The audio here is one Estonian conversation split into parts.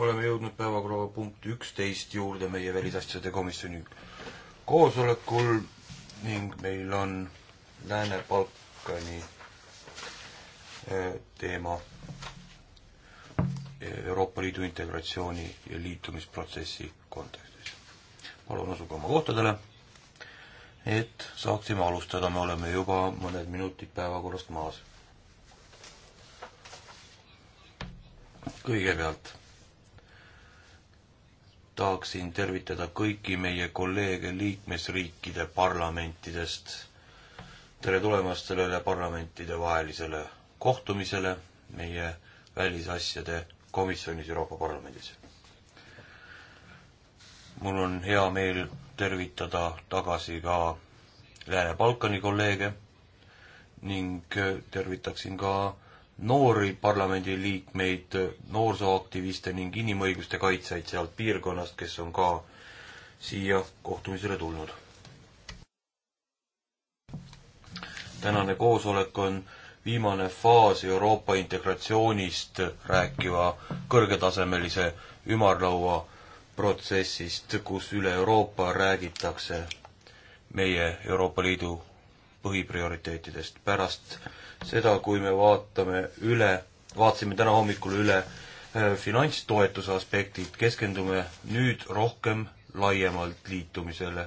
oleme jõudnud päevakorrapunkt üksteist juurde meie välisasjade komisjoni koosolekul ning meil on Lääne-Balkani eh, teema eh, Euroopa Liidu integratsiooni ja liitumisprotsessi kontekstis. palun asuge oma kohtadele, et saaksime alustada, me oleme juba mõned minutid päevakorrast maas. kõigepealt tahaksin tervitada kõiki meie kolleege liikmesriikide parlamentidest. tere tulemast sellele parlamentidevahelisele kohtumisele meie välisasjade komisjonis Euroopa Parlamendis. mul on hea meel tervitada tagasi ka Lääne-Balkani kolleege ning tervitaksin ka noori parlamendiliikmeid, noorsooaktiviste ning inimõiguste kaitsjaid sealt piirkonnast, kes on ka siia kohtumisele tulnud. tänane koosolek on viimane faas Euroopa integratsioonist rääkiva kõrgetasemelise ümarlaua protsessist, kus üle Euroopa räägitakse meie Euroopa Liidu põhiprioriteetidest. pärast seda, kui me vaatame üle, vaatasime täna hommikul üle äh, finantstoetuse aspektid, keskendume nüüd rohkem laiemalt liitumisele.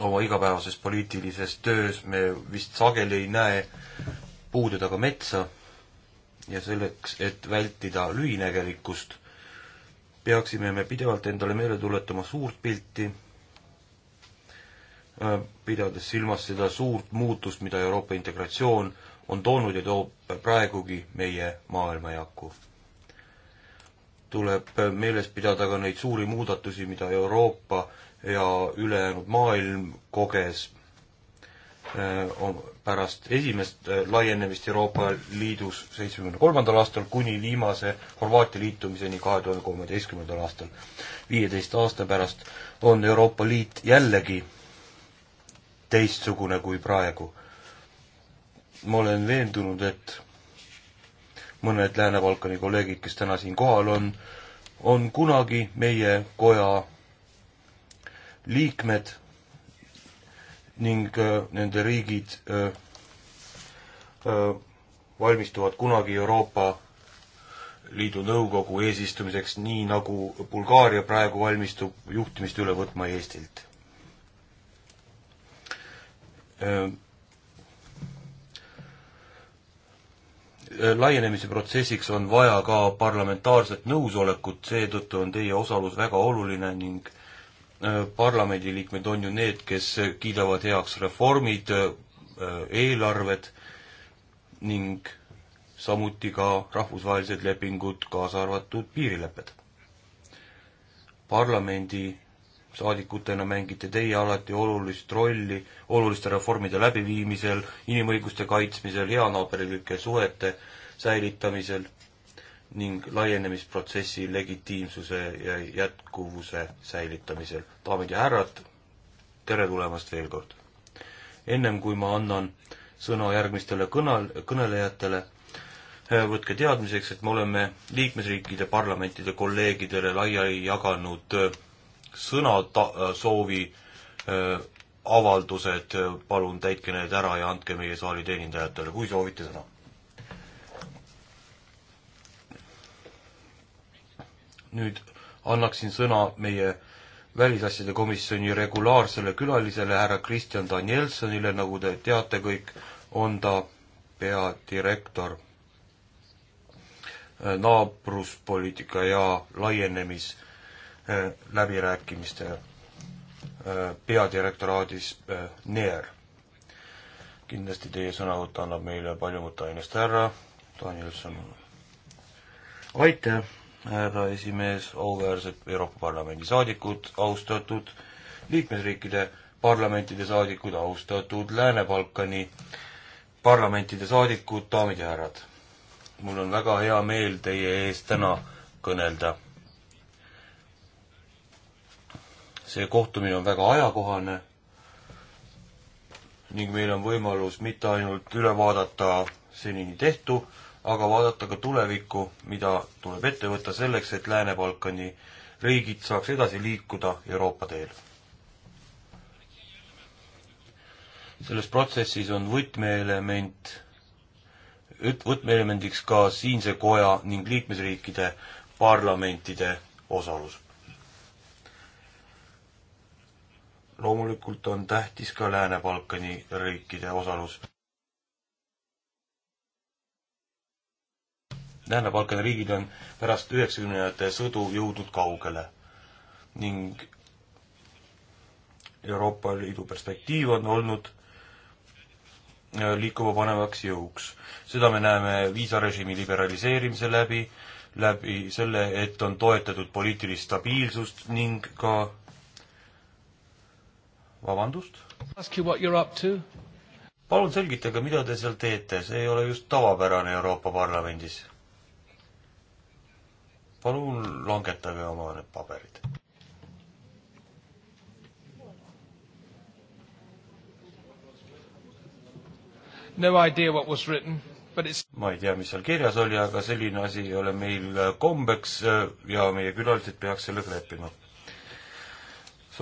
oma igapäevases poliitilises töös me vist sageli ei näe puude taga metsa ja selleks, et vältida lühinägelikkust, peaksime me pidevalt endale meelde tuletama suurt pilti Äh, pidades silmas seda suurt muutust, mida Euroopa integratsioon on toonud ja toob praegugi meie maailmajakku. tuleb meeles pidada ka neid suuri muudatusi, mida Euroopa ja ülejäänud maailm koges äh, pärast esimest äh, laienemist Euroopa Liidus seitsmekümne kolmandal aastal kuni viimase Horvaatia liitumiseni kahe tuhande kolmeteistkümnendal aastal. viieteist aasta pärast on Euroopa Liit jällegi teistsugune kui praegu. ma olen veendunud, et mõned Lääne-Balkani kolleegid, kes täna siin kohal on, on kunagi meie koja liikmed ning öö, äh, nende riigid öö, äh, öö, äh, valmistuvad kunagi Euroopa Liidu Nõukogu eesistumiseks, nii nagu Bulgaaria praegu valmistub juhtimist üle võtma Eestilt. Äh, laienemise protsessiks on vaja ka parlamentaarset nõusolekut, seetõttu on teie osalus väga oluline ning äh, parlamendiliikmed on ju need, kes kiidavad heaks reformid, äh, eelarved ning samuti ka rahvusvahelised lepingud, kaasa arvatud piirilepped. parlamendi saadikutena mängite teie alati olulist rolli oluliste reformide läbiviimisel, inimõiguste kaitsmisel, heanaaberlike suhete säilitamisel ning laienemisprotsessi legitiimsuse ja jätkuvuse säilitamisel. daamid ja härrad, tere tulemast veel kord! ennem kui ma annan sõna järgmistele kõnal, kõnelejatele, eh, võtke teadmiseks, et me oleme liikmesriikide parlamentide kolleegidele laiali jaganud äh, sõnasoovi äh, avaldused, äh, palun täitke need ära ja andke meie saali teenindajatele, kui soovite sõna. nüüd annaksin sõna meie välisasjade komisjoni regulaarsele külalisele, härra Kristjan Danielsonile, nagu te teate kõik, on ta peadirektor äh, naabruspoliitika ja laienemis- Eh, läbirääkimiste eh, peadirektoraadis eh, NER. kindlasti teie sõnavõtt annab meile palju mõtteainest, härra Danielson. aitäh, härra esimees, auväärsed Euroopa Parlamendi saadikud, austatud liikmesriikide parlamentide saadikud, austatud Lääne-Balkani parlamentide saadikud, daamid ja härrad. mul on väga hea meel teie ees täna kõnelda see kohtumine on väga ajakohane ning meil on võimalus mitte ainult üle vaadata senini tehtu, aga vaadata ka tulevikku, mida tuleb ette võtta selleks, et Lääne-Balkani riigid saaks edasi liikuda Euroopa teel. selles protsessis on võtmeelement, võtmeelemendiks ka siinse koja ning liikmesriikide parlamentide osalus. loomulikult on tähtis ka Lääne-Balkani riikide osalus. Lääne-Balkani riigid on pärast üheksakümnendate sõdu jõudnud kaugele ning Euroopa Liidu perspektiiv on olnud äh, liikuma panevaks jõuks. seda me näeme viisarežiimi liberaliseerimise läbi, läbi selle, et on toetatud poliitilist stabiilsust ning ka vabandust? palun selgitage, mida te seal teete, see ei ole just tavapärane Euroopa Parlamendis. palun langetage oma need paberid. No idea what was written, but it's ma ei tea, mis seal kirjas oli, aga selline asi ei ole meil kombeks ja meie külalised peaks sellega leppima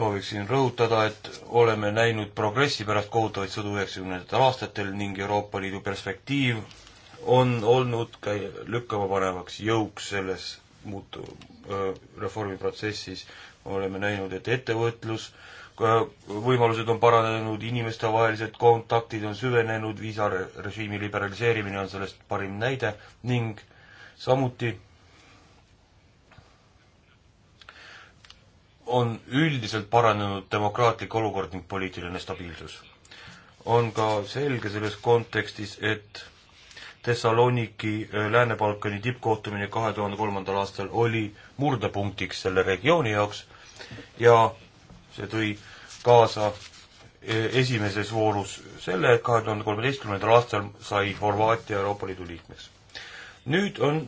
sooviksin rõhutada, et oleme näinud progressi pärast kohutavaid sõdu üheksakümnendatel aastatel ning Euroopa Liidu perspektiiv on olnud ka lükkama panevaks jõuks selles muutu-, reformiprotsessis. oleme näinud, et ettevõtlus, võimalused on paranenud, inimestevahelised kontaktid on süvenenud, viisarežiimi liberaliseerimine on sellest parim näide ning samuti on üldiselt paranenud demokraatlik olukord ning poliitiline stabiilsus. on ka selge selles kontekstis, et Thessaloniki äh, Lääne-Balkani tippkohtumine kahe tuhande kolmandal aastal oli murdepunktiks selle regiooni jaoks ja see tõi kaasa e, esimeses voorus selle, et kahe tuhande kolmeteistkümnendal aastal sai Horvaatia Euroopa Liidu liikmeks. nüüd on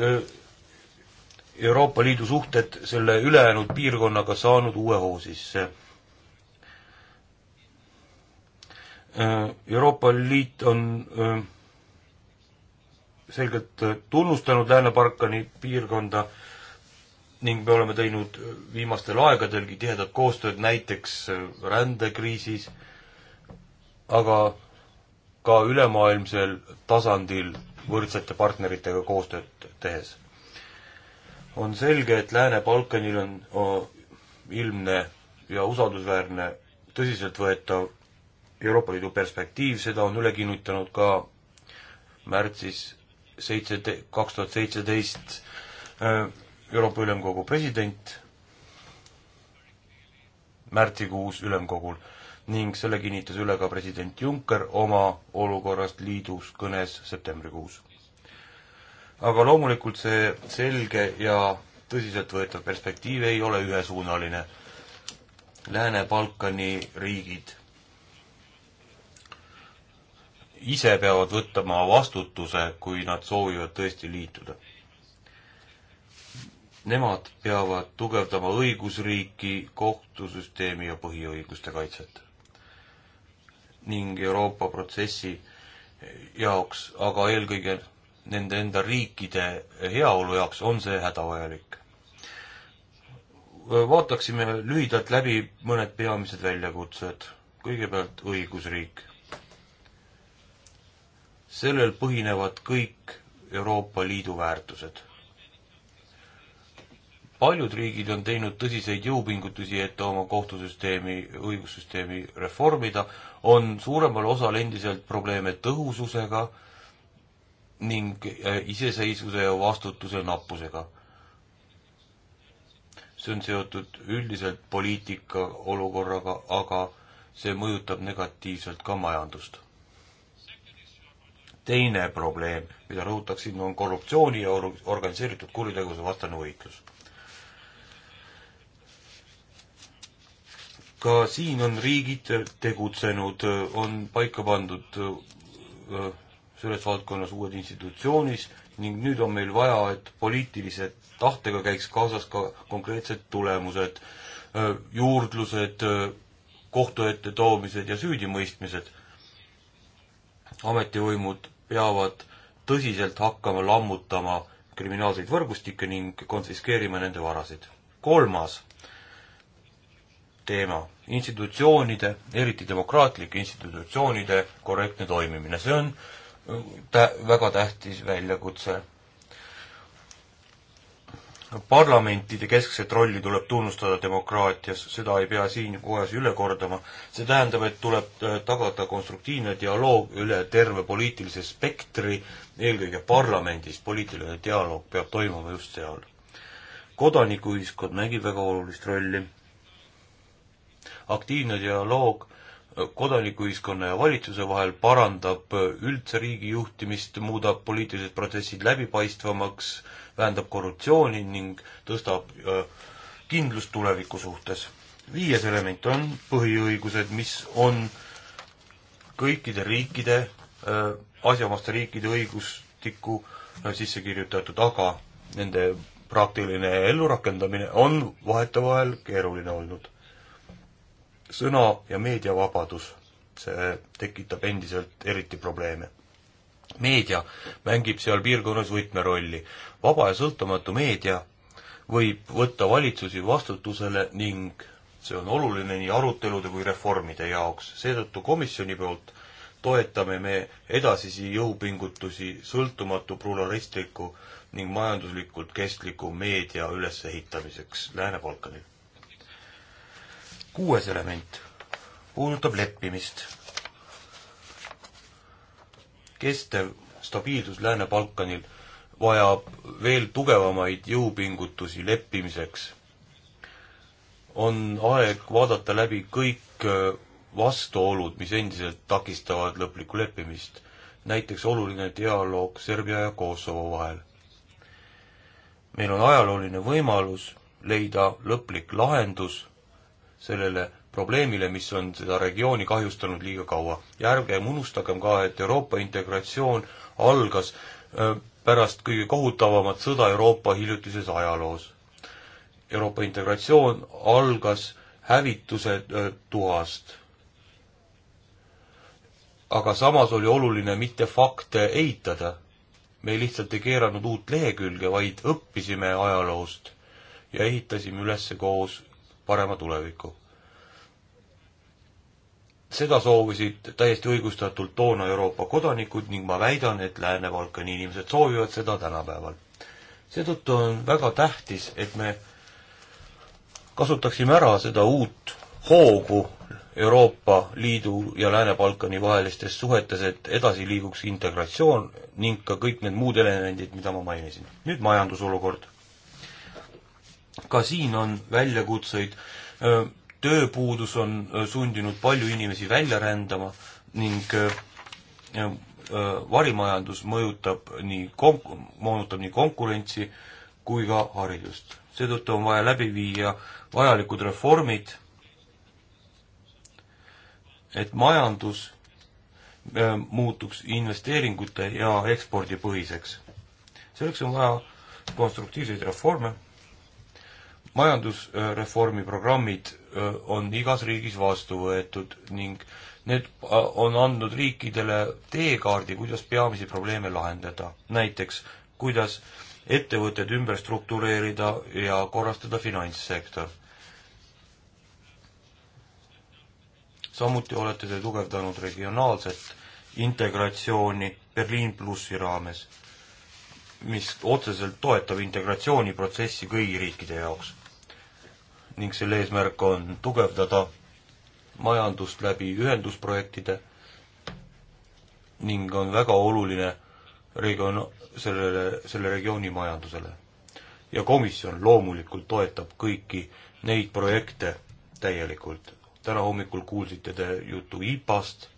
öö, äh, Euroopa Liidu suhted selle ülejäänud piirkonnaga saanud uue hoo sisse. Äh, Euroopa Liit on äh, selgelt tunnustanud Lääne-Balkani piirkonda ning me oleme teinud viimastel aegadelgi tihedat koostööd näiteks äh, rändekriisis, aga ka ülemaailmsel tasandil võrdsete partneritega koostööd tehes on selge, et Lääne-Balkanil on ilmne ja usaldusväärne tõsiseltvõetav Euroopa Liidu perspektiiv, seda on üle kinnitanud ka märtsis seitse, kaks tuhat seitseteist äh, Euroopa Ülemkogu president märtsikuus ülemkogul ning selle kinnitas üle ka president Juncker oma olukorrast liidus kõnes septembrikuus aga loomulikult see selge ja tõsiseltvõetav perspektiiv ei ole ühesuunaline. Lääne-Balkani riigid ise peavad võtma vastutuse, kui nad soovivad tõesti liituda. Nemad peavad tugevdama õigusriiki, kohtusüsteemi ja põhiõiguste kaitset. ning Euroopa protsessi jaoks, aga eelkõige nende enda riikide heaolu jaoks on see hädavajalik. vaataksime lühidalt läbi mõned peamised väljakutsed. kõigepealt õigusriik. sellel põhinevad kõik Euroopa Liidu väärtused. paljud riigid on teinud tõsiseid jõupingutusi, et oma kohtusüsteemi, õigussüsteemi reformida, on suuremal osal endiselt probleeme tõhususega ning äh, iseseisvuse ja vastutuse nappusega. see on seotud üldiselt poliitika olukorraga, aga see mõjutab negatiivselt ka majandust. teine probleem, mida rõhutaksin, on korruptsiooni ja organiseeritud kuritegevuse vastane võitlus. ka siin on riigid tegutsenud, on paika pandud äh, selles valdkonnas uued institutsioonis ning nüüd on meil vaja, et poliitilise tahtega käiks kaasas ka konkreetsed tulemused, juurdlused, kohtu ette toomised ja süüdimõistmised. ametivõimud peavad tõsiselt hakkama lammutama kriminaalseid võrgustikke ning konfiskeerima nende varasid. kolmas teema, institutsioonide, eriti demokraatlike institutsioonide korrektne toimimine, see on tä-, väga tähtis väljakutse. parlamentide keskset rolli tuleb tunnustada demokraatias, seda ei pea siin kojas üle kordama, see tähendab, et tuleb äh, tagada konstruktiivne dialoog üle terve poliitilise spektri, eelkõige parlamendis, poliitiline dialoog peab toimuma just seal. kodanikuühiskond mängib väga olulist rolli, aktiivne dialoog kodanikuühiskonna ja valitsuse vahel, parandab üldse riigi juhtimist, muudab poliitilised protsessid läbipaistvamaks, vähendab korruptsiooni ning tõstab kindlust tuleviku suhtes. viies element on põhiõigused, mis on kõikide riikide, asjaomaste riikide õigustikku sisse kirjutatud, aga nende praktiline ellurakendamine on vahetevahel keeruline olnud sõna- ja meediavabadus, see tekitab endiselt eriti probleeme. meedia mängib seal piirkonnas võtmerolli. vaba ja sõltumatu meedia võib võtta valitsusi vastutusele ning see on oluline nii arutelude kui reformide jaoks. seetõttu komisjoni poolt toetame me edasisi jõupingutusi sõltumatu pluralistliku ning majanduslikult kestliku meedia ülesehitamiseks Lääne-Balkanil kuues element puudutab leppimist. kestev stabiilsus Lääne-Balkanil vajab veel tugevamaid jõupingutusi leppimiseks. on aeg vaadata läbi kõik äh, vastuolud, mis endiselt takistavad lõplikku leppimist. näiteks oluline dialoog Serbia ja Kosovo vahel. meil on ajalooline võimalus leida lõplik lahendus sellele probleemile, mis on seda regiooni kahjustanud liiga kaua. ja ärgem unustagem ka, et Euroopa integratsioon algas äh, pärast kõige kohutavamat sõda Euroopa hiljutises ajaloos. Euroopa integratsioon algas hävituse äh, tuhast. aga samas oli oluline mitte fakte eitada. me lihtsalt ei keeranud uut lehekülge, vaid õppisime ajaloost ja ehitasime üles koos parema tuleviku. seda soovisid täiesti õigustatult toona Euroopa kodanikud ning ma väidan, et Lääne-Balkani inimesed soovivad seda tänapäeval. seetõttu on väga tähtis, et me kasutaksime ära seda uut hoogu Euroopa Liidu ja Lääne-Balkani vahelistes suhetes, et edasi liiguks integratsioon ning ka kõik need muud elemendid, mida ma mainisin. nüüd majandusolukord ka siin on väljakutseid, tööpuudus on sundinud palju inimesi välja rändama ning varimajandus mõjutab nii konk-, moonutab nii konkurentsi kui ka haridust. seetõttu on vaja läbi viia vajalikud reformid, et majandus muutuks investeeringute ja ekspordipõhiseks. selleks on vaja konstruktiivseid reforme majandusreformi programmid äh, on igas riigis vastu võetud ning need äh, on andnud riikidele teekaardi, kuidas peamisi probleeme lahendada. näiteks, kuidas ettevõtted ümber struktureerida ja korrastada finantssektor. samuti olete te tugevdanud regionaalset integratsiooni Berliin plussi raames, mis otseselt toetab integratsiooniprotsessi kõigi riikide jaoks ning selle eesmärk on tugevdada majandust läbi ühendusprojektide ning on väga oluline regioon, sellele, selle regiooni majandusele. ja komisjon loomulikult toetab kõiki neid projekte täielikult. täna hommikul kuulsite te juttu IPA-st,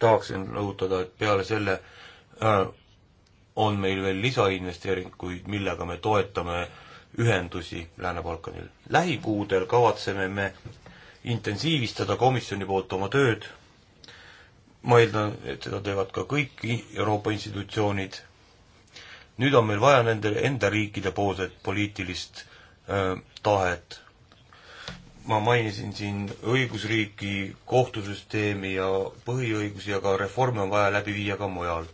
tahaksin rõhutada, et peale selle äh, on meil veel lisainvesteeringuid, millega me toetame äh, ühendusi Lääne-Balkanil. lähikuudel kavatseme me intensiivistada komisjoni poolt oma tööd, ma eeldan, et seda teevad ka kõik Euroopa institutsioonid, nüüd on meil vaja nende enda riikide poolset poliitilist öö, tahet. ma mainisin siin õigusriiki, kohtusüsteemi ja põhiõigusi, aga reforme on vaja läbi viia ka mujal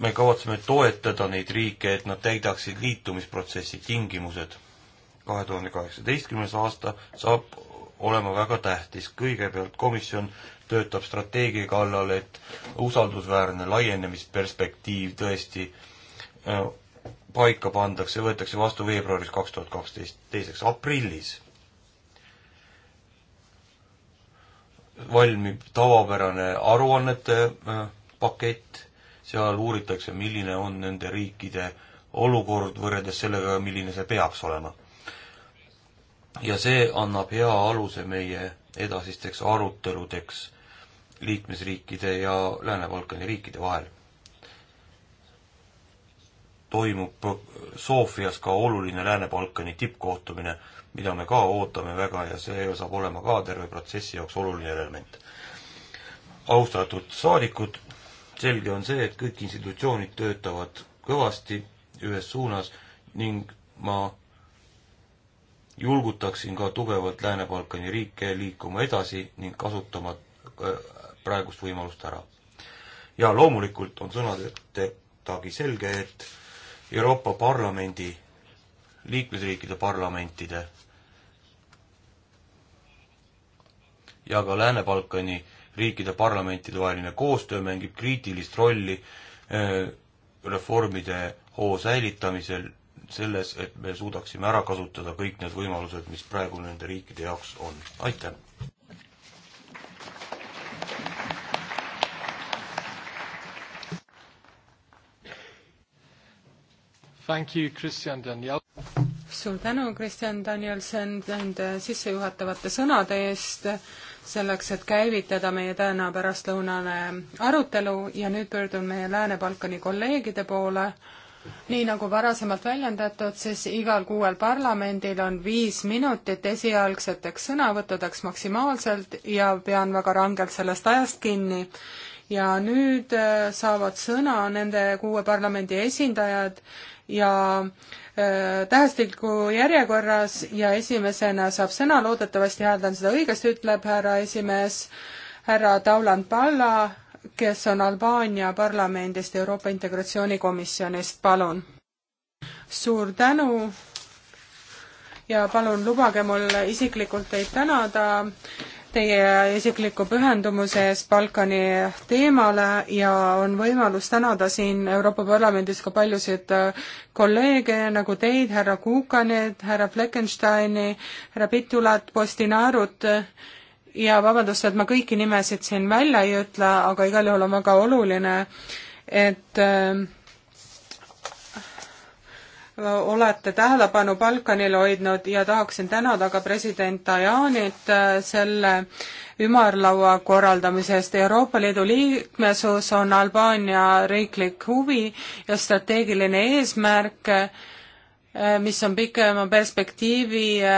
me kavatseme toetada neid riike, et nad täidaksid liitumisprotsessi tingimused. kahe tuhande kaheksateistkümnes aasta saab olema väga tähtis. kõigepealt komisjon töötab strateegia kallal, et usaldusväärne laienemisperspektiiv tõesti äh, paika pandakse, võetakse vastu veebruaris kaks tuhat kaksteist, teiseks aprillis valmib tavapärane aruannete äh, pakett seal uuritakse, milline on nende riikide olukord võrreldes sellega, milline see peaks olema. ja see annab hea aluse meie edasisteks aruteludeks liikmesriikide ja Lääne-Balkani riikide vahel. toimub Sofias ka oluline Lääne-Balkani tippkohtumine, mida me ka ootame väga ja see saab olema ka terve protsessi jaoks oluline element. austatud saadikud, selge on see, et kõik institutsioonid töötavad kõvasti ühes suunas ning ma julgutaksin ka tugevalt Lääne-Balkani riike liikuma edasi ning kasutama äh, praegust võimalust ära. ja loomulikult on sõnadetagi selge, et Euroopa Parlamendi, liikmesriikide parlamentide ja ka Lääne-Balkani riikide parlamentide vaheline koostöö mängib kriitilist rolli äh, reformide hoo säilitamisel, selles, et me suudaksime ära kasutada kõik need võimalused, mis praegu nende riikide jaoks on. aitäh! Thank you, Christian Daniel suur tänu, Kristjan Danielson, nende sissejuhatavate sõnade eest, selleks, et käivitada meie täna pärastlõunane arutelu ja nüüd pöördun meie Lääne-Balkani kolleegide poole. nii nagu varasemalt väljendatud, siis igal kuuel parlamendil on viis minutit esialgseteks sõnavõttudeks maksimaalselt ja pean väga rangelt sellest ajast kinni. ja nüüd äh, saavad sõna nende kuue parlamendi esindajad ja äh, Äh, tähestiku järjekorras ja esimesena saab sõna, loodetavasti hääldan seda õigesti, ütleb härra esimees, härra Tauland Palla, kes on Albaania parlamendist Euroopa Integratsioonikomisjonist, palun. suur tänu ja palun lubage mul isiklikult teid tänada teie isikliku pühendumuse eest Balkani teemale ja on võimalus tänada siin Euroopa Parlamendis ka paljusid äh, kolleege nagu teid, härra Kukanit, härra Fleckensteini, härra Pitulat, Postinaarut ja vabandust, et ma kõiki nimesid siin välja ei ütle, aga igal juhul on väga oluline, et äh, olete tähelepanu Balkanil hoidnud ja tahaksin tänada ka president Tajanit äh, selle ümarlaua korraldamise eest. Euroopa Liidu liikmesus on Albaania riiklik huvi ja strateegiline eesmärk Äh, mis on pikema perspektiivi äh,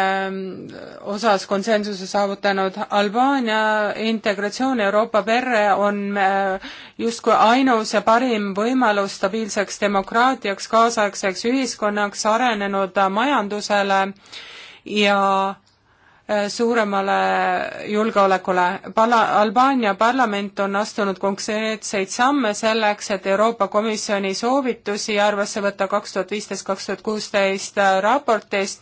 osas konsensuse saavutanud. Albaania integratsioon Euroopa perre on äh, justkui ainus ja parim võimalus stabiilseks demokraatiaks, kaasaegseks ühiskonnaks, arenenud majandusele ja Äh, suuremale julgeolekule. Pala-, Albaania parlament on astunud konkreetseid samme selleks, et Euroopa Komisjoni soovitusi arvesse võtta kaks tuhat viisteist, kaks tuhat kuusteist äh, raportist,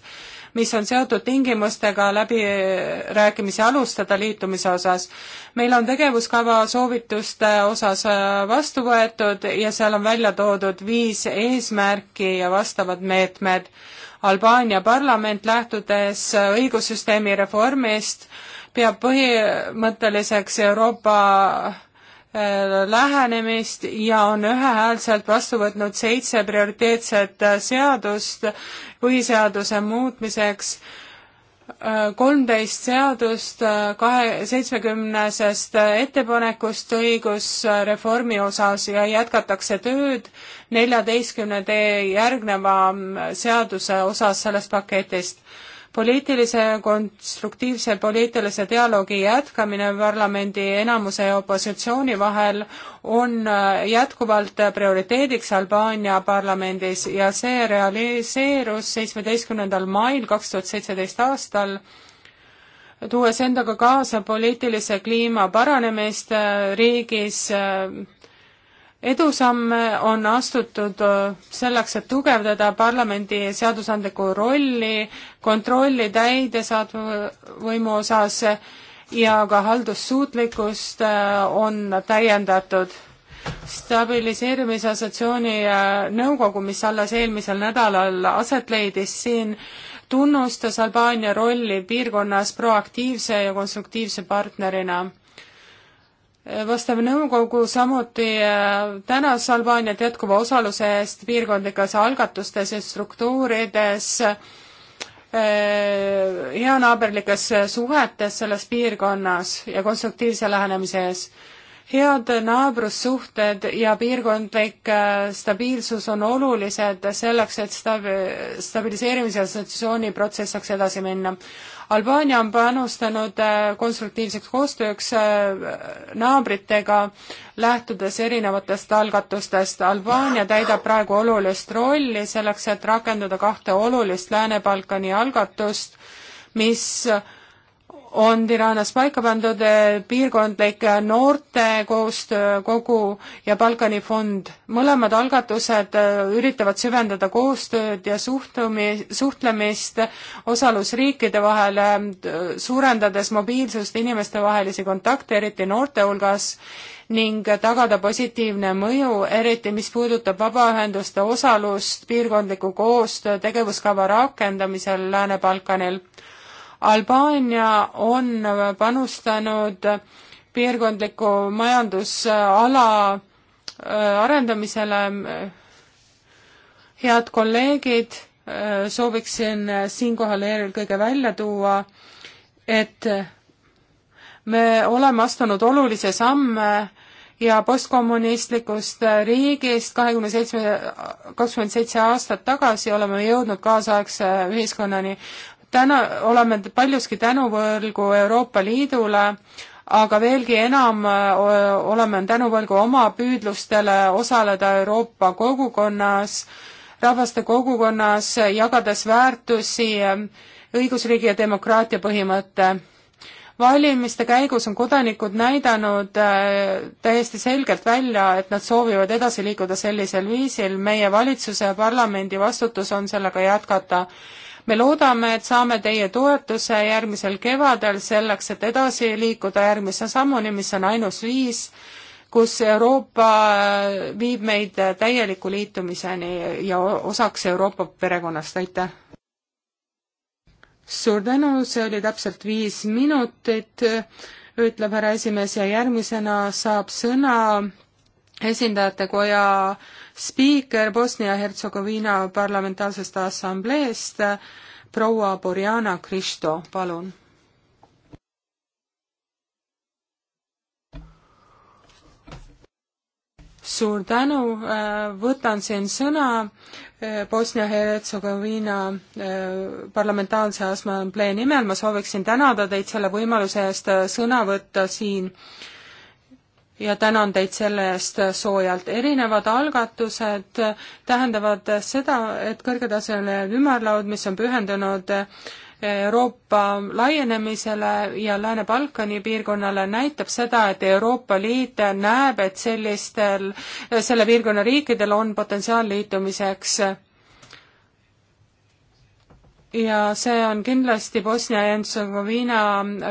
mis on seotud tingimustega läbirääkimisi alustada liitumise osas. meil on tegevuskava soovituste osas äh, vastu võetud ja seal on välja toodud viis eesmärki ja vastavad meetmed. Albaania parlament, lähtudes äh, õigussüsteemi reformist, peab põhimõtteliseks Euroopa Äh, lähenemist ja on ühehäälselt vastu võtnud seitse prioriteetset äh, seadust põhiseaduse muutmiseks, äh, kolmteist seadust kahe, seitsmekümnesest ettepanekust õigusreformi osas ja jätkatakse tööd neljateistkümne tee järgneva mm, seaduse osas sellest paketist poliitilise, konstruktiivse poliitilise dialoogi jätkamine parlamendi enamuse ja opositsiooni vahel on äh, jätkuvalt prioriteediks Albaania parlamendis ja see realiseerus seitsmeteistkümnendal mail kaks tuhat seitseteist aastal tuues endaga kaasa poliitilise kliima paranemist äh, riigis äh, edusamme on astutud äh, selleks, et tugevdada parlamendi seadusandlikku rolli, kontrolli täidesaatva võimu osas ja ka haldussuutlikkust äh, on täiendatud. stabiliseerimise assotsiatsiooni äh, nõukogu, mis alles eelmisel nädalal aset leidis siin, tunnustas Albaania rolli piirkonnas proaktiivse ja konstruktiivse partnerina vastav nõukogu samuti äh, tänas Albaaniat jätkuva osaluse eest piirkondlikes algatustes ja struktuurides, äh, heanaaberlikes suhetes selles piirkonnas ja konstruktiivse lähenemise ees. head naabrussuhted ja piirkondlik äh, stabiilsus on olulised selleks, et stabi-, stabiliseerimise assotsiatsiooni protsess saaks edasi minna. Albaania on panustanud äh, konstruktiivseks koostööks äh, naabritega, lähtudes erinevatest algatustest. Albaania täidab praegu olulist rolli selleks, et rakendada kahte olulist Lääne-Balkani algatust, mis on Tiranas paika pandud eh, piirkondlik eh, noorte koostöökogu ja Balkani fond. mõlemad algatused eh, üritavad süvendada koostööd ja suhtumi, suhtlemist osalusriikide vahel, suurendades mobiilsust, inimestevahelisi kontakte, eriti noorte hulgas, ning tagada positiivne mõju, eriti mis puudutab vabaühenduste osalust piirkondliku koostöö tegevuskava rakendamisel Lääne-Balkanil Albaania on panustanud piirkondliku majandusala äh, arendamisele. head kolleegid, äh, sooviksin äh, siinkohal eelkõige välja tuua, et me oleme astunud olulise samme ja postkommunistlikust riigist kahekümne seitsme, kakskümmend seitse aastat tagasi oleme jõudnud kaasaegse ühiskonnani täna oleme paljuski tänuvõlgu Euroopa Liidule, aga veelgi enam oleme tänuvõlgu oma püüdlustele osaleda Euroopa kogukonnas, rahvaste kogukonnas, jagades väärtusi, õigusriigi ja demokraatia põhimõte. valimiste käigus on kodanikud näidanud täiesti selgelt välja, et nad soovivad edasi liikuda sellisel viisil, meie valitsuse ja parlamendi vastutus on sellega jätkata me loodame, et saame teie toetuse järgmisel kevadel selleks, et edasi liikuda järgmise sammuni, mis on ainus viis, kus Euroopa viib meid täieliku liitumiseni ja osaks Euroopa perekonnast, aitäh! suur tänu, see oli täpselt viis minutit, ütleb härra esimees ja järgmisena saab sõna esindajate koja spiiker Bosnia-Hertsegoviina parlamentaarsest assambleest proua Borjana Kristo, palun. suur tänu, äh, võtan siin sõna äh, Bosnia-Hertsegoviina äh, parlamentaarse assamblee nimel, ma sooviksin tänada teid selle võimaluse eest sõna võtta siin äh, ja tänan teid selle eest soojalt. erinevad algatused tähendavad seda, et kõrgetasemeline ümarlaud, mis on pühendunud Euroopa laienemisele ja Lääne-Balkani piirkonnale näitab seda, et Euroopa Liit näeb, et sellistel, selle piirkonna riikidel on potentsiaal liitumiseks. ja see on kindlasti Bosnia ja Hertsegoviina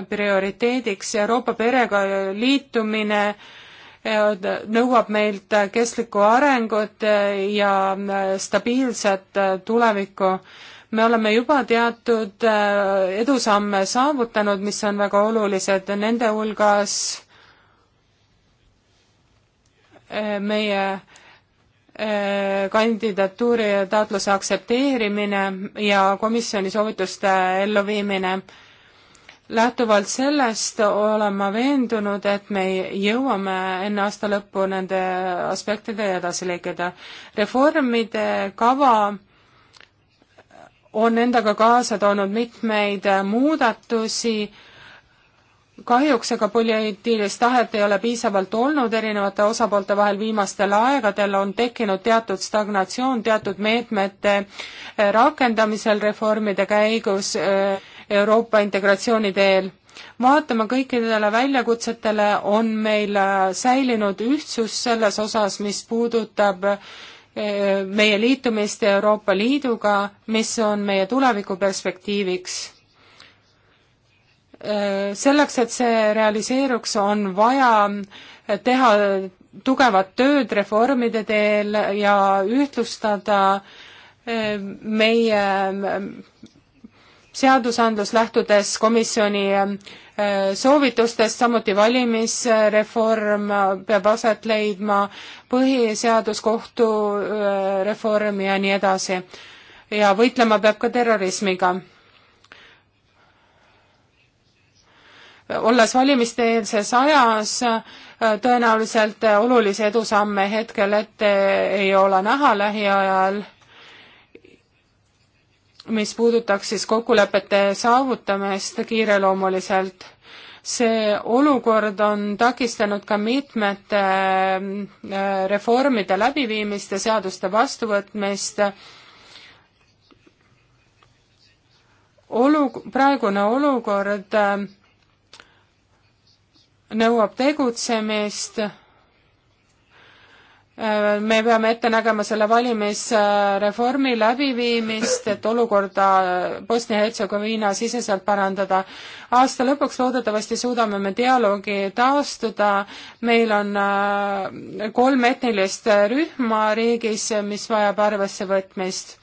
prioriteediks, Euroopa perega liitumine äh, Äh, nõuab meilt kestlikku arengut äh, ja äh, stabiilset tulevikku. me oleme juba teatud edusamme saavutanud, mis on väga olulised, nende hulgas meie kandidatuuri taotluse aktsepteerimine ja komisjoni soovituste elluviimine lähtuvalt sellest olen ma veendunud, et me jõuame enne aasta lõppu nende aspektidega edasi liikuda. reformide kava on endaga kaasa toonud mitmeid muudatusi, kahjuks ega poliitilist tahet ei ole piisavalt olnud erinevate osapoolte vahel viimastel aegadel, on tekkinud teatud stagnatsioon teatud meetmete rakendamisel reformide käigus äh, Euroopa integratsiooni teel. vaatama kõikidele väljakutsetele, on meil äh, säilinud ühtsus selles osas, mis puudutab äh, meie liitumist Euroopa Liiduga, mis on meie tulevikuperspektiiviks äh, selleks, et see realiseeruks, on vaja teha tugevat tööd reformide teel ja ühtlustada meie seadusandlus, lähtudes komisjoni ähm, äh, soovitustest, samuti valimisreform äh, peab aset leidma, põhiseaduskohtu äh, reform ja nii edasi. ja võitlema peab ka terrorismiga. olles valimisteelses ajas, tõenäoliselt olulisi edusamme hetkel ette ei ole näha lähiajal mis puudutaks siis kokkulepete saavutamist kiireloomuliselt. see olukord on takistanud ka mitmete äh, reformide läbiviimist ja seaduste vastuvõtmist. olu-, praegune olukord äh, nõuab tegutsemist Äh, me peame ette nägema selle valimisreformi läbiviimist, et olukorda Bosnia-Hertsegoviina siseselt parandada. aasta lõpuks loodetavasti suudame me dialoogi taastuda, meil on äh, kolm etnilist rühma riigis, mis vajab arvesse võtmist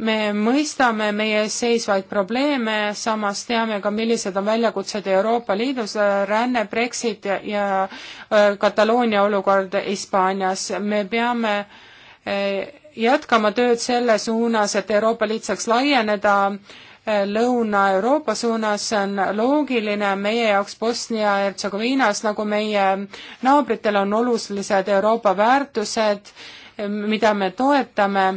me mõistame meie seisvaid probleeme, samas teame ka, millised on väljakutsed Euroopa Liidus, ränne, Brexit ja, ja äh, Kataloonia olukord Hispaanias. me peame äh, jätkama tööd selle suunas, et Euroopa Liit saaks laieneda äh, Lõuna-Euroopa suunas, see on loogiline meie jaoks Bosnia-Hertsegoviinas, nagu meie naabritel on olulised Euroopa väärtused, mida me toetame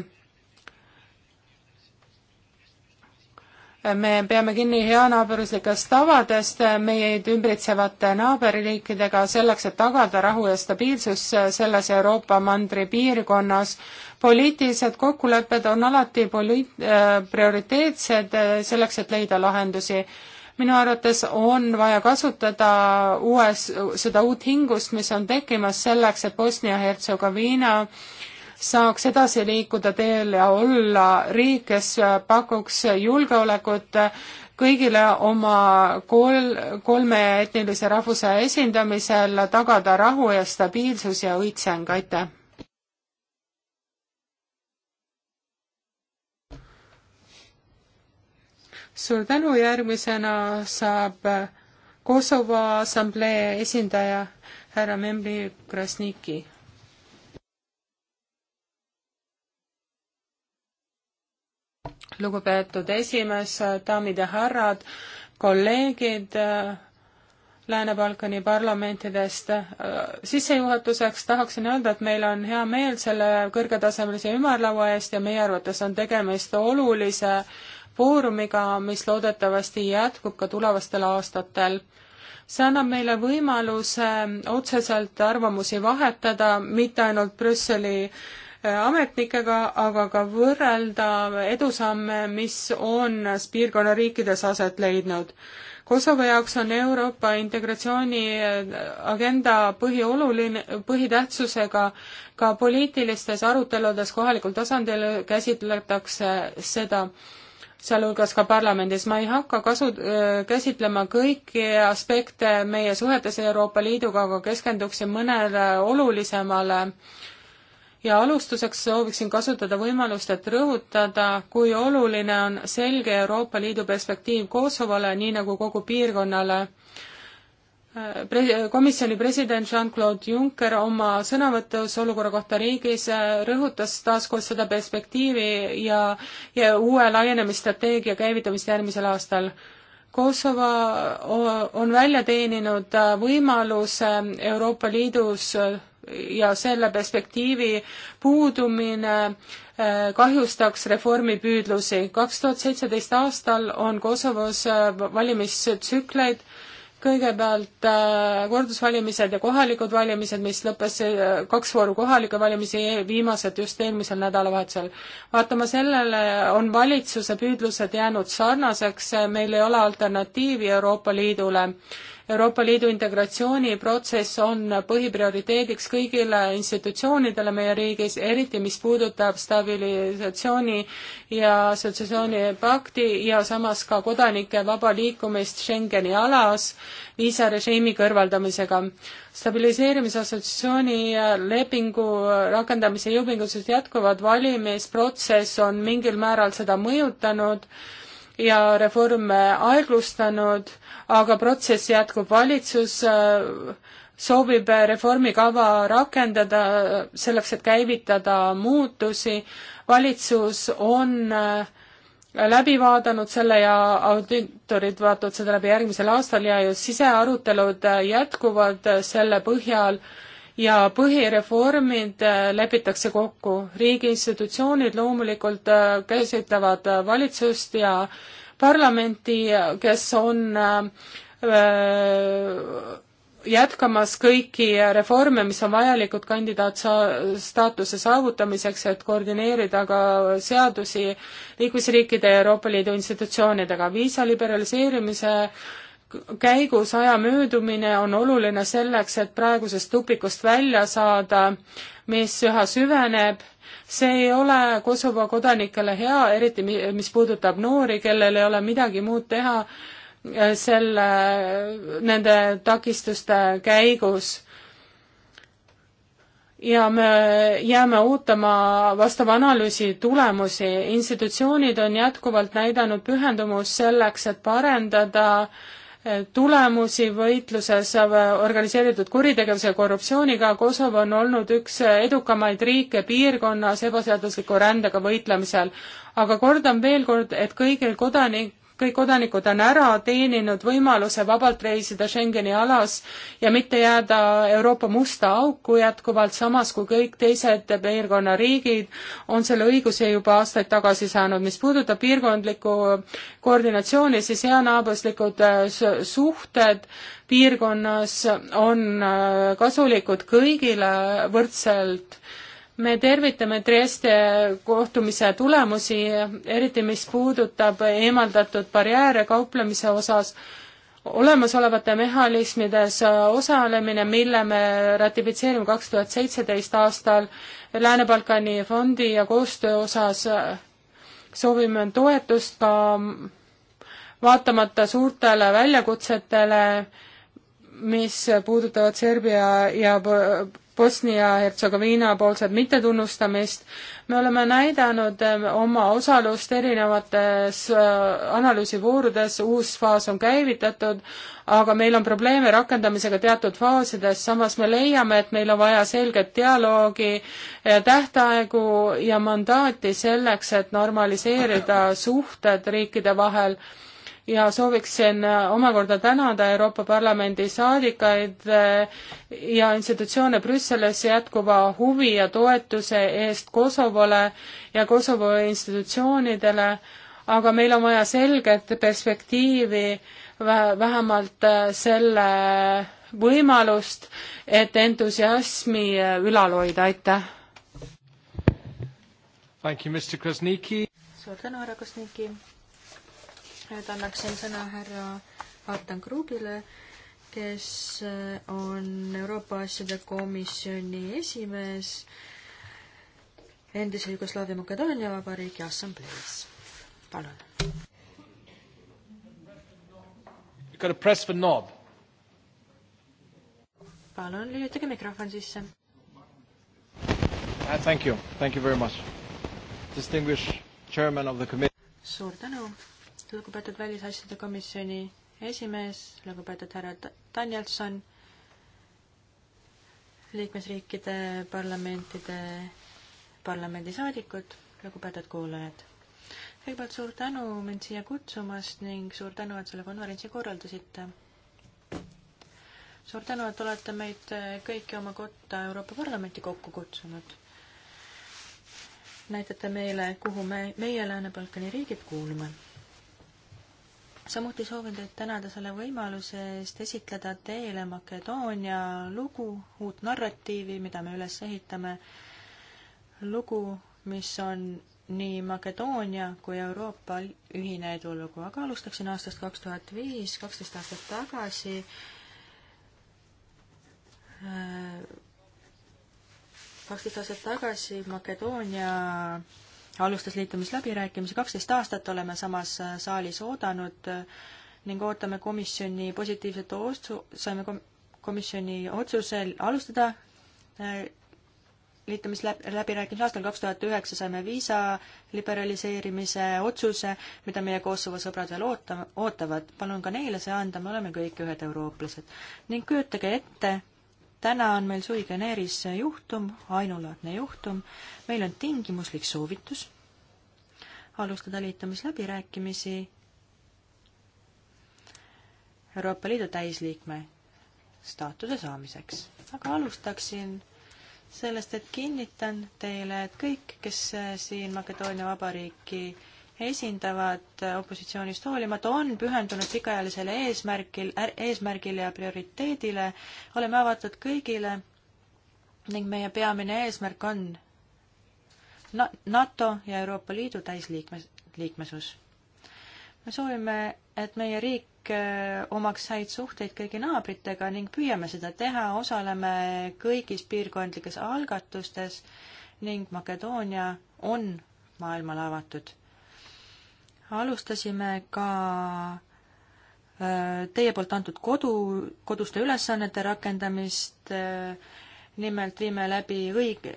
me peame kinni heanaaberluslikest tavadest meid ümbritsevate naaberriikidega selleks, et tagada rahu ja stabiilsus selles Euroopa mandri piirkonnas. poliitilised kokkulepped on alati poliit-, äh, prioriteetsed äh, selleks, et leida lahendusi. minu arvates on vaja kasutada uues, seda uut hingust, mis on tekkimas selleks, et Bosnia-Hertsegoviina saaks edasi liikuda teel ja olla riik, kes pakuks julgeolekut kõigile oma kol-, kolme etnilise rahvuse esindamisel, tagada rahu ja stabiilsus ja õitseng, aitäh! suur tänu, järgmisena saab Kosovo Assamblee esindaja härra Memli Krasniki lugupeetud esimees, daamid ja härrad, kolleegid äh, Lääne-Balkani parlamentidest. Äh, sissejuhatuseks tahaksin öelda, et meil on hea meel selle kõrgetasemelise ümarlaua eest ja meie arvates on tegemist olulise foorumiga, mis loodetavasti jätkub ka tulevastel aastatel. see annab meile võimaluse otseselt arvamusi vahetada, mitte ainult Brüsseli äh, ametnikega, aga ka võrrelda edusamme, mis on piirkonna riikides aset leidnud. Kosovo jaoks on Euroopa integratsiooni äh, agenda põhioluline, põhitähtsusega ka poliitilistes aruteludes kohalikul tasandil käsitletakse seda sealhulgas ka parlamendis. ma ei hakka kasu, äh, käsitlema kõiki aspekte meie suhetes Euroopa Liiduga, aga keskenduksin mõnele olulisemale äh, ja alustuseks sooviksin kasutada võimalust, et rõhutada, kui oluline on selge Euroopa Liidu perspektiiv Kosovole, nii nagu kogu piirkonnale. Pre-, komisjoni president Jean-Claude Juncker oma sõnavõtus olukorra kohta riigis äh, rõhutas taas kord seda perspektiivi ja, ja uue laienemisstrateegia käivitamist järgmisel aastal Kosovo on välja teeninud äh, võimaluse Euroopa Liidus äh, ja selle perspektiivi puudumine äh, kahjustaks reformi püüdlusi. kaks tuhat seitseteist aastal on Kosovos äh, valimistsükleid, kõigepealt äh, kordusvalimised ja kohalikud valimised, mis lõppes kaks vooru kohalikke valimisi, viimased just eelmisel nädalavahetusel. vaatama sellele on valitsuse püüdlused jäänud sarnaseks, meil ei ole alternatiivi Euroopa Liidule Euroopa Liidu integratsiooniprotsess on põhiprioriteediks kõigile institutsioonidele meie riigis, eriti mis puudutab stabilisatsiooni ja assotsiatsiooni pakti ja samas ka kodanike vaba liikumist Schengeni alas viisarežiimi kõrvaldamisega. stabiliseerimise assotsiatsiooni lepingu rakendamise jõupingutused jätkuvad, valimisprotsess on mingil määral seda mõjutanud ja reforme aeglustanud, aga protsess jätkub, valitsus äh, soovib reformikava rakendada selleks, et käivitada muutusi, valitsus on äh, läbi vaadanud selle ja auditorid vaatavad seda läbi järgmisel aastal ja sisearutelud jätkuvad selle põhjal, ja põhireformid äh, lepitakse kokku. riigi institutsioonid loomulikult äh, käsitlevad äh, valitsust ja parlamenti, kes on jätkamas kõiki reforme, mis on vajalikud kandidaatsa-, staatuse saavutamiseks, et koordineerida ka seadusi liikmesriikide ja Euroopa Liidu institutsioonidega. viisa liberaliseerimise äh, käigus aja möödumine on oluline selleks, et praegusest tupikust välja saada, mis üha süveneb. see ei ole Kosovo kodanikele hea, eriti mis puudutab noori, kellel ei ole midagi muud teha eh, selle, nende takistuste käigus ja me jääme ootama vastava analüüsi tulemusi. institutsioonid on jätkuvalt näidanud pühendumust selleks, et parendada äh, tulemusi võitluses organiseeritud kuritegevuse ja korruptsiooniga. Kosovo on olnud üks edukamaid riike piirkonnas ebaseadusliku rändega võitlemisel. aga kordan veel kord, et kõigil kodanik, kõik kodanikud on ära teeninud võimaluse vabalt reisida Schengeni alas ja mitte jääda Euroopa musta auku jätkuvalt, samas kui kõik teised piirkonna riigid on selle õiguse juba aastaid tagasi saanud. mis puudutab piirkondlikku koordinatsiooni, siis heanaabruslikud äh, suhted piirkonnas on äh, kasulikud kõigile võrdselt me tervitame Trieste kohtumise tulemusi, eriti mis puudutab eemaldatud barjääre kauplemise osas, olemasolevate mehhanismides osalemine, mille me ratifitseerime kaks tuhat seitseteist aastal Lääne-Balkani fondi ja koostöö osas, soovime toetust ka vaatamata suurtele väljakutsetele, mis puudutavad Serbia ja Bosnia-Hertsegoviina poolset mittetunnustamist. me oleme näidanud eh, oma osalust erinevates eh, analüüsivoorudes, uus faas on käivitatud, aga meil on probleeme rakendamisega teatud faasides, samas me leiame, et meil on vaja selget dialoogi, eh, tähtaegu ja mandaati selleks, et normaliseerida suhted riikide vahel ja sooviksin äh, omakorda tänada Euroopa Parlamendi saadikaid äh, ja institutsioone Brüsselis jätkuva huvi ja toetuse eest Kosovole ja Kosovo institutsioonidele, aga meil on vaja selget perspektiivi vähemalt äh, selle võimalust, et entusiasmi ülal hoida, aitäh! suur tänu, härra Kosniki! nüüd annaksin sõna härra Artan Krugile, kes äh, on Euroopa Asjade Komisjoni esimees endise Jugoslaavia Makedoonia Vabariigi Assamblees. palun. You gotta press the knob. palun lülitage mikrofon sisse. Ah, thank you, thank you very much. Distinguished chairman of the committee. suur tänu lugupeetud Välisasjade Komisjoni esimees, lugupeetud härra Danielson, liikmesriikide parlamentide parlamendisaadikud, lugupeetud kuulajad. kõigepealt suur tänu mind siia kutsumast ning suur tänu, et selle konverentsi korraldasite. suur tänu, et olete meid kõiki oma kotta Euroopa Parlamenti kokku kutsunud. näitate meile, kuhu me, meie Lääne-Balkani riigid kuulume samuti soovin teid tänada selle võimaluse eest esitleda teile Makedoonia lugu, uut narratiivi, mida me üles ehitame. lugu, mis on nii Makedoonia kui Euroopa ühine edulugu, aga alustaksin aastast kaks tuhat viis, kaksteist aastat tagasi äh, kaksteist aastat tagasi Makedoonia alustas liitumisläbirääkimisi, kaksteist aastat oleme samas äh, saalis oodanud äh, ning ootame komisjoni positiivset otsu-, saime kom-, komisjoni otsuse alustada äh, liitumisläbirääkimise aastal kaks tuhat üheksa saime viisa liberaliseerimise otsuse, mida meie Kosovo sõbrad veel oota, ootavad. palun ka neile see anda, me oleme kõik ühed eurooplased. ning kujutage ette, täna on meil sui generis juhtum, ainulaadne juhtum, meil on tingimuslik soovitus alustada liitumisläbirääkimisi Euroopa Liidu täisliikme staatuse saamiseks. aga alustaksin sellest, et kinnitan teile, et kõik, kes siin Makedoonia Vabariiki esindavad opositsioonist hoolimata, on pühendunud pikaajalisele eesmärgil, eesmärgile ja prioriteedile, oleme avatud kõigile ning meie peamine eesmärk on NATO ja Euroopa Liidu täisliikmes, liikmesus. me soovime, et meie riik äh, omaks häid suhteid kõigi naabritega ning püüame seda teha, osaleme kõigis piirkondlikes algatustes ning Makedoonia on maailmale avatud alustasime ka äh, teie poolt antud kodu, koduste ülesannete rakendamist, äh, nimelt viime läbi õig-,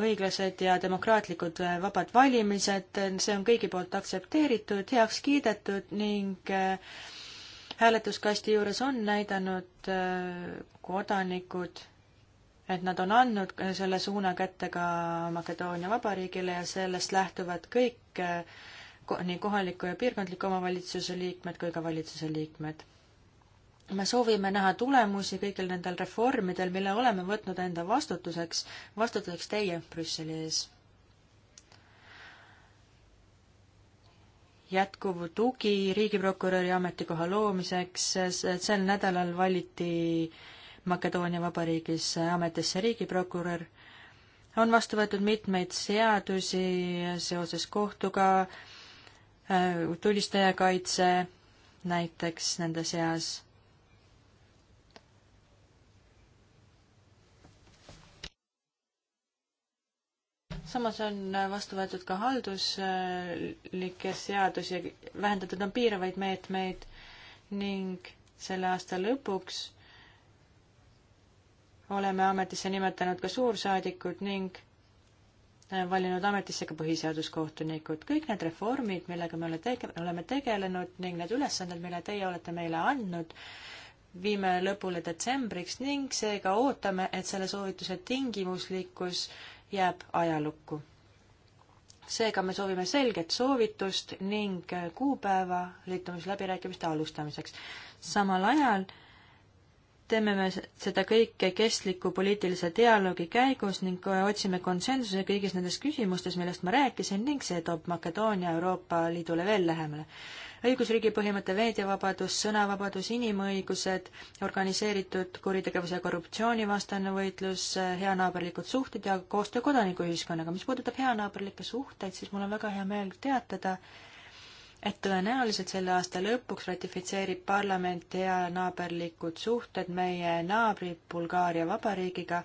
õiglased ja demokraatlikud äh, vabad valimised, see on kõigi poolt aktsepteeritud, heaks kiidetud ning hääletuskasti juures on näidanud kodanikud, et nad on andnud selle suuna kätte ka Makedoonia Vabariigile ja sellest lähtuvad kõik nii kohaliku ja piirkondliku omavalitsuse liikmed kui ka valitsuse liikmed. me soovime näha tulemusi kõigil nendel reformidel, mille oleme võtnud enda vastutuseks, vastutuseks teie Brüsseli ees. jätkuv tugi riigiprokuröri ametikoha loomiseks, sel nädalal valiti Makedoonia Vabariigis ametisse riigiprokurör, on vastu võetud mitmeid seadusi seoses kohtuga, Äh, tulistajakaitse näiteks nende seas. samas on vastu võetud ka halduslikke seadusi, vähendatud on piiravaid meetmeid ning selle aasta lõpuks oleme ametisse nimetanud ka suursaadikud ning Äh, valinud ametisse ka põhiseaduskohtunikud. kõik need reformid, millega me oleme tegelenud ning need ülesanded, mille teie olete meile andnud, viime lõpule detsembriks ning seega ootame, et selle soovituse tingimuslikkus jääb ajalukku. seega me soovime selget soovitust ning kuupäeva liitumisläbirääkimiste alustamiseks. samal ajal teeme me seda kõike kestliku poliitilise dialoogi käigus ning otsime konsensuse kõigis nendes küsimustes, millest ma rääkisin ning see toob Makedoonia Euroopa Liidule veel lähemale. õigusriigi põhimõte, meediavabadus, sõnavabadus, inimõigused, organiseeritud kuritegevuse ja korruptsioonivastane võitlus, heanaaberlikud suhted ja koostöö kodanikuühiskonnaga. mis puudutab heanaaberlikke suhteid, siis mul on väga hea meel teatada, et tõenäoliselt selle aasta lõpuks ratifitseerib parlament hea naaberlikud suhted meie naabri Bulgaaria Vabariigiga.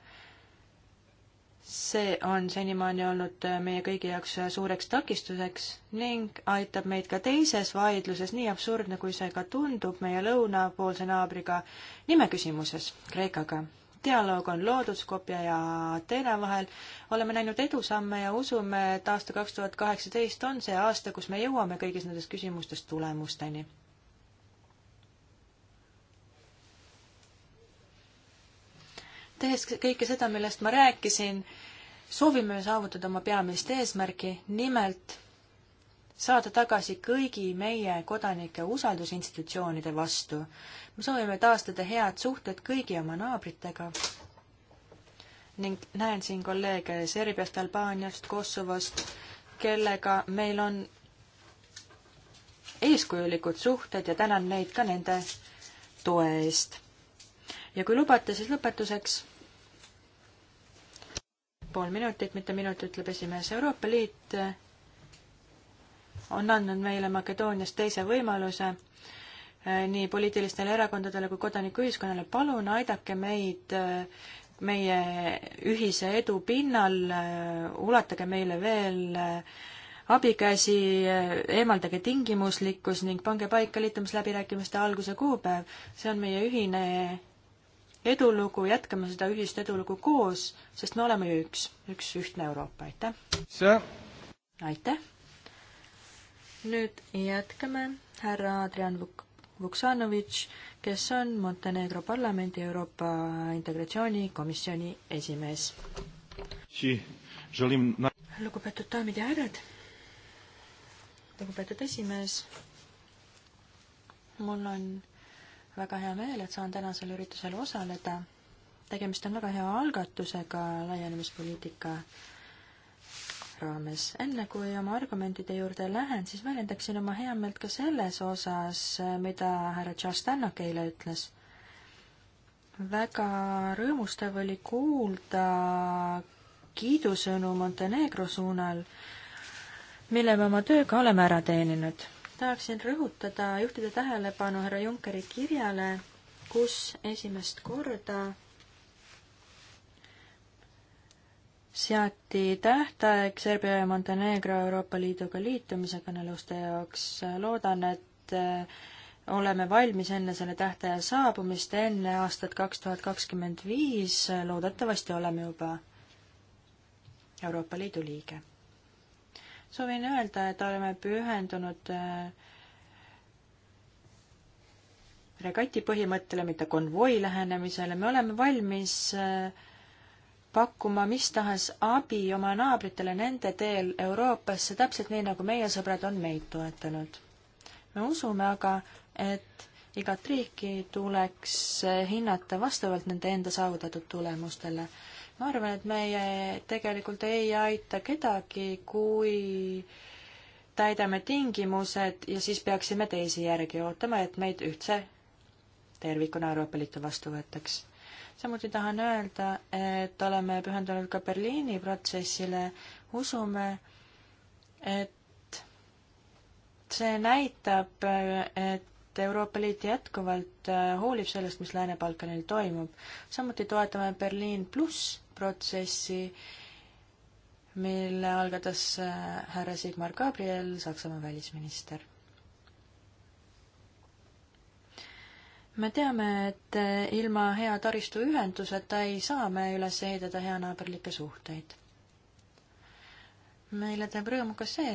see on senimaani olnud meie kõigi jaoks suureks takistuseks ning aitab meid ka teises vaidluses, nii absurdne kui see ka tundub, meie lõunapoolse naabriga nimeküsimuses Kreekaga dialoog on loodud Skopje ja Ateena vahel. oleme näinud edusamme ja usume, et aasta kaks tuhat kaheksateist on see aasta, kus me jõuame kõigis nendes küsimustes tulemusteni tehes kõike seda, millest ma rääkisin, soovime saavutada oma peamist eesmärki, nimelt saada tagasi kõigi meie kodanike usaldus institutsioonide vastu. me soovime taastada head suhted kõigi oma naabritega ning näen siin kolleege Serbiast, Albaaniast, Kosovost, kellega meil on eeskujulikud suhted ja tänan neid ka nende toe eest. ja kui lubate, siis lõpetuseks pool minutit, mitte minut, ütleb esimees. Euroopa Liit on andnud meile Makedoonias teise võimaluse eh, nii poliitilistele erakondadele kui kodanikuühiskonnale, palun aidake meid eh, meie ühise edu pinnal, eh, ulatage meile veel abikäsi, eemaldage tingimuslikkus ning pange paika liitumisläbirääkimiste alguse kuupäev. see on meie ühine edulugu, jätkame seda ühist edulugu koos, sest me oleme ju üks, üks ühtne Euroopa, aitäh! aitäh! nüüd jätkame härra Adrian Vuk-, Vuksanovitš, kes on Montenegro parlamendi Euroopa Integratsioonikomisjoni esimees. lugupeetud daamid ja härrad, lugupeetud esimees, mul on väga hea meel, et saan tänasel üritusel osaleda. tegemist on väga hea algatusega laienemispoliitika raames. enne kui oma argumentide juurde lähen, siis väljendaksin oma heameelt ka selles osas, mida härra Charles Tannock eile ütles. väga rõõmustav oli kuulda kiidusõnu Montenegro suunal, mille me oma tööga oleme ära teeninud. tahaksin rõhutada, juhtida tähelepanu härra Junckeri kirjale, kus esimest korda seati tähtaeg Serbia ja Montenegro Euroopa Liiduga liitumise kõneluste jaoks. loodan, et äh, oleme valmis enne selle tähtaja saabumist, enne aastat kaks tuhat kakskümmend viis, loodetavasti oleme juba Euroopa Liidu liige. soovin öelda, et oleme pühendunud äh, regati põhimõttele, mitte konvoi lähenemisele, me oleme valmis äh, pakkuma mis tahes abi oma naabritele nende teel Euroopasse, täpselt nii, nagu meie sõbrad on meid toetanud. me usume aga, et igat riiki tuleks hinnata vastavalt nende enda saavutatud tulemustele. ma arvan, et meie tegelikult ei aita kedagi, kui täidame tingimused ja siis peaksime teisi järgi ootama, et meid ühtse tervikuna Euroopa Liitu vastu võetaks samuti tahan öelda, et oleme pühendunud ka Berliini protsessile, usume, et see näitab, et Euroopa Liit jätkuvalt hoolib sellest, mis Lääne-Balkanil toimub. samuti toetame Berliin pluss protsessi, mille algatas härra Sigmar Gabriel, Saksamaa välisminister me teame, et ilma hea taristuühenduseta ei saa me üles ehitada heanaaberlikke suhteid. meile teeb rõõmu ka see,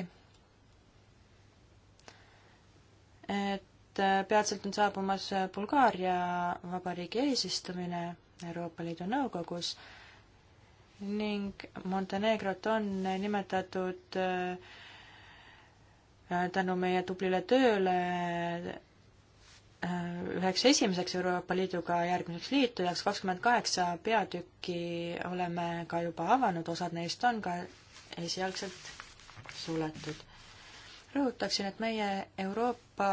et peatselt on saabumas Bulgaaria Vabariigi eesistumine Euroopa Liidu Nõukogus ning Montenegrot on nimetatud äh, tänu meie tublile tööle Äh, üheks esimeseks Euroopa Liiduga järgmiseks liitujaks, kakskümmend kaheksa peatükki oleme ka juba avanud, osad neist on ka esialgselt suletud. rõhutaksin, et meie Euroopa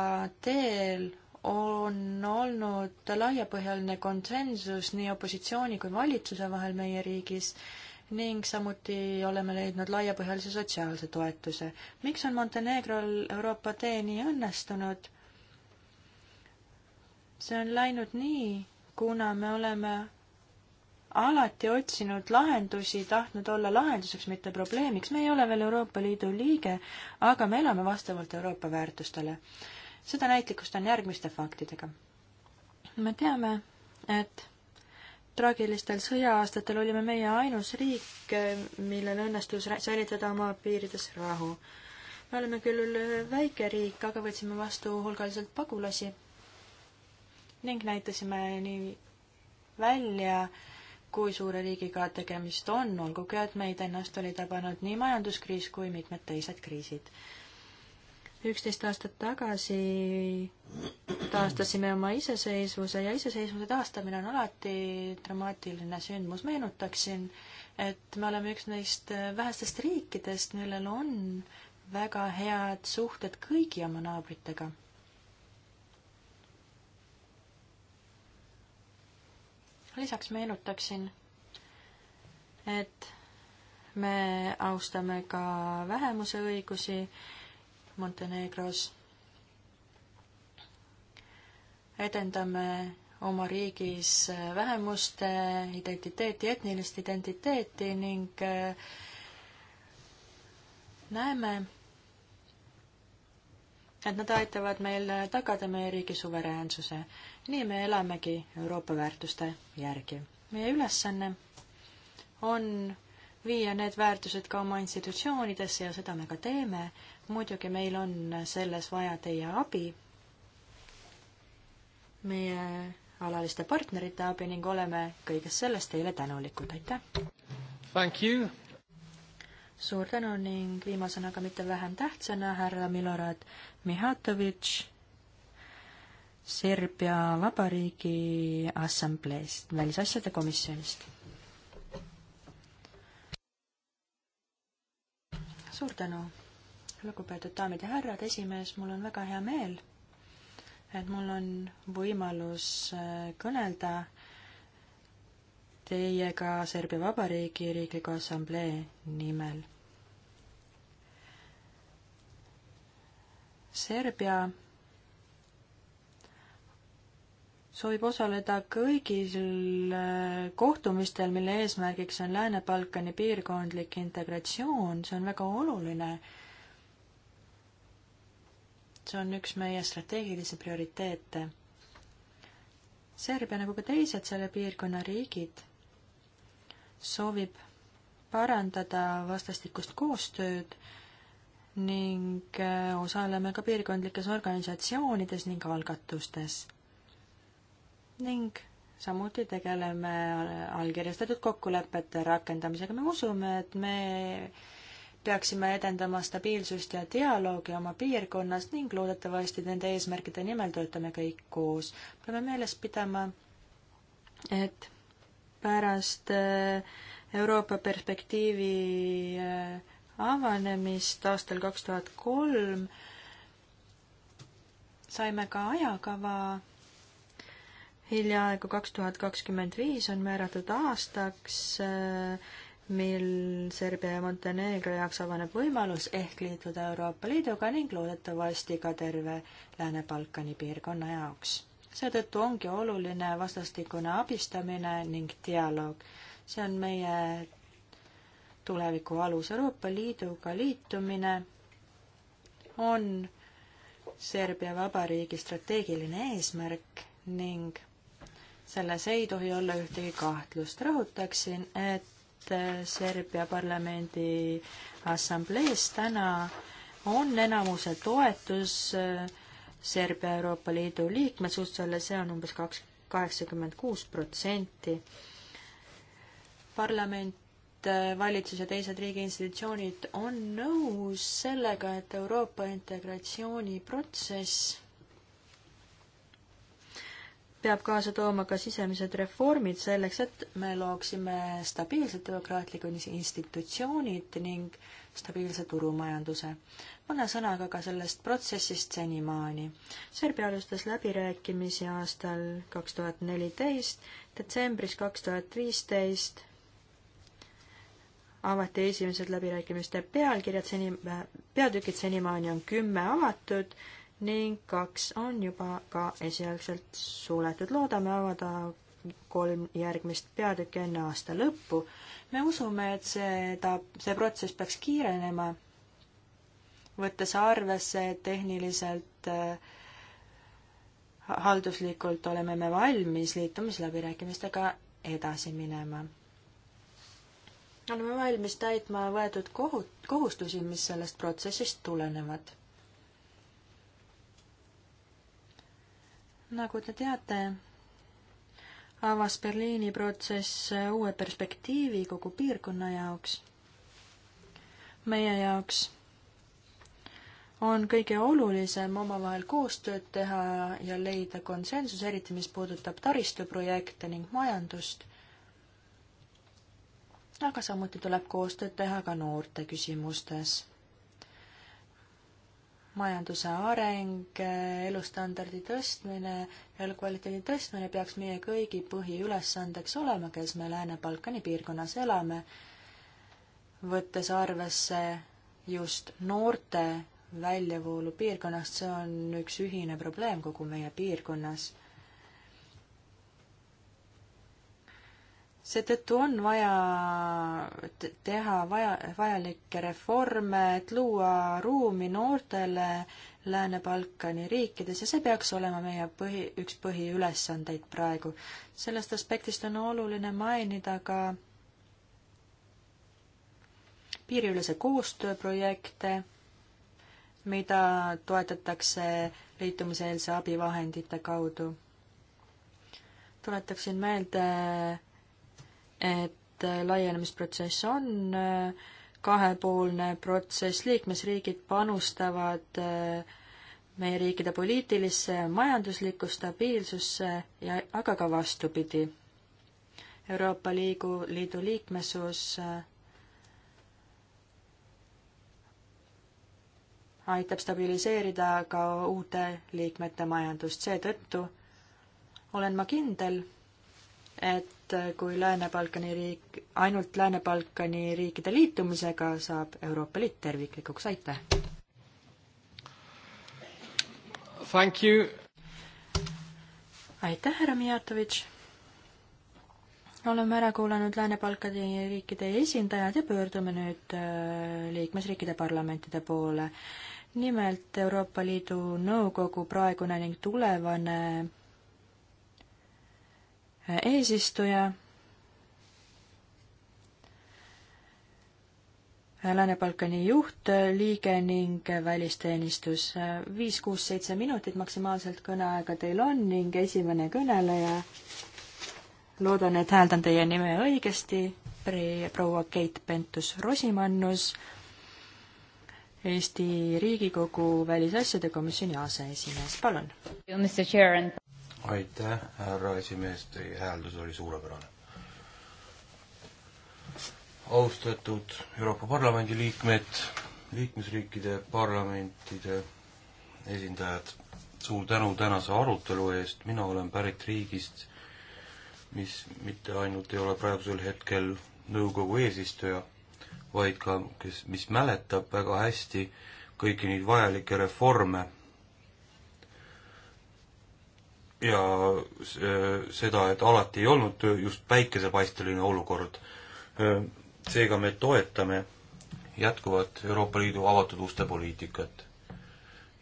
teel on olnud laiapõhjaline konsensus nii opositsiooni kui valitsuse vahel meie riigis ning samuti oleme leidnud laiapõhjalise sotsiaalse toetuse. miks on Montenegrol Euroopa tee nii õnnestunud? see on läinud nii, kuna me oleme alati otsinud lahendusi, tahtnud olla lahenduseks, mitte probleemiks. me ei ole veel Euroopa Liidu liige, aga me elame vastavalt Euroopa väärtustele. seda näitlikustan järgmiste faktidega. me teame, et traagilistel sõja-aastatel olime meie ainus riik, millel õnnestus säilitada oma piirides rahu. me oleme küll väike riik, aga võtsime vastu hulgaliselt pagulasi ning näitasime nii välja, kui suure riigiga tegemist on, olgugi et meid ennast oli tabanud nii majanduskriis kui mitmed teised kriisid. üksteist aastat tagasi taastasime oma iseseisvuse ja iseseisvuse taastamine on alati dramaatiline sündmus. meenutaksin, et me oleme üks neist vähestest riikidest, millel on väga head suhted kõigi oma naabritega lisaks meenutaksin, et me austame ka vähemuse õigusi Montenegros. edendame oma riigis vähemuste identiteeti, etnilist identiteeti ning äh, näeme, et nad aitavad meil tagada meie riigi suveräänsuse nii me elamegi Euroopa väärtuste järgi. meie ülesanne on viia need väärtused ka oma institutsioonidesse ja seda me ka teeme. muidugi meil on selles vaja teie abi, meie alaliste partnerite abi ning oleme kõigest sellest teile tänulikud, aitäh! Thank you! suur tänu ning viimasena, aga mitte vähem tähtsana, härra Milorad Mihhatovitš Serbia Vabariigi Assambleest, välisasjade komisjonist. suur tänu, lugupeetud daamid ja härrad, esimees, mul on väga hea meel, et mul on võimalus äh, kõnelda teiega Serbia Vabariigi Riikliku Assamblee nimel. Serbia soovib osaleda kõigil äh, kohtumistel, mille eesmärgiks on Lääne-Balkani piirkondlik integratsioon, see on väga oluline. see on üks meie strateegilisi prioriteete. Serbia, nagu ka teised selle piirkonna riigid, soovib parandada vastastikust koostööd ning äh, osaleme ka piirkondlikes organisatsioonides ning algatustes ning samuti tegeleme allkirjastatud kokkulepete rakendamisega. me usume, et me peaksime edendama stabiilsust ja dialoogi oma piirkonnas ning loodetavasti nende eesmärkide nimel töötame kõik koos. peame meeles pidama, et pärast äh, Euroopa perspektiivi äh, avanemist aastal kaks tuhat kolm saime ka ajakava hiljaaegu kaks tuhat kakskümmend viis on määratud aastaks, äh, mil Serbia ja Montenegro jaoks avaneb võimalus ehk liituda Euroopa Liiduga ning loodetavasti ka terve Lääne-Balkani piirkonna jaoks. seetõttu ongi oluline vastastikune abistamine ning dialoog. see on meie tuleviku alus. Euroopa Liiduga liitumine on Serbia Vabariigi strateegiline eesmärk ning selles ei tohi olla ühtegi kahtlust. rõhutaksin, et Serbia parlamendi assamblees täna on enamuse toetus äh, Serbia Euroopa Liidu liikmesusele, see on umbes kaks, kaheksakümmend kuus protsenti. parlament, äh, valitsus ja teised riigi institutsioonid on nõus sellega, et Euroopa integratsiooniprotsess peab kaasa tooma ka sisemised reformid selleks, et me looksime stabiilsed demokraatlikud institutsioonid ning stabiilse turumajanduse. mõne sõnaga ka sellest protsessist senimaani. Serbia alustas läbirääkimisi aastal kaks tuhat neliteist, detsembris kaks tuhat viisteist avati esimesed läbirääkimiste pealkirjad, seni, peatükid senimaani on kümme avatud ning kaks on juba ka esialgselt suletud. loodame avada kolm järgmist peatükki enne aasta lõppu. me usume, et seda, see protsess peaks kiirenema, võttes arvesse, et tehniliselt äh, halduslikult oleme me valmis liitumisläbirääkimistega edasi minema. oleme valmis täitma võetud kohut-, kohustusi, mis sellest protsessist tulenevad nagu te teate, avas Berliini protsess uue perspektiivi kogu piirkonna jaoks. meie jaoks on kõige olulisem omavahel koostööd teha ja leida konsensus, eriti mis puudutab taristuprojekte ning majandust. aga samuti tuleb koostööd teha ka noorte küsimustes majanduse areng, elustandardi tõstmine, elukvaliteedi tõstmine peaks meie kõigi põhiülesandeks olema, kes me Lääne-Balkani piirkonnas elame, võttes arvesse just noorte väljavoolu piirkonnast, see on üks ühine probleem kogu meie piirkonnas. seetõttu on vaja teha vaja, vajalikke reforme, et luua ruumi noortele Lääne-Balkani riikides ja see peaks olema meie põhi, üks põhiülesandeid praegu. sellest aspektist on oluline mainida ka piiriülese koostööprojekte, mida toetatakse liitumiseelse abivahendite kaudu. tuletaksin meelde et äh, laienemisprotsess on äh, kahepoolne protsess, liikmesriigid panustavad äh, meie riikide poliitilisse, majanduslikku stabiilsusse ja, aga ka vastupidi. Euroopa Liidu, Liidu liikmesus aitab stabiliseerida ka uute liikmete majandust, seetõttu olen ma kindel, et et äh, kui Lääne-Balkani riik, ainult Lääne-Balkani riikide liitumisega saab Euroopa Liit terviklikuks, aitäh! Thank you! aitäh, härra Mijatovitš! oleme ära kuulanud Lääne-Balkani riikide esindajad ja pöördume nüüd äh, liikmesriikide parlamentide poole. nimelt Euroopa Liidu Nõukogu praegune ning tulevane eesistuja. Lääne-Balkani juhtliige ning välisteenistus. viis, kuus, seitse minutit maksimaalselt kõneaega teil on ning esimene kõneleja. loodan, et hääldan teie nime õigesti. proua Keit Pentus-Rosimannus, Eesti Riigikogu Välisasjade Komisjoni aseesimees, palun aitäh, härra esimees, teie hääldus oli suurepärane. austatud Euroopa Parlamendi liikmed, liikmesriikide parlamentide esindajad, suur tänu tänase arutelu eest, mina olen pärit riigist, mis mitte ainult ei ole praegusel hetkel nõukogu eesistuja, vaid ka, kes, mis mäletab väga hästi kõiki neid vajalikke reforme ja seda, et alati ei olnud just päikesepaisteline olukord. seega me toetame jätkuvat Euroopa Liidu avatud uste poliitikat.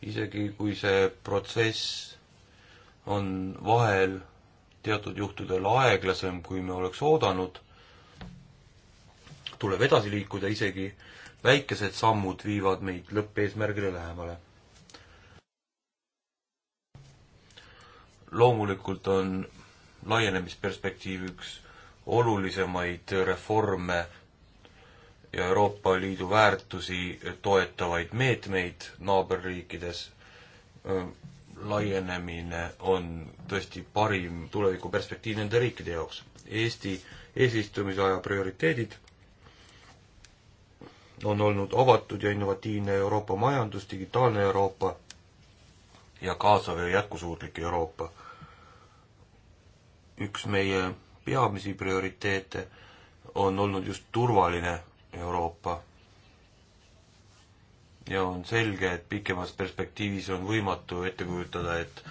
isegi kui see protsess on vahel teatud juhtudel aeglasem, kui me oleks oodanud, tuleb edasi liikuda, isegi väikesed sammud viivad meid lõppeesmärgile lähemale loomulikult on laienemisperspektiiv üks olulisemaid reforme ja Euroopa Liidu väärtusi toetavaid meetmeid naaberriikides. laienemine on tõesti parim tulevikuperspektiiv nende riikide jaoks. Eesti eesistumise aja prioriteedid on olnud avatud ja innovatiivne Euroopa majandus, digitaalne Euroopa ja kaasav ja jätkusuutlik Euroopa. üks meie peamisi prioriteete on olnud just turvaline Euroopa. ja on selge, et pikemas perspektiivis on võimatu ette kujutada, et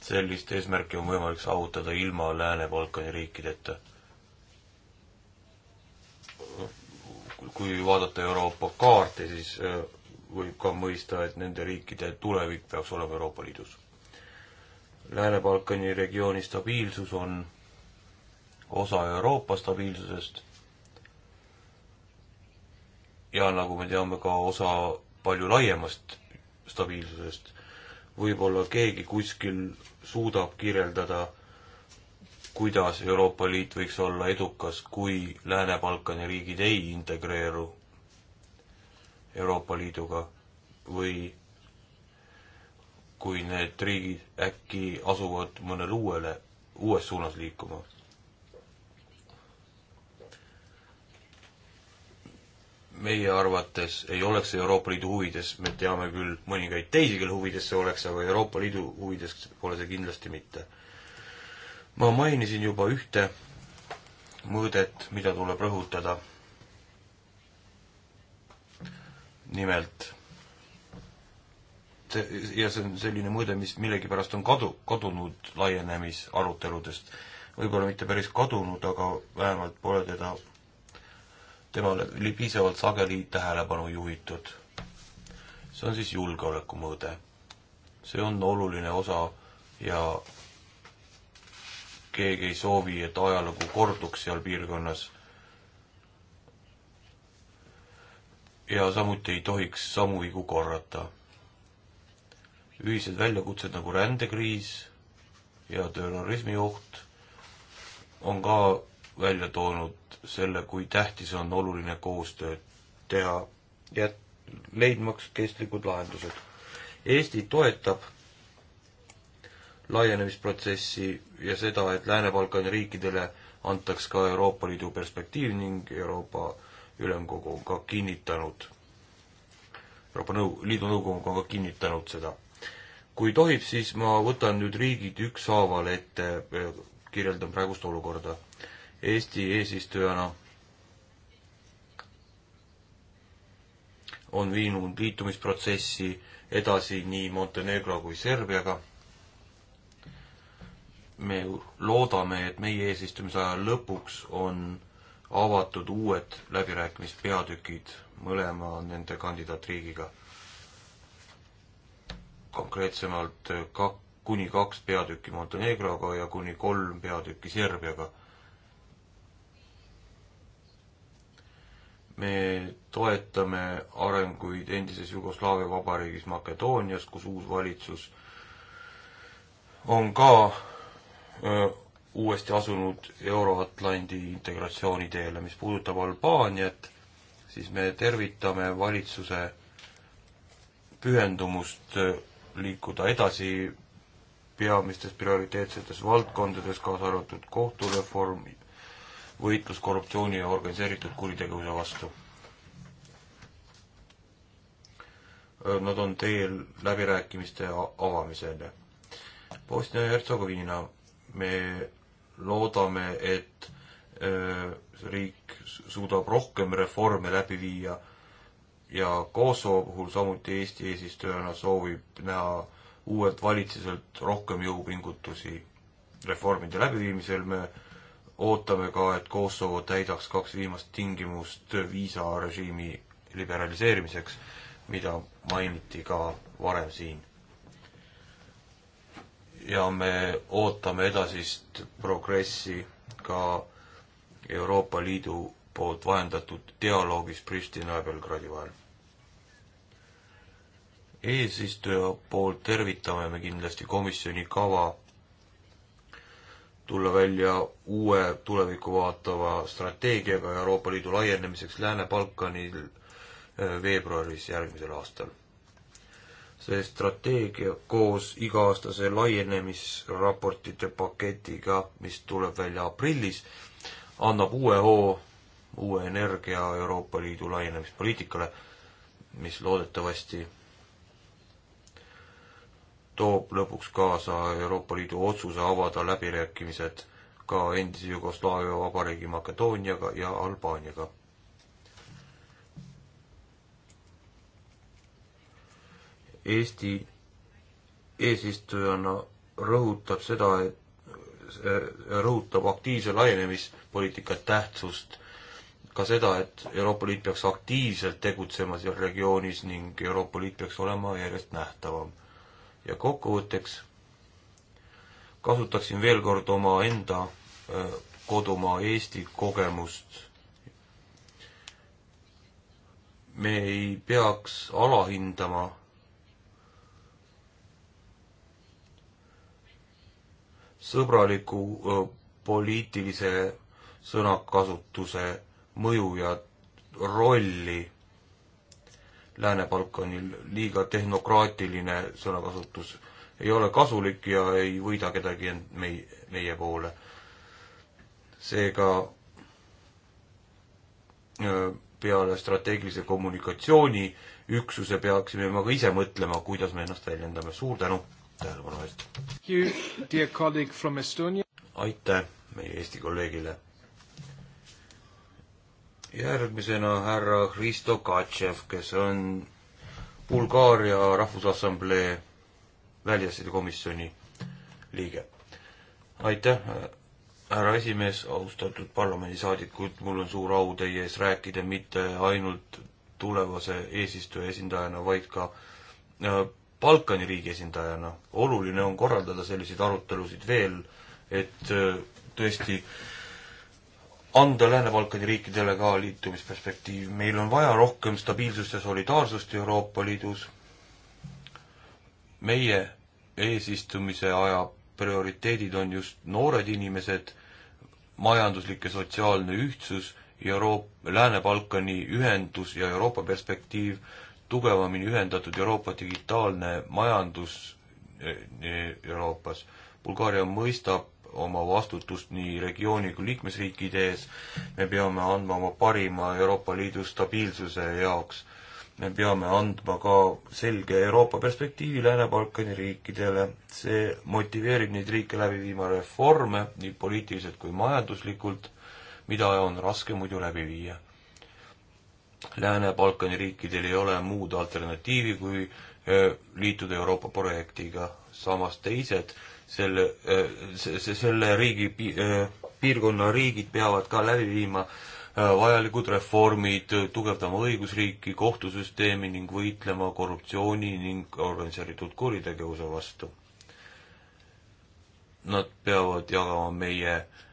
sellist eesmärki on võimalik saavutada ilma Lääne-Balkani riikideta. kui vaadata Euroopa kaarti, siis võib ka mõista, et nende riikide tulevik peaks olema Euroopa Liidus. Lääne-Balkani regiooni stabiilsus on osa Euroopa stabiilsusest ja nagu me teame, ka osa palju laiemast stabiilsusest. võib-olla keegi kuskil suudab kirjeldada, kuidas Euroopa Liit võiks olla edukas, kui Lääne-Balkani riigid ei integreeru Euroopa Liiduga või kui need riigid äkki asuvad mõnele uuele, uues suunas liikuma. meie arvates ei oleks see Euroopa Liidu huvides, me teame küll mõningaid teisi, kelle huvides see oleks, aga Euroopa Liidu huvides pole see kindlasti mitte. ma mainisin juba ühte mõõdet, mida tuleb rõhutada nimelt. ja see on selline mõõde, mis millegipärast on kadu, kadunud laienemisaruteludest. võib-olla mitte päris kadunud, aga vähemalt pole teda, temale piisavalt sageli tähelepanu juhitud. see on siis julgeoleku mõõde. see on oluline osa ja keegi ei soovi, et ajalugu korduks seal piirkonnas ja samuti ei tohiks samu vigu korrata. ühised väljakutsed nagu rändekriis ja terrorismi oht on ka välja toonud selle, kui tähtis on oluline koostööd teha, jät-, leidmaks kestlikud lahendused. Eesti toetab laienemisprotsessi ja seda, et Lääne-Balkani riikidele antaks ka Euroopa Liidu perspektiiv ning Euroopa ülemkogu on ka kinnitanud, Euroopa Nõu-, Liidu Nõukogu on ka kinnitanud seda. kui tohib, siis ma võtan nüüd riigid ükshaaval ette, kirjeldan praegust olukorda. Eesti eesistujana on viinud liitumisprotsessi edasi nii Montenegro kui Serbiaga. me loodame, et meie eesistumise aja lõpuks on avatud uued läbirääkimispeatükid mõlema nende kandidaatriigiga. konkreetsemalt eh, kak-, kuni kaks peatükki Montenegroga ja kuni kolm peatükki Serbiaga. me toetame arenguid endises Jugoslaavia vabariigis Makedoonias, kus uus valitsus on ka öö, eh, uuesti asunud Euro-Atlandi integratsiooni teele. mis puudutab Albaaniat, siis me tervitame valitsuse pühendumust liikuda edasi peamistes prioriteetsetes valdkondades, kaasa arvatud kohtureform, võitlus korruptsiooni ja organiseeritud kuritegevuse vastu. Nad on teel läbirääkimiste avamisele. Bosnia ja Hertsegoviina, me loodame, et äh, riik suudab rohkem reforme läbi viia ja Kosovo puhul samuti Eesti eesistujana soovib näha uuelt valitsuselt rohkem jõupingutusi reformide läbiviimisel. me ootame ka, et Kosovo täidaks kaks viimast tingimust viisarežiimi liberaliseerimiseks, mida mainiti ka varem siin ja me ootame edasist progressi ka Euroopa Liidu poolt vahendatud dialoogis Pristina ja Belgradi vahel. eesistuja poolt tervitame me kindlasti komisjoni kava tulla välja uue tulevikku vaatava strateegiaga Euroopa Liidu laienemiseks Lääne-Balkanil eh, veebruaris järgmisel aastal see strateegia koos iga-aastase laienemisraportite paketiga, mis tuleb välja aprillis, annab uue hoo, uue energia Euroopa Liidu laienemispoliitikale, mis loodetavasti toob lõpuks kaasa Euroopa Liidu otsuse avada läbirääkimised ka endise Jugoslaavia vabariigi Makedooniaga ja Albaaniaga Eesti eesistujana rõhutab seda, et äh, rõhutab aktiivse laienemispoliitika tähtsust, ka seda, et Euroopa Liit peaks aktiivselt tegutsema seal regioonis ning Euroopa Liit peaks olema järjest nähtavam. ja kokkuvõtteks kasutaksin veel kord omaenda äh, kodumaa Eesti kogemust me ei peaks alahindama sõbraliku poliitilise sõnakasutuse mõju ja rolli Lääne-Balkanil, liiga tehnokraatiline sõnakasutus ei ole kasulik ja ei võida kedagi end mei-, meie poole. seega peale strateegilise kommunikatsiooni üksuse peaksime me ka ise mõtlema, kuidas me ennast väljendame. suur tänu! tähelepanu eest. aitäh meie Eesti kolleegile. järgmisena härra Hristo Katšev, kes on Bulgaaria Rahvusassamblee väljasõidu komisjoni liige. aitäh, härra esimees, austatud parlamendisaadikud, mul on suur au teie ees rääkida mitte ainult tulevase eesistuja esindajana, vaid ka äh, Balkani riigi esindajana. oluline on korraldada selliseid arutelusid veel, et äh, tõesti anda Lääne-Balkani riikidele ka liitumisperspektiiv. meil on vaja rohkem stabiilsust ja solidaarsust Euroopa Liidus. meie eesistumise aja prioriteedid on just noored inimesed, majanduslik ja sotsiaalne ühtsus, Euroop-, Lääne-Balkani ühendus ja Euroopa perspektiiv tugevamini ühendatud Euroopa digitaalne majandus e, e, Euroopas. Bulgaaria mõistab oma vastutust nii regiooni kui liikmesriikide ees, me peame andma oma parima Euroopa Liidu stabiilsuse jaoks. me peame andma ka selge Euroopa perspektiivi Lääne-Balkani riikidele, see motiveerib neid riike läbi viima reforme, nii poliitiliselt kui majanduslikult, mida on raske muidu läbi viia Lääne-Balkani riikidel ei ole muud alternatiivi, kui liituda Euroopa projektiga. samas teised selle, selle riigi, piirkonna riigid peavad ka läbi viima vajalikud reformid, tugevdama õigusriiki, kohtusüsteemi ning võitlema korruptsiooni ning organiseeritud kuritegevuse vastu. Nad peavad jagama meie äh,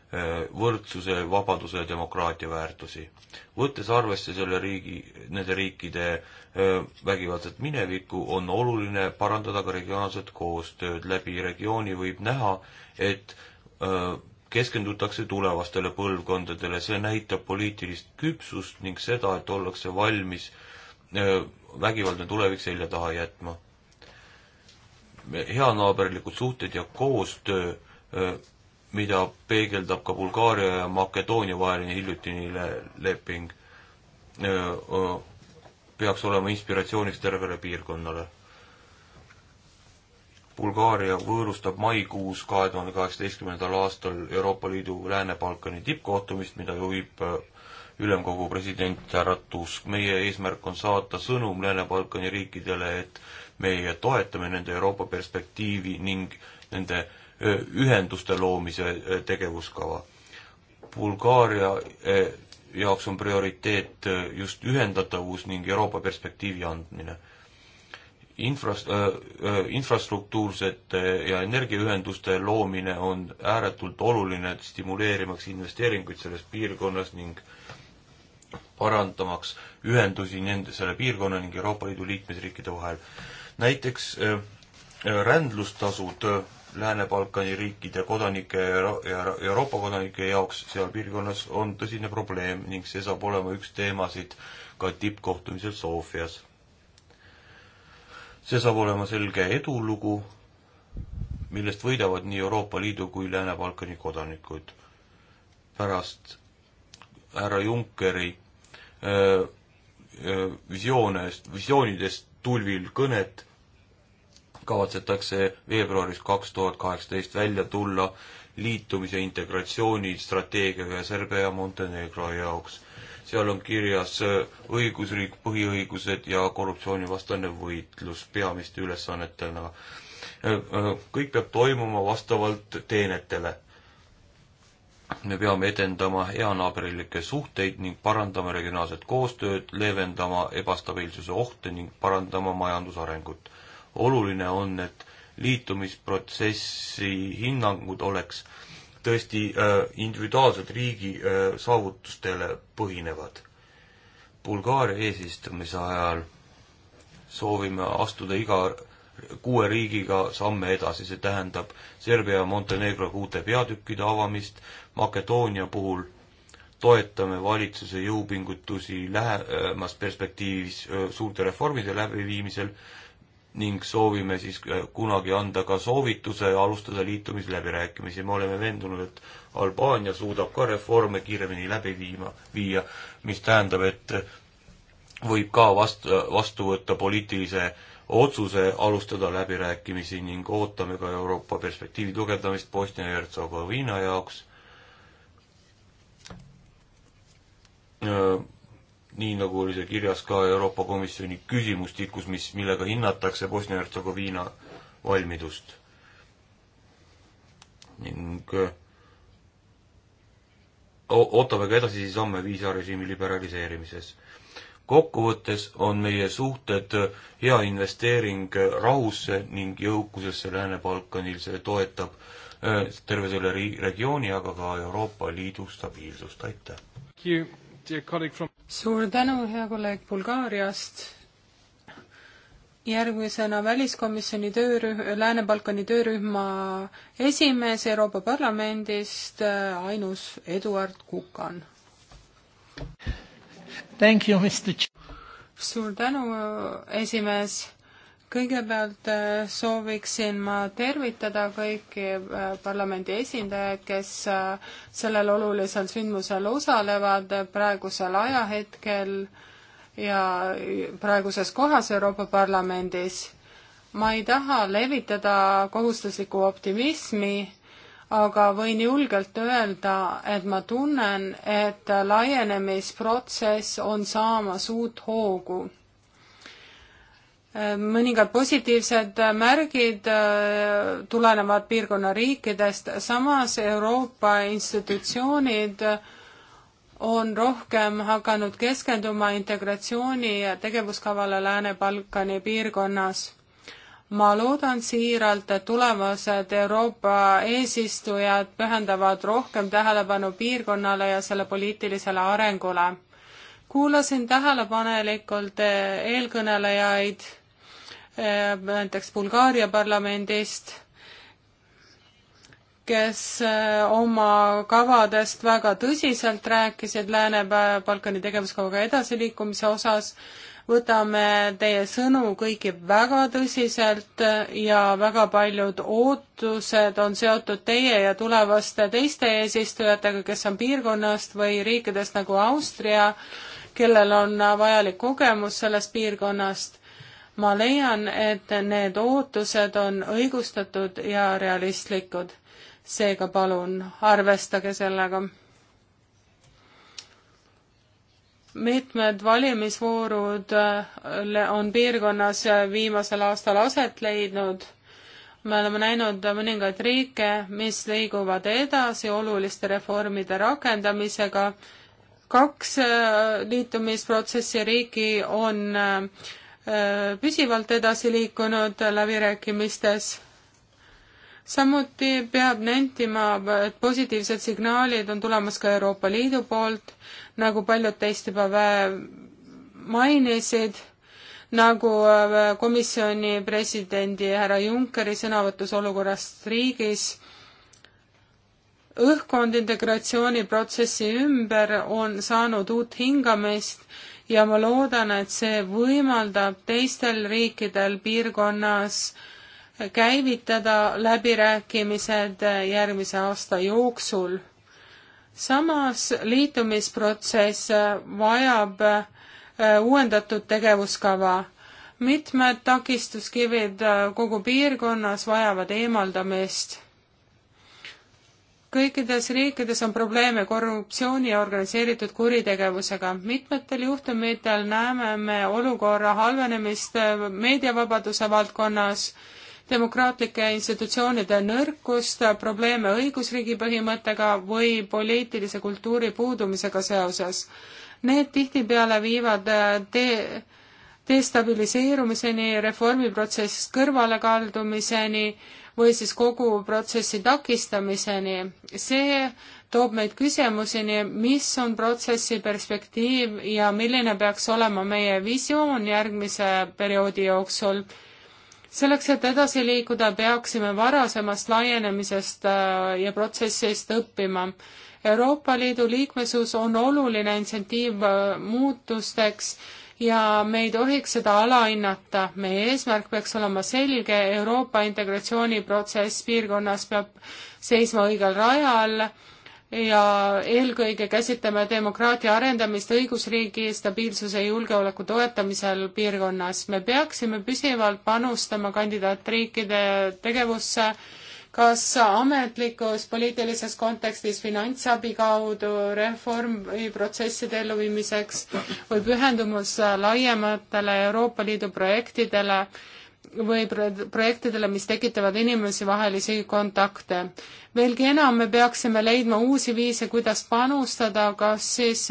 võrdsuse, vabaduse ja demokraatia väärtusi. võttes arvesse selle riigi, nende riikide vägivaldset minevikku, on oluline parandada ka regionaalset koostööd. läbi regiooni võib näha, et keskendutakse tulevastele põlvkondadele, see näitab poliitilist küpsust ning seda, et ollakse valmis vägivaldne tulevik selja taha jätma. heanaaberlikud suhted ja koostöö mida peegeldab ka Bulgaaria ja Makedoonia vaheline hiljutine leping, peaks olema inspiratsiooniks tervele piirkonnale. Bulgaaria võõrustab maikuus kahe tuhande kaheksateistkümnendal aastal Euroopa Liidu Lääne-Balkani tippkohtumist, mida juhib ülemkogu president härra Tusk. meie eesmärk on saata sõnum Lääne-Balkani riikidele, et meie toetame nende Euroopa perspektiivi ning nende äh, ühenduste loomise tegevuskava. Bulgaaria jaoks on prioriteet just ühendatavus ning Euroopa perspektiivi andmine. Infras- äh,, infrastruktuursete ja energiaühenduste loomine on ääretult oluline, stimuleerimaks investeeringuid selles piirkonnas ning parandamaks ühendusi nende, selle piirkonna ning Euroopa Liidu liikmesriikide vahel. näiteks äh, äh rändlustasud äh, Lääne-Balkani riikide kodanike ja Euroopa kodanike jaoks seal piirkonnas on tõsine probleem ning see saab olema üks teemasid ka tippkohtumisel Sofias. see saab olema selge edulugu, millest võidavad nii Euroopa Liidu kui Lääne-Balkani kodanikud. pärast härra Junckeri öö, äh, öö, äh, visioonest, visioonidest tulvil kõnet kavatsetakse veebruaris kaks tuhat kaheksateist välja tulla liitumise integratsioonistrateegia ühe Serbia ja Montenegro jaoks. seal on kirjas äh, õigusriik, põhiõigused ja korruptsioonivastane võitlus peamiste ülesannetena. Äh, äh, kõik peab toimuma vastavalt teenetele. me peame edendama heanaaberlikke suhteid ning parandama regionaalset koostööd, leevendama ebastabiilsuse ohte ning parandama majandusarengut oluline on, et liitumisprotsessi hinnangud oleks tõesti äh, individuaalselt riigi äh, saavutustele põhinevad. Bulgaaria eesistumise ajal soovime astuda iga kuue riigiga samme edasi, see tähendab Serbia ja Montenegroga uute peatükkide avamist, Makedoonia puhul toetame valitsuse jõupingutusi äh, lähemas perspektiivis äh, suurte reformide läbiviimisel ning soovime siis äh, kunagi anda ka soovituse alustada liitumisläbirääkimisi. me oleme veendunud, et Albaania suudab ka reforme kiiremini läbi viima, viia, mis tähendab, et võib ka vastu, vastu võtta poliitilise otsuse alustada läbirääkimisi ning ootame ka Euroopa perspektiivi tugevdamist Bosnia ja Hertsegoviina jaoks öö, äh, nii nagu oli see kirjas ka Euroopa Komisjoni küsimustikus, mis, millega hinnatakse Bosnia-Hertsegoviina valmidust. ning ootame ka edasisi samme viisarežiimi liberaliseerimises. kokkuvõttes on meie suhted hea investeering rahusse ning jõukusesse Lääne-Balkanil, see toetab äh, terve selle regiooni, aga ka Euroopa Liidu stabiilsust, aitäh! From suur tänu, hea kolleeg Bulgaariast. järgmisena väliskomisjoni töörühm, Lääne-Balkani töörühma esimees Euroopa Parlamendist, äh, ainus Eduard Kukan. suur tänu, äh, esimees kõigepealt äh, sooviksin ma tervitada kõiki äh, parlamendi esindajaid, kes äh, sellel olulisel sündmusel osalevad praegusel ajahetkel ja praeguses kohas Euroopa Parlamendis. ma ei taha levitada kohustuslikku optimismi, aga võin julgelt öelda, et ma tunnen, et laienemisprotsess on saamas uut hoogu mõningad positiivsed märgid äh, tulenevad piirkonna riikidest, samas Euroopa institutsioonid on rohkem hakanud keskenduma integratsiooni tegevuskavale Lääne-Balkani piirkonnas. ma loodan siiralt, et tulevased Euroopa eesistujad pühendavad rohkem tähelepanu piirkonnale ja selle poliitilisele arengule. kuulasin tähelepanelikult eelkõnelejaid Ehm, näiteks Bulgaaria parlamendist, kes eh, oma kavadest väga tõsiselt rääkisid Lääne-Balkani tegevuskavaga edasiliikumise osas, võtame teie sõnu kõiki väga tõsiselt eh, ja väga paljud ootused on seotud teie ja tulevaste teiste eesistujatega, kes on piirkonnast või riikidest nagu Austria, kellel on vajalik kogemus sellest piirkonnast ma leian, et need ootused on õigustatud ja realistlikud. seega palun arvestage sellega. mitmed valimisvoorud äh, on piirkonnas viimasel aastal aset leidnud. me oleme näinud mõningaid riike, mis liiguvad edasi oluliste reformide rakendamisega. kaks äh, liitumisprotsessi riiki on äh, Äh, püsivalt edasi liikunud läbirääkimistes. samuti peab nentima, et positiivsed signaalid on tulemas ka Euroopa Liidu poolt, nagu paljud teist juba mainisid, nagu äh, komisjoni presidendi härra Junckeri sõnavõtus olukorrast riigis õhkkond integratsiooniprotsessi ümber on saanud uut hingamist ja ma loodan, et see võimaldab teistel riikidel piirkonnas käivitada läbirääkimised järgmise aasta jooksul. samas liitumisprotsess vajab äh, uuendatud tegevuskava. mitmed takistuskivid äh, kogu piirkonnas vajavad eemaldamist kõikides riikides on probleeme korruptsiooni ja organiseeritud kuritegevusega. mitmetel juhtumitel näeme me olukorra halvenemist äh, meediavabaduse valdkonnas, demokraatlike institutsioonide nõrkust, probleeme õigusriigi põhimõttega või poliitilise kultuuri puudumisega seoses. Need tihtipeale viivad äh, tee destabiliseerumiseni, reformiprotsessist kõrvalekaldumiseni või siis kogu protsessi takistamiseni. see toob meid küsimuseni, mis on protsessi perspektiiv ja milline peaks olema meie visioon järgmise perioodi jooksul. selleks, et edasi liikuda, peaksime varasemast laienemisest äh, ja protsessist õppima Euroopa Liidu liikmesus on oluline intsentiiv äh, muutusteks ja me ei tohiks seda alahinnata. meie eesmärk peaks olema selge, Euroopa integratsiooniprotsess piirkonnas peab seisma õigel rajal ja eelkõige käsitleme demokraatia arendamist õigusriigi stabiilsuse ja julgeoleku toetamisel piirkonnas. me peaksime püsivalt panustama kandidaatriikide tegevusse kas ametlikus poliitilises kontekstis finantsabi kaudu reformiprotsesside elluviimiseks või pühendumus laiematele Euroopa Liidu projektidele või projektidele, mis tekitavad inimesevahelisi kontakte. veelgi enam, me peaksime leidma uusi viise, kuidas panustada, kas siis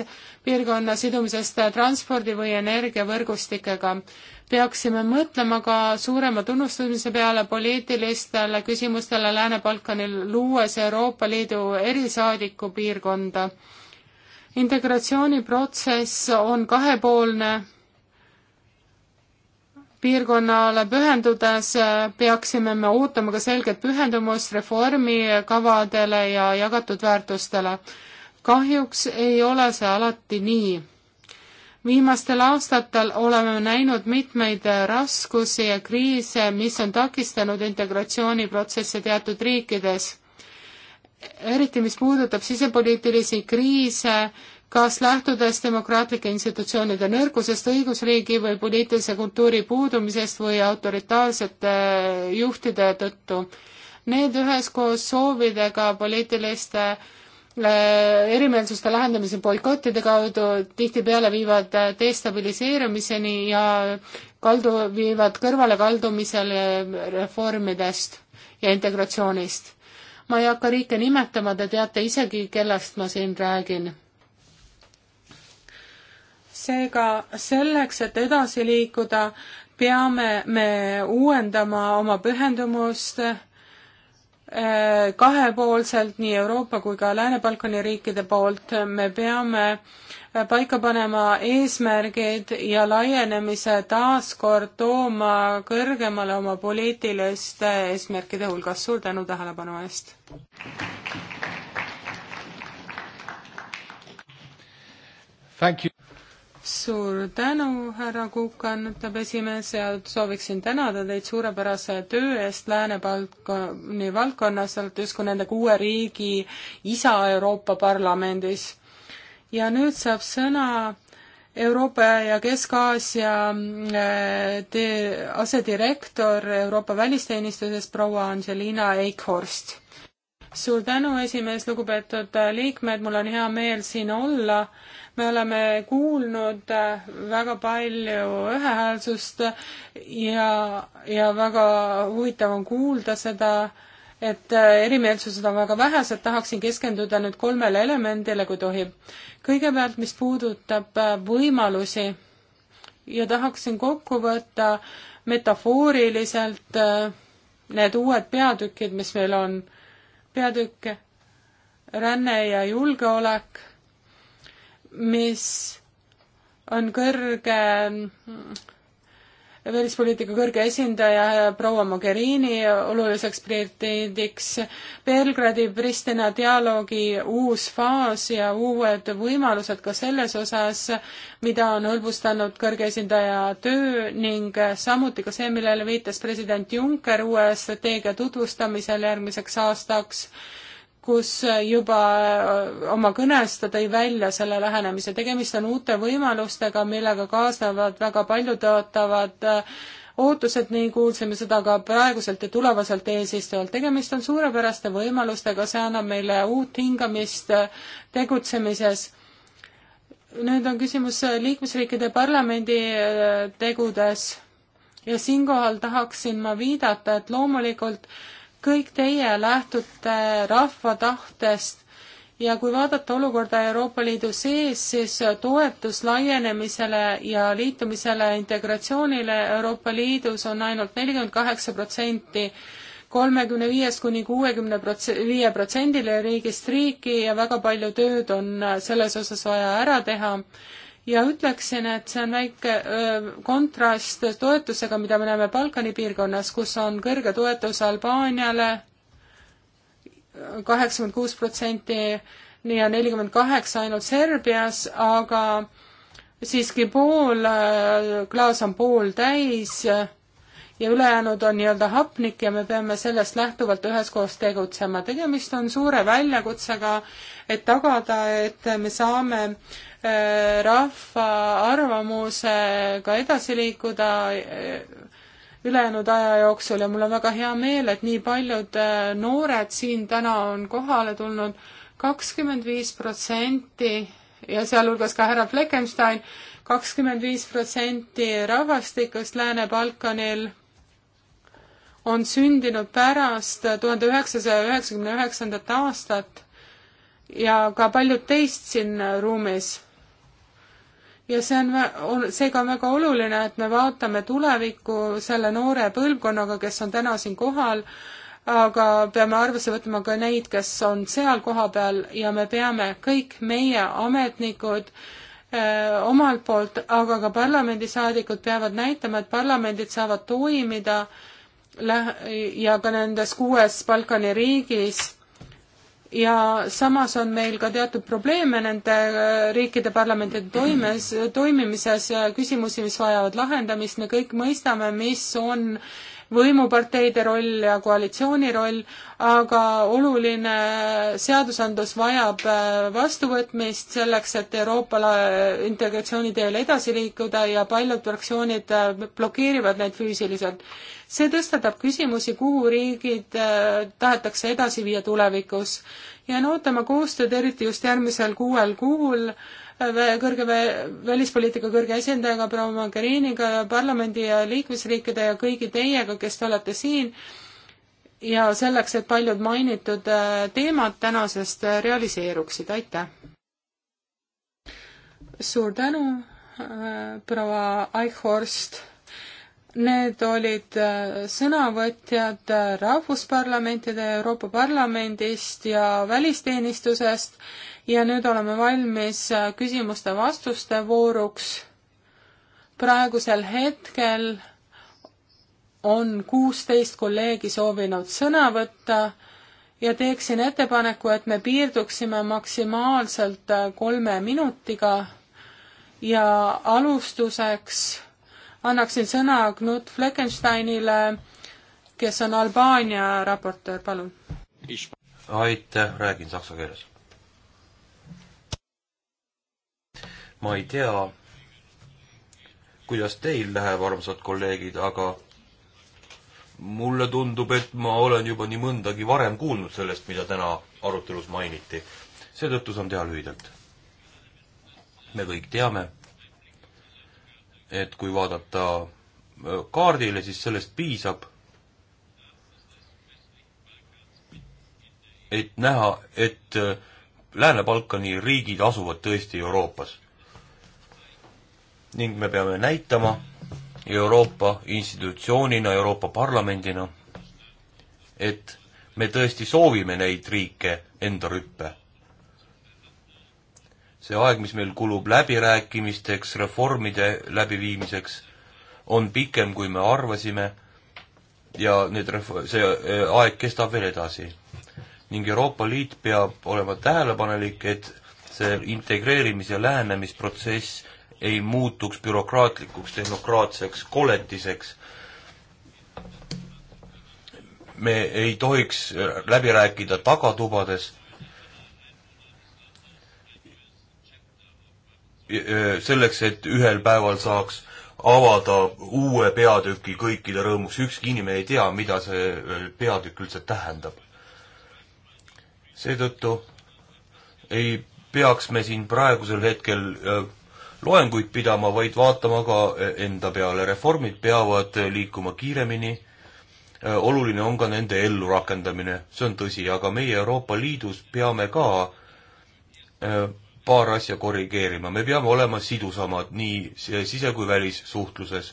piirkonna sidumisest transpordi või energiavõrgustikega peaksime mõtlema ka suurema tunnustamise peale poliitilistele küsimustele Lääne-Balkanil, luues Euroopa Liidu erisaadiku piirkonda. integratsiooniprotsess on kahepoolne piirkonnale pühendudes peaksime me ootama ka selget pühendumust reformikavadele ja jagatud väärtustele. kahjuks ei ole see alati nii viimastel aastatel oleme näinud mitmeid raskusi ja kriise, mis on takistanud integratsiooniprotsesse teatud riikides. eriti, mis puudutab sisepoliitilisi kriise, kas lähtudes demokraatlike institutsioonide nõrgusest, õigusriigi või poliitilise kultuuri puudumisest või autoritaarsete juhtide tõttu. Need üheskoos soovidega poliitiliste äh, Äh, erimeelsuste lahendamise boikottide kaudu tihtipeale viivad äh, destabiliseerumiseni ja kaldu, viivad kõrvalekaldumisele reformidest ja integratsioonist. ma ei hakka riike nimetama, te teate isegi, kellest ma siin räägin seega selleks, et edasi liikuda, peame me uuendama oma pühendumust Äh, kahepoolselt nii Euroopa kui ka Lääne-Balkani riikide poolt me peame äh, paika panema eesmärgid ja laienemise taaskord tooma kõrgemale oma poliitiliste eesmärkide hulgas. suur tänu tähelepanu eest! suur tänu, härra Kukan, ütleb esimees ja sooviksin tänada teid suurepärase töö eest Lääne-Balkani valdkonnas, olete justkui nende kuue riigi isa Euroopa Parlamendis. ja nüüd saab sõna Euroopa ja Kesk-Aasia äh, asedirektor Euroopa välisteenistuses proua Angelina Eichhorst. suur tänu, esimees, lugupeetud liikmed, mul on hea meel siin olla me oleme kuulnud äh, väga palju ühehäälsust ja, ja väga huvitav on kuulda seda, et äh, erimeelsused on väga vähesed, tahaksin keskenduda nüüd kolmele elemendile, kui tohib. kõigepealt, mis puudutab äh, võimalusi ja tahaksin kokku võtta metafooriliselt need uued peatükid, mis meil on. peatükk ränne ja julgeolek mis on kõrge välispoliitika kõrge esindaja proua Mogherini oluliseks prioriteediks Belgradi-Pristina dialoogi uus faas ja uued võimalused ka selles osas, mida on hõlbustanud kõrge esindaja töö ning samuti ka see, millele viitas president Juncker uue strateegia tutvustamisel järgmiseks aastaks kus juba äh, oma kõnes ta tõi välja selle lähenemise, tegemist on uute võimalustega, millega kaasnevad väga paljutõotavad äh, ootused, nii kuulsime seda ka praeguselt ja tulevaselt eesistujalt. tegemist on suurepäraste võimalustega, see annab meile uut hingamist äh, tegutsemises. nüüd on küsimus liikmesriikide parlamendi tegudes ja siinkohal tahaksin ma viidata, et loomulikult äh, kõik teie lähtute rahva tahtest ja kui vaadata olukorda Euroopa Liidu sees, siis toetus laienemisele ja liitumisele integratsioonile Euroopa Liidus on ainult nelikümmend kaheksa protsenti kolmekümne viiest kuni kuuekümne prots-, viie protsendile riigist riiki ja väga palju tööd on selles osas vaja ära teha ja ütleksin, et see on väike öö, kontrast toetusega, mida me näeme Balkani piirkonnas, kus on kõrge toetus Albaaniale, kaheksakümmend kuus protsenti ja nelikümmend kaheksa ainult Serbias, aga siiski pool, klaas on pooltäis ja ülejäänud on nii-öelda hapnik ja me peame sellest lähtuvalt üheskoos tegutsema. tegemist on suure väljakutsega, et tagada, et me saame Äh, rahva arvamusega edasi liikuda äh, ülejäänud aja jooksul ja mul on väga hea meel, et nii paljud äh, noored siin täna on kohale tulnud, kakskümmend viis protsenti ja sealhulgas ka härra Fleckenstein, kakskümmend viis protsenti rahvastikust Lääne-Balkanil on sündinud pärast tuhande üheksasaja üheksakümne üheksandat aastat ja ka paljud teist siin ruumis ja see on, seega on väga oluline, et me vaatame tulevikku selle noore põlvkonnaga, kes on täna siin kohal, aga peame arvesse võtma ka neid, kes on seal kohapeal ja me peame kõik meie ametnikud öö, eh, omalt poolt, aga ka parlamendisaadikud peavad näitama, et parlamendid saavad toimida ja ka nendes kuues Balkani riigis ja samas on meil ka teatud probleeme nende äh, riikide parlamentide toimes, toimimises ja küsimusi, mis vajavad lahendamist, me kõik mõistame, mis on võimuparteide roll ja koalitsiooni roll, aga oluline seadusandlus vajab äh, vastuvõtmist selleks, et Euroopa integratsiooni teel edasi liikuda ja paljud fraktsioonid äh, blokeerivad neid füüsiliselt see tõstatab küsimusi, kuhu riigid äh, tahetakse edasi viia tulevikus. jään ootama koostööd, eriti just järgmisel kuuel kuul äh, kõrge välispoliitika kõrge esindajaga proua Mogheriniga ja parlamendi ja liikmesriikide ja kõigi teiega, kes te olete siin, ja selleks, et paljud mainitud äh, teemad tänasest realiseeruksid, aitäh! suur tänu, proua Eichhorst! Need olid äh, sõnavõtjad äh, rahvusparlamentide Euroopa Parlamendist ja välisteenistusest ja nüüd oleme valmis äh, küsimuste-vastuste vooruks. praegusel hetkel on kuusteist kolleegi soovinud sõna võtta ja teeksin ettepaneku, et me piirduksime maksimaalselt kolme minutiga ja alustuseks annaksin sõna Knut Fleckensteinile, kes on Albaania raportöör, palun. aitäh, räägin saksa keeles. ma ei tea, kuidas teil läheb, armsad kolleegid, aga mulle tundub, et ma olen juba nii mõndagi varem kuulnud sellest, mida täna arutelus mainiti. seetõttu saan teha lühidalt. me kõik teame, et kui vaadata äh, kaardile, siis sellest piisab, et näha, et äh, Lääne-Balkani riigid asuvad tõesti Euroopas. ning me peame näitama Euroopa institutsioonina, Euroopa Parlamendina, et me tõesti soovime neid riike enda rüppe see aeg, mis meil kulub läbirääkimisteks, reformide läbiviimiseks, on pikem, kui me arvasime ja need ref-, see e, aeg kestab veel edasi. ning Euroopa Liit peab olema tähelepanelik, et see integreerimise lähenemisprotsess ei muutuks bürokraatlikuks tehnokraatseks koletiseks. me ei tohiks läbi rääkida tagatubades selleks, et ühel päeval saaks avada uue peatüki kõikide rõõmuks, ükski inimene ei tea, mida see äh, peatükk üldse tähendab. seetõttu ei peaks me siin praegusel hetkel äh, loenguid pidama, vaid vaatama ka äh, enda peale, reformid peavad liikuma kiiremini, oluline on ka nende ellurakendamine, see on tõsi, aga meie Euroopa Liidus peame ka paar asja korrigeerima, me peame olema sidusamad nii sise- kui välissuhtluses.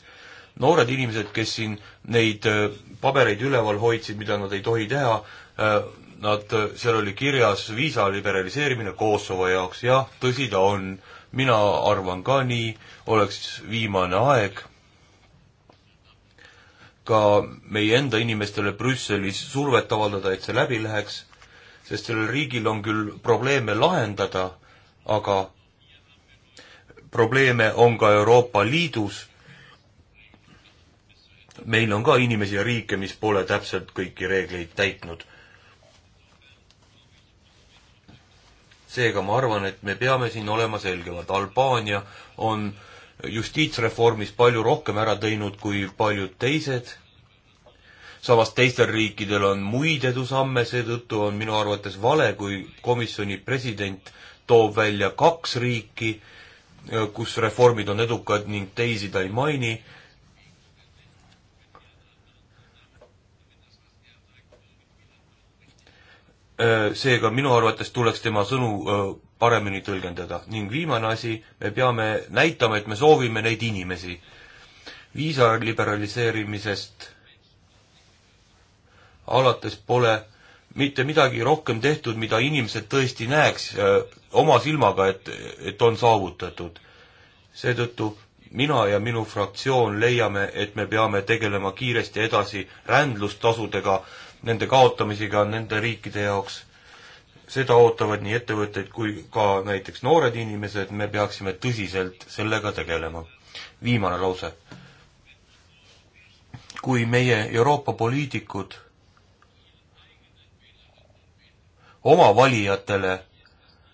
noored inimesed, kes siin neid äh, pabereid üleval hoidsid, mida nad ei tohi teha, äh, nad, äh, seal oli kirjas viisa liberaliseerimine Kosovo jaoks, jah, tõsi ta on, mina arvan ka nii, oleks viimane aeg ka meie enda inimestele Brüsselis survet avaldada, et see läbi läheks, sest sellel riigil on küll probleeme lahendada aga probleeme on ka Euroopa Liidus. meil on ka inimesi ja riike, mis pole täpselt kõiki reegleid täitnud. seega ma arvan, et me peame siin olema selgemad, Albaania on justiitsreformis palju rohkem ära teinud kui paljud teised, samas teistel riikidel on muid edusamme, seetõttu on minu arvates vale, kui komisjoni president äh, toob välja kaks riiki, kus reformid on edukad ning teisi ta ei maini. seega minu arvates tuleks tema sõnu paremini tõlgendada ning viimane asi, me peame näitama, et me soovime neid inimesi. viisa liberaliseerimisest alates pole mitte midagi rohkem tehtud, mida inimesed tõesti näeks äh, oma silmaga, et, et on saavutatud. seetõttu mina ja minu fraktsioon leiame, et me peame tegelema kiiresti edasi rändlustasudega, nende kaotamisega nende riikide jaoks. seda ootavad nii ettevõtted kui ka näiteks noored inimesed, me peaksime tõsiselt sellega tegelema. viimane lause. kui meie Euroopa poliitikud oma valijatele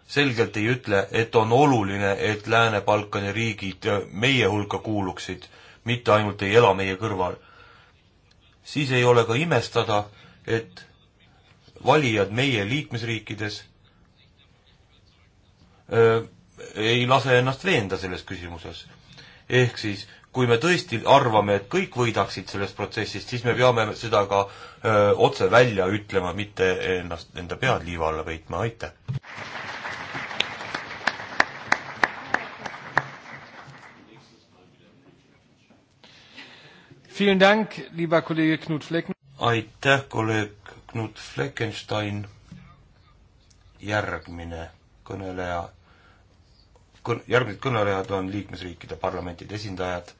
selgelt ei ütle, et on oluline, et Lääne-Balkani riigid meie hulka kuuluksid, mitte ainult ei ela meie kõrval, siis ei ole ka imestada, et valijad meie liikmesriikides öö, äh, ei lase ennast veenda selles küsimuses. ehk siis kui me tõesti arvame, et kõik võidaksid sellest protsessist, siis me peame seda ka öö, otse välja ütlema, mitte ennast, enda pead liiva alla peitma, aitäh! aitäh, kolleeg Knut Fleckenstein. järgmine kõneleja kõn-, järgmised kõnelejad on liikmesriikide parlamentide esindajad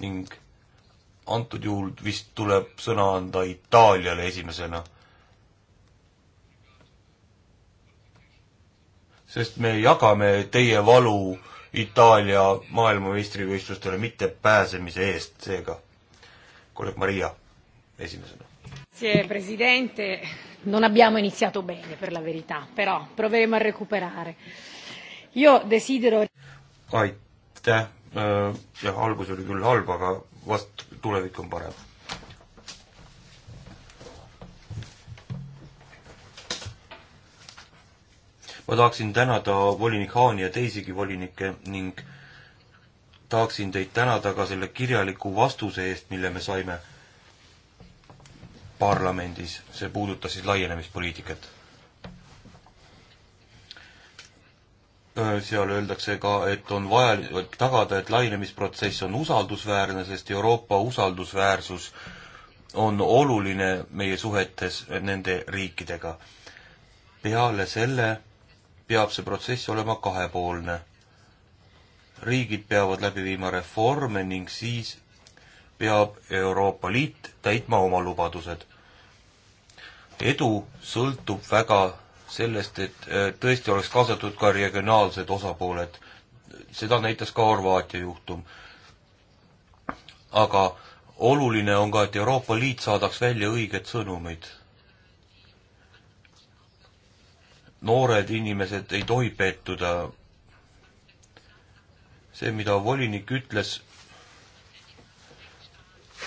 ning antud juhul vist tuleb sõna anda Itaaliale esimesena. sest me jagame teie valu Itaalia maailmameistrivõistlustele mitte pääsemise eest, seega kolleeg Maria esimesena. Grazie Presidente, non abbiamo iniziato bene per la verità, però proveremo a recuperare Desidero... aitäh, äh, jah, algus oli küll halb, aga vast tulevik on parem. ma tahaksin tänada volinik Haani ja teisigi volinikke ning tahaksin teid tänada ka selle kirjaliku vastuse eest, mille me saime parlamendis, see puudutas siis laienemispoliitikat Äh, seal öeldakse ka, et on vajalik tagada, et lainemisprotsess on usaldusväärne, sest Euroopa usaldusväärsus on oluline meie suhetes nende riikidega. peale selle peab see protsess olema kahepoolne. riigid peavad läbi viima reforme ning siis peab Euroopa Liit täitma oma lubadused. edu sõltub väga sellest, et äh, tõesti oleks kaasatud ka regionaalsed osapooled. seda näitas ka Horvaatia juhtum. aga oluline on ka, et Euroopa Liit saadaks välja õiged sõnumid. noored inimesed ei tohi pettuda. see, mida volinik ütles,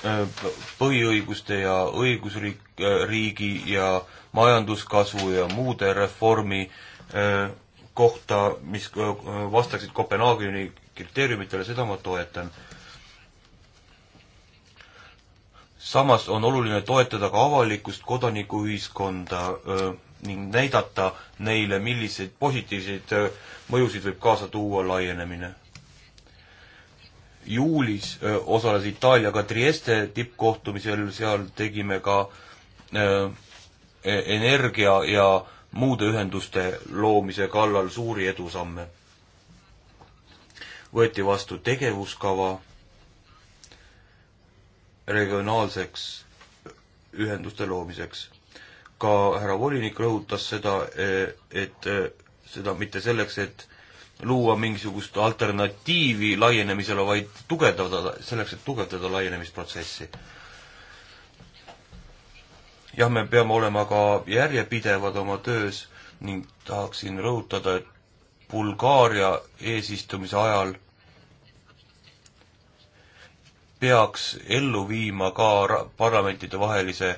Äh, põhiõiguste ja õigusriik, äh, riigi ja majanduskasvu ja muude reformi äh, kohta, mis vastaksid Kopenhaageni kriteeriumitele, seda ma toetan. samas on oluline toetada ka avalikkust kodanikuühiskonda ning näidata neile, milliseid positiivseid mõjusid võib kaasa tuua laienemine juulis osales Itaalia ka Trieste tippkohtumisel, seal tegime ka e-, energia ja muude ühenduste loomise kallal suuri edusamme. võeti vastu tegevuskava regionaalseks ühenduste loomiseks. ka härra volinik rõhutas seda, e-, et e-, seda mitte selleks, et luua mingisugust alternatiivi laienemisele, vaid tugevdada, selleks, et tugevdada laienemisprotsessi. jah, me peame olema ka järjepidevad oma töös ning tahaksin rõhutada, et Bulgaaria eesistumise ajal peaks ellu viima ka parlamentidevahelise,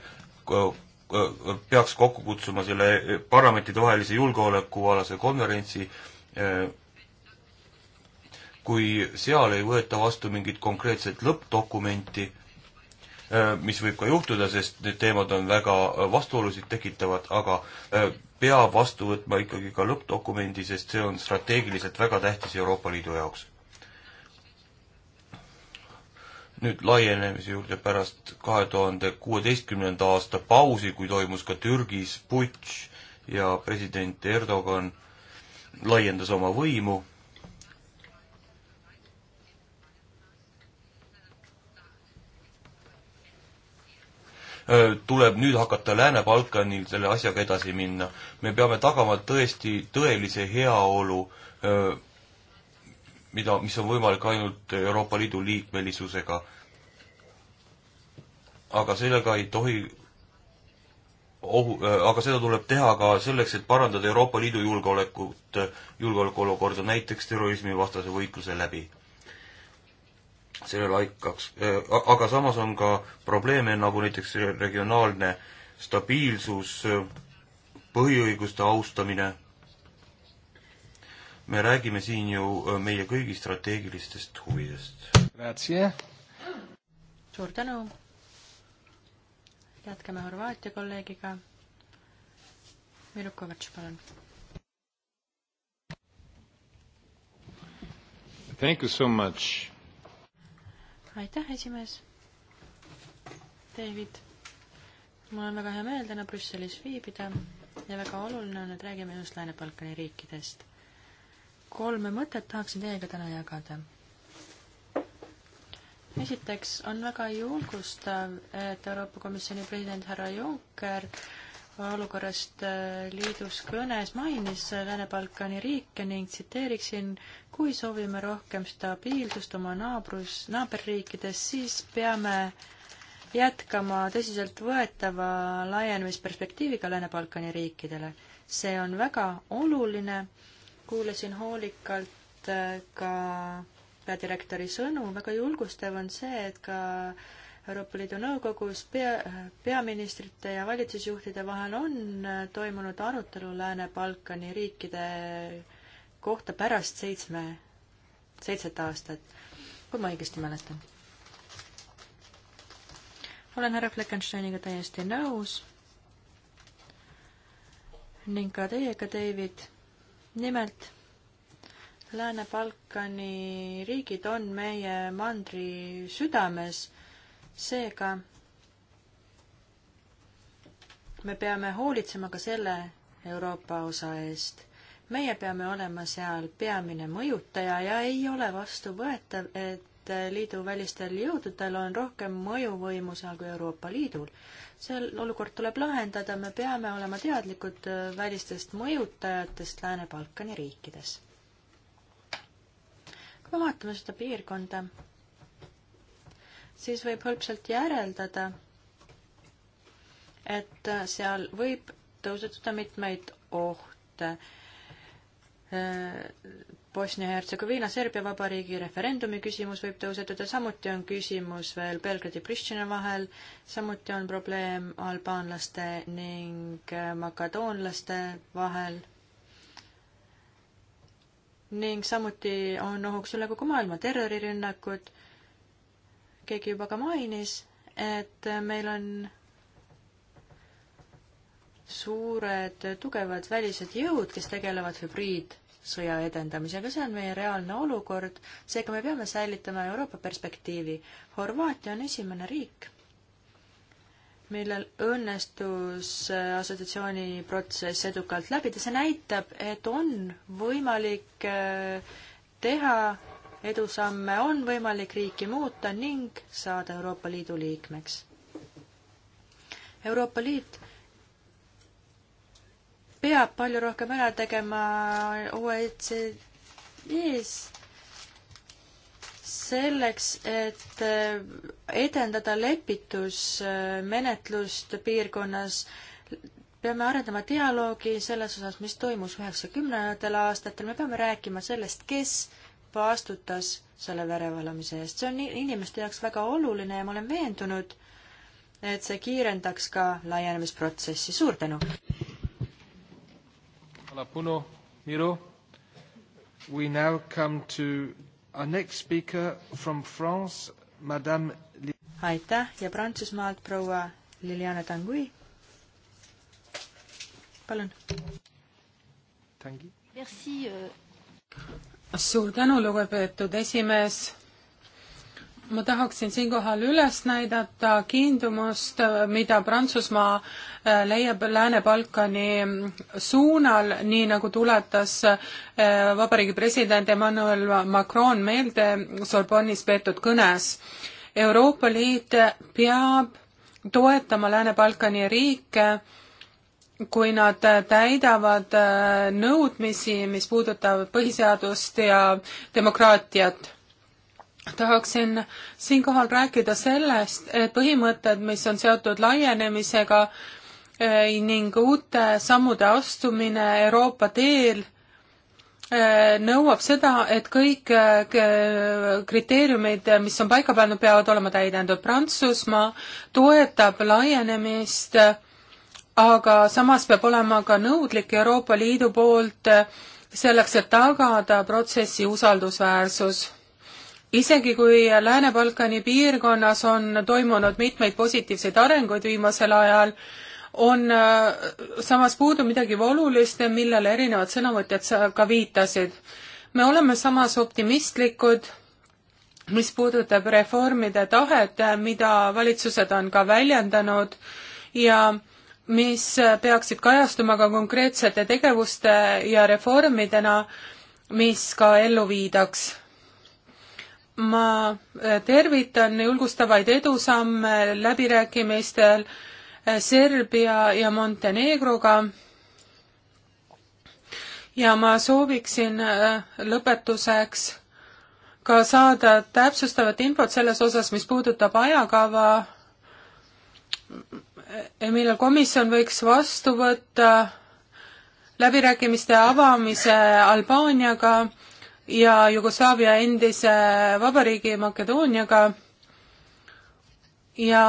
peaks kokku kutsuma selle eh, parlamentidevahelise julgeolekualase konverentsi eh, kui seal ei võeta vastu mingit konkreetset lõppdokumenti, äh, mis võib ka juhtuda, sest need teemad on väga äh, vastuolusid tekitavad, aga äh, peab vastu võtma ikkagi ka lõppdokumendi, sest see on strateegiliselt väga tähtis Euroopa Liidu jaoks. nüüd laienemise juurde pärast kahe tuhande kuueteistkümnenda aasta pausi, kui toimus ka Türgis putš ja president Erdogan laiendas oma võimu tuleb nüüd hakata Lääne-Balkanil selle asjaga edasi minna. me peame tagama tõesti tõelise heaolu, mida, mis on võimalik ainult Euroopa Liidu liikmelisusega. aga sellega ei tohi ohu, aga seda tuleb teha ka selleks, et parandada Euroopa Liidu julgeolekut, julgeolekuolukorda näiteks terrorismivastase võitluse läbi selle laikaks, äh, aga samas on ka probleeme, nagu näiteks regionaalne stabiilsus, põhiõiguste austamine, me räägime siin ju äh, meie kõigi strateegilistest huvidest. suur tänu! jätkame Horvaatia kolleegiga. Miro Kovač, palun! Thank you so much aitäh, esimees. David, mul on väga hea meel täna Brüsselis viibida ja väga oluline on, et räägime just Lääne-Balkani riikidest. kolme mõtet tahaksin teiega täna jagada esiteks on väga julgustav, et Euroopa Komisjoni president härra Juncker olukorrast äh, liidus kõnes mainis äh, Lääne-Balkani riike ning tsiteeriksin, kui soovime rohkem stabiilsust oma naabrus, naaberriikides, siis peame jätkama tõsiseltvõetava laienemisperspektiiviga Lääne-Balkani riikidele. see on väga oluline, kuulasin hoolikalt äh, ka peadirektori sõnu, väga julgustav on see, et ka Euroopa Liidu Nõukogus pea, peaministrite ja valitsusjuhtide vahel on äh, toimunud arutelu Lääne-Balkani riikide kohta pärast seitsme, seitset aastat, kui ma õigesti mäletan. olen härra Fleckensteiniga täiesti nõus ning ka teiega, David. nimelt Lääne-Balkani riigid on meie mandri südames seega me peame hoolitsema ka selle Euroopa osa eest. meie peame olema seal peamine mõjutaja ja ei ole vastuvõetav, et liidu välistel jõududel on rohkem mõjuvõimu seal kui Euroopa Liidul. see olukord tuleb lahendada, me peame olema teadlikud välistest mõjutajatest Lääne-Balkani riikides. kui me vaatame seda piirkonda, siis võib hõlpsalt järeldada, et seal võib tõusetuda mitmeid ohte. Bosnia-Hertsegoviina Serbia Vabariigi referendumi küsimus võib tõusetuda, samuti on küsimus veel Belgradi Pristina vahel, samuti on probleem albaanlaste ning makadoonlaste vahel. ning samuti on ohuks üle kogu maailma terrorirünnakud keegi juba ka mainis, et meil on suured tugevad välised jõud, kes tegelevad hübriidsõja edendamisega, see on meie reaalne olukord, seega me peame säilitama Euroopa perspektiivi. Horvaatia on esimene riik, millel õnnestus assotsiatsiooni protsess edukalt läbida, see näitab, et on võimalik eh, teha edusamme on võimalik riiki muuta ning saada Euroopa Liidu liikmeks. Euroopa Liit peab palju rohkem ära tegema OECD-s selleks, et äh, edendada lepitusmenetlust piirkonnas, peame arendama dialoogi selles osas, mis toimus üheksakümnendatel aastatel, me peame rääkima sellest, kes vastutas selle verevalamise eest. see on inimeste jaoks väga oluline ja ma olen veendunud, et see kiirendaks ka laienemisprotsessi. suur tänu! We now come to our next speaker from France, Madame aitäh ja Prantsusmaalt proua Liliana Tangui. palun. Merci. Euh, suur tänu, lugupeetud esimees. ma tahaksin siinkohal üles näidata kiindumust, mida Prantsusmaa äh, leiab Lääne-Balkani mm, suunal, nii nagu tuletas äh, vabariigi president Emmanuel Macron meelde Sorbonnis peetud kõnes. Euroopa Liit peab toetama Lääne-Balkani riike kui nad täidavad äh, nõudmisi, mis puudutab põhiseadust ja demokraatiat. tahaksin siinkohal rääkida sellest, et põhimõtted, mis on seotud laienemisega äh, ning uute sammude astumine Euroopa teel, äh, nõuab seda, et kõik kriteeriumid, mis on paika pandud, peavad olema täidetud. Prantsusmaa toetab laienemist aga samas peab olema ka nõudlik Euroopa Liidu poolt selleks, et tagada protsessi usaldusväärsus. isegi kui Lääne-Balkani piirkonnas on toimunud mitmeid positiivseid arenguid viimasel ajal, on äh, samas puudu midagi olulist, millele erinevad sõnavõtjad ka viitasid. me oleme samas optimistlikud, mis puudutab reformide tahet, mida valitsused on ka väljendanud ja äh, mis peaksid kajastuma ka konkreetsete tegevuste ja reformidena, mis ka ellu viidaks. ma äh, tervitan julgustavaid edusamme läbirääkimistel äh, Serbia ja Montenegroga ja ma sooviksin äh, lõpetuseks ka saada täpsustavat infot selles osas, mis puudutab ajakava mille komisjon võiks vastu võtta läbirääkimiste avamise Albaaniaga ja Jugoslaavia endise vabariigi Makedooniaga. ja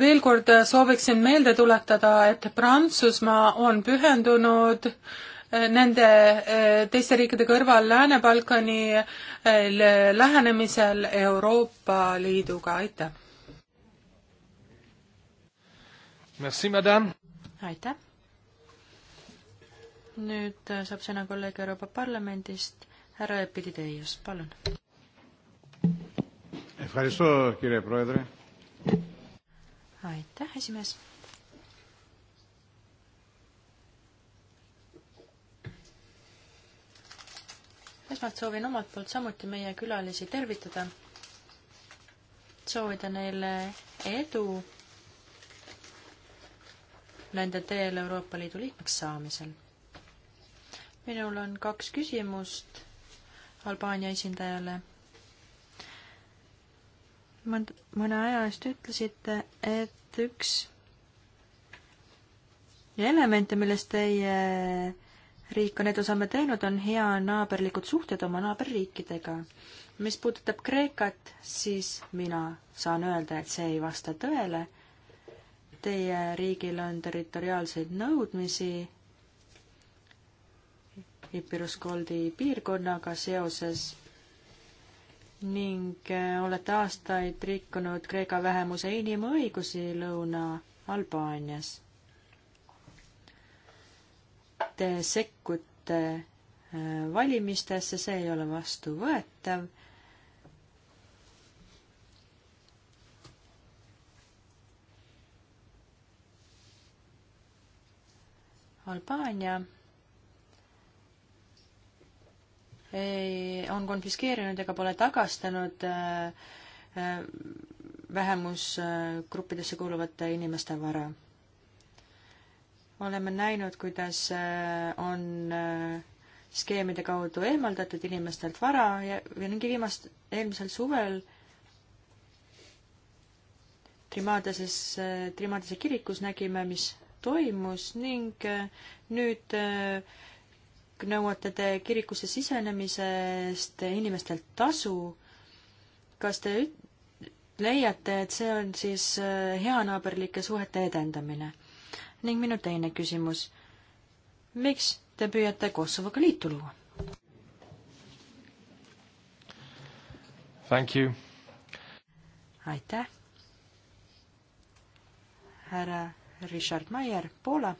veel kord sooviksin meelde tuletada, et Prantsusmaa on pühendunud eh, nende eh, teiste riikide kõrval Lääne-Balkani eh, lähenemisel Euroopa Liiduga, aitäh! Merci, madame! aitäh! nüüd äh, saab sõna kolleeg Euroopa Parlamendist, härra Epidideios, palun. aitäh, esimees! esmalt soovin omalt poolt samuti meie külalisi tervitada, soovida neile edu nende teel Euroopa Liidu liikmeks saamisel. minul on kaks küsimust Albaania esindajale mõnd-, mõne aja eest ütlesite, et üks elemente, milles teie riik on edusamme teinud, on hea naaberlikud suhted oma naaberriikidega. mis puudutab Kreekat, siis mina saan öelda, et see ei vasta tõele teie riigil on territoriaalseid nõudmisi Ipiruskoldi piirkonnaga seoses ning äh, olete aastaid rikkunud Kreeka vähemuse inimõigusi Lõuna-Albaanias. Te sekkute äh, valimistesse, see ei ole vastuvõetav Albaania ei, on konfiskeerinud ega pole tagastanud äh, äh, vähemusgruppidesse kuuluvate inimeste vara. oleme näinud, kuidas äh, on skeemide kaudu eemaldatud inimestelt vara ja, ja mingi viimast, eelmisel suvel Trimadases, Trimadase kirikus nägime, mis toimus ning äh, nüüd äh, nõuate te kirikusse sisenemise eest inimestelt tasu. kas te leiate, et see on siis äh, heanaaberlike suhete edendamine? ning minu teine küsimus. miks te püüate Kosovoga liitu luua? Thank you. aitäh, härra Richard Maier, Poola.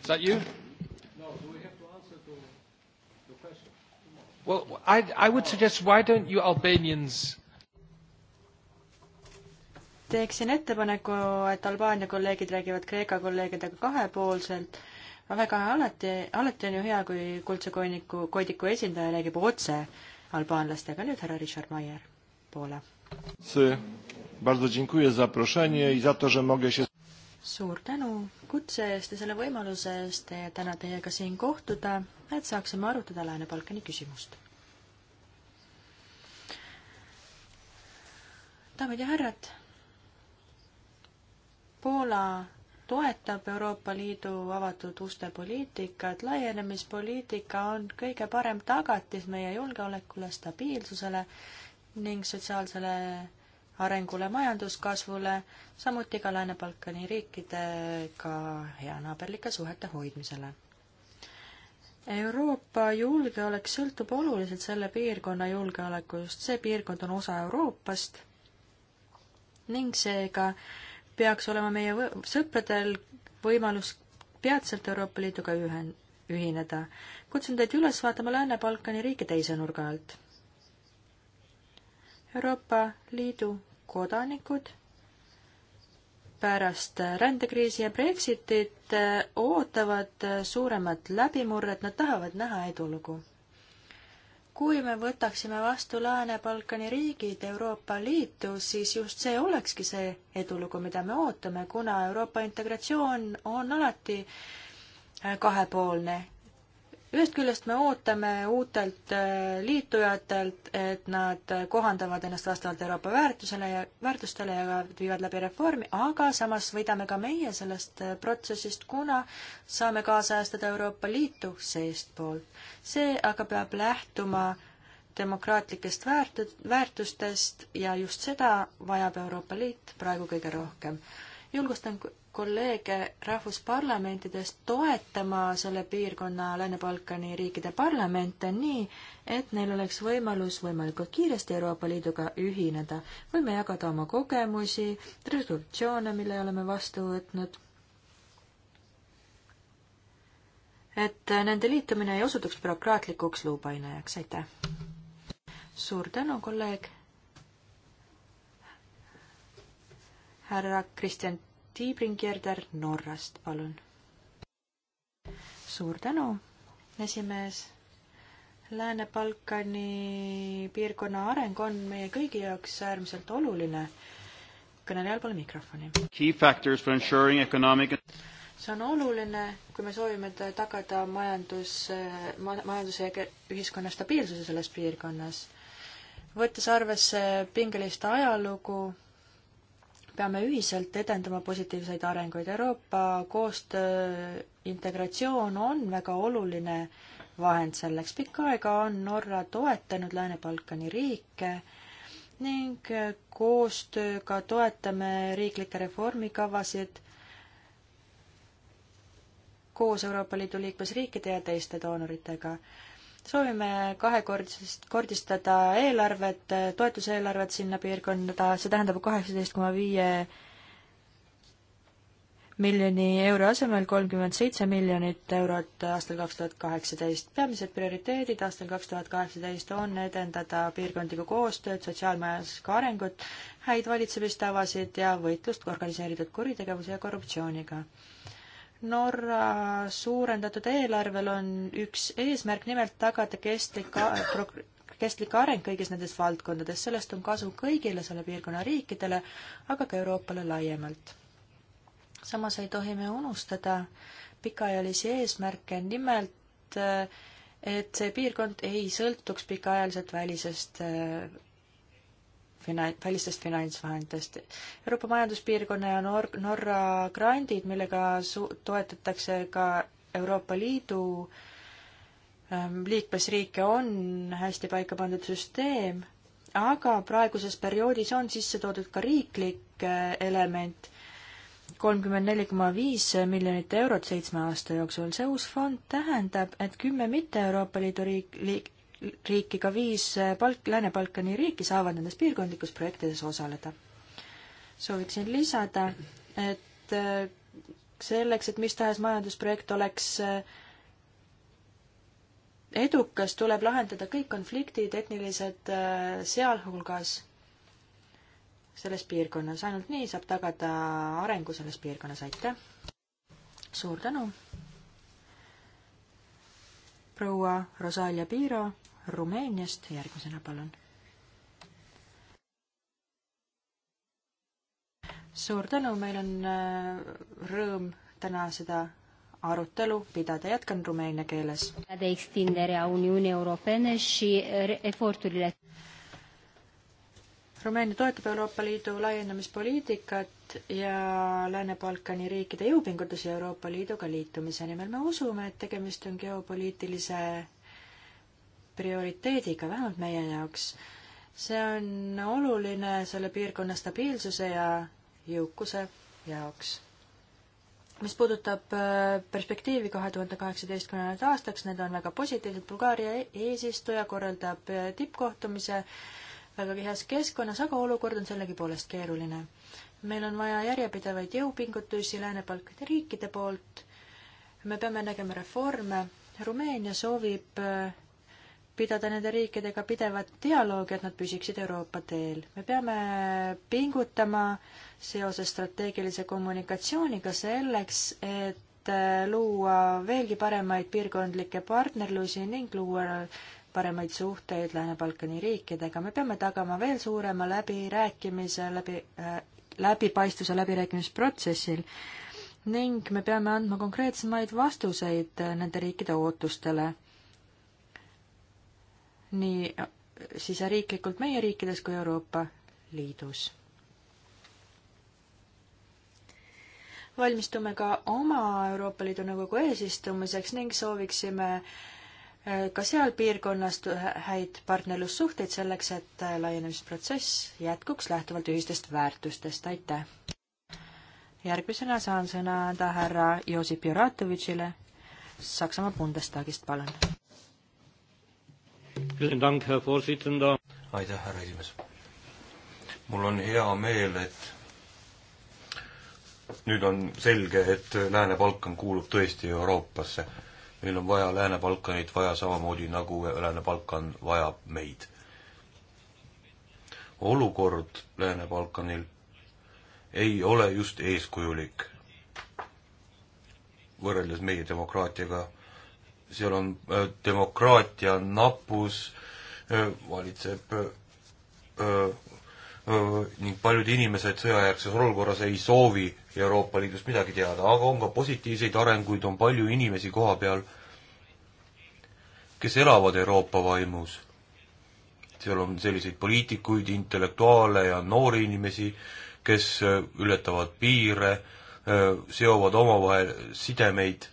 Is that you? No, do we have to answer to the question? Well, I, I would suggest why don't you Albanians teeksin ettepaneku, et Albaania kolleegid räägivad Kreeka kolleegidega kahepoolselt, väga alati, alati on ju hea, kui kuldse koiniku, koidiku esindaja räägib otse albaanlastega, nüüd härra Richard Maier, Poola. see Bardzo dziękuję za zaproszenie i za to, że mogę się suur tänu kutse eest ja selle võimaluse eest täna teiega siin kohtuda, et saaksime arutada Lääne-Balkani küsimust. daamid ja härrad, Poola toetab Euroopa Liidu avatud uste poliitikat, laienemispoliitika on kõige parem tagatis meie julgeolekule, stabiilsusele ning sotsiaalsele arengule, majanduskasvule, samuti ka Lääne-Balkani riikidega heanaaberlike suhete hoidmisele. Euroopa julgeolek sõltub oluliselt selle piirkonna julgeolekust, see piirkond on osa Euroopast ning seega peaks olema meie võ sõpradel võimalus peatselt Euroopa Liiduga ühen-, ühineda. kutsun teid üles vaatama Lääne-Balkani riike teise nurga alt Euroopa Liidu kodanikud pärast rändekriisi ja Brexitit eh, ootavad eh, suuremat läbimurret, nad tahavad näha edulugu. kui me võtaksime vastu Lääne-Balkani riigid Euroopa Liitu, siis just see olekski see edulugu, mida me ootame, kuna Euroopa integratsioon on alati eh, kahepoolne ühest küljest me ootame uutelt äh, liitujatelt, et nad kohandavad ennast vastavalt Euroopa väärtusele ja väärtustele ja viivad läbi reformi, aga samas võidame ka meie sellest äh, protsessist, kuna saame kaasajastada Euroopa Liitu seestpoolt. see aga peab lähtuma demokraatlikest väärtu-, väärtustest ja just seda vajab Euroopa Liit praegu kõige rohkem. julgustan kolleege rahvusparlamentidest toetama selle piirkonna Lääne-Balkani riikide parlamente nii, et neil oleks võimalus võimalikult kiiresti Euroopa Liiduga ühineda. võime jagada oma kogemusi, resolutsioone, mille oleme vastu võtnud. et nende liitumine ei osutuks bürokraatlikuks luupainajaks, aitäh! suur tänu, kolleeg! härra Kristjan Tiibring Jerder Norrast, palun. suur tänu, esimees. Lääne-Balkani piirkonna areng on meie kõigi jaoks äärmiselt oluline. kõnelejal pole mikrofoni. Economic... see on oluline, kui me soovime tagada majandus, majanduse ja ühiskonna stabiilsuse selles piirkonnas. võttes arvesse pingelist ajalugu, peame ühiselt edendama positiivseid arenguid. Euroopa koostöö integratsioon on väga oluline vahend selleks. pikka aega on Norra toetanud Lääne-Balkani riike ning koostööga toetame riiklikke reformikavasid koos Euroopa Liidu liikmesriikide ja teiste doonoritega soovime kahekordist, kordistada eelarvet, eh, toetuseelarvet sinna piirkonda, see tähendab kaheksateist koma viie miljoni euro asemel kolmkümmend seitse miljonit eurot aastal kaks tuhat kaheksateist. peamised prioriteedid aastal kaks tuhat kaheksateist on edendada piirkondlikku koostööd, sotsiaalmajanduslikku arengut, häid valitsemistavasid ja võitlust organiseeritud kuritegevuse ja korruptsiooniga. Norra suurendatud eelarvel on üks eesmärk, nimelt tagada kestlik, kestlik areng kõigis nendes valdkondades. sellest on kasu kõigile selle piirkonna riikidele, aga ka Euroopale laiemalt. samas ei tohi me unustada pikaajalisi eesmärke, nimelt äh, et see piirkond ei sõltuks pikaajaliselt välisest äh, fina-, välistest finantsvahenditest. Euroopa Majanduspiirkonna ja Nor-, Norra grandid, millega su-, toetatakse ka Euroopa Liidu ähm, liikmesriike, on hästi paika pandud süsteem, aga praeguses perioodis on sisse toodud ka riiklik äh, element, kolmkümmend neli koma viis miljonit eurot seitsme aasta jooksul. see uus fond tähendab, et kümme mitte Euroopa Liidu riik, liik-, riiki, ka viis eh, Balk-, Lääne-Balkani riiki saavad nendes piirkondlikus projektides osaleda. sooviksin lisada, et eh, selleks, et mis tahes majandusprojekt oleks eh, edukas, tuleb lahendada kõik konfliktid, etnilised sealhulgas selles piirkonnas, ainult nii saab tagada arengu selles piirkonnas, aitäh! suur tänu! proua Rosalia Piiro Rumeeniast, järgmisena palun. suur tänu, meil on äh, rõõm täna seda arutelu pidada, jätkan rumeenia keeles. de extindere a Uniunii Europene și äh, eforturile. Rumeenia toetab Euroopa Liidu laienemispoliitikat ja Lääne-Balkani riikide jõupingutusi Euroopa Liiduga liitumise nimel. me usume, et tegemist on geopoliitilise prioriteediga, vähemalt meie jaoks. see on oluline selle piirkonna stabiilsuse ja jõukuse jaoks. mis puudutab äh, perspektiivi kahe tuhande kaheksateistkümnendaks aastaks, need on väga positiivsed, Bulgaaria eesistuja korraldab äh, tippkohtumise väga kihas keskkonnas, aga olukord on sellegipoolest keeruline. meil on vaja järjepidevaid jõupingutusi Lääne-Balkani riikide poolt, me peame nägema reforme, Rumeenia soovib äh, pidada nende riikidega pidevat dialoogi, et nad püsiksid Euroopa teel. me peame pingutama seoses strateegilise kommunikatsiooniga selleks, et äh, luua veelgi paremaid piirkondlikke partnerlusi ning luua paremaid suhteid Lääne-Balkani riikidega. me peame tagama veel suurema läbirääkimise, läbi äh,, läbipaistvuse läbirääkimisprotsessil ning me peame andma konkreetsemaid vastuseid äh, nende riikide ootustele nii siseriiklikult meie riikides kui Euroopa Liidus. valmistume ka oma Euroopa Liidu Nõukogu eesistumiseks ning sooviksime eh, ka seal piirkonnas häid partnerlussuhteid selleks, et eh, laienemisprotsess jätkuks lähtuvalt ühistest väärtustest, aitäh! järgmisena saan sõna anda härra Josip Juratovitšile Saksamaa Bundestagist, palun! aitäh, härra esimees. mul on hea meel, et nüüd on selge, et Lääne-Balkan kuulub tõesti Euroopasse. meil on vaja Lääne-Balkanit vaja samamoodi, nagu Lääne-Balkan vajab meid. olukord Lääne-Balkanil ei ole just eeskujulik võrreldes meie demokraatiaga seal on äh, demokraatia napus, äh, valitseb äh, ning paljud inimesed sõjajärgses olukorras ei soovi Euroopa Liidust midagi teada, aga on ka positiivseid arenguid, on palju inimesi koha peal, kes elavad Euroopa vaimus. seal on selliseid poliitikuid, intellektuaale ja noori inimesi, kes ületavad piire, seovad omavahel sidemeid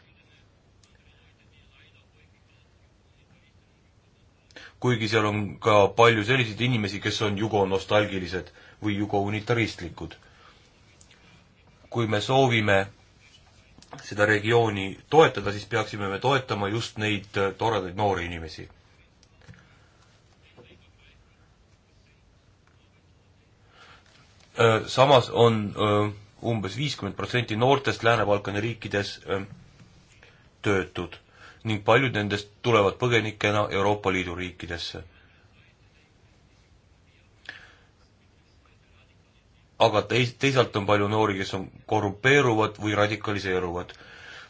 kuigi seal on ka palju selliseid inimesi, kes on jugonostalgilised või jugouunitaristlikud. kui me soovime seda regiooni toetada, siis peaksime me toetama just neid toredaid noori inimesi. Äh, samas on äh, umbes viiskümmend protsenti noortest Lääne-Balkani riikides äh, töötud ning paljud nendest tulevad põgenikena Euroopa Liidu riikidesse. aga teis-, teisalt on palju noori, kes on korrumpeeruvad või radikaliseeruvad.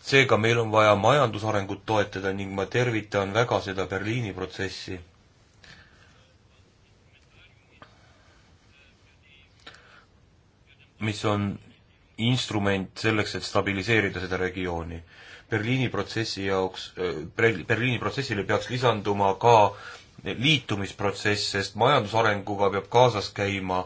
seega meil on vaja majandusarengut toetada ning ma tervitan väga seda Berliini protsessi mis on instrument selleks, et stabiliseerida seda regiooni. Berliini protsessi jaoks, äh, Berliini protsessile peaks lisanduma ka liitumisprotsess, sest majandusarenguga peab kaasas käima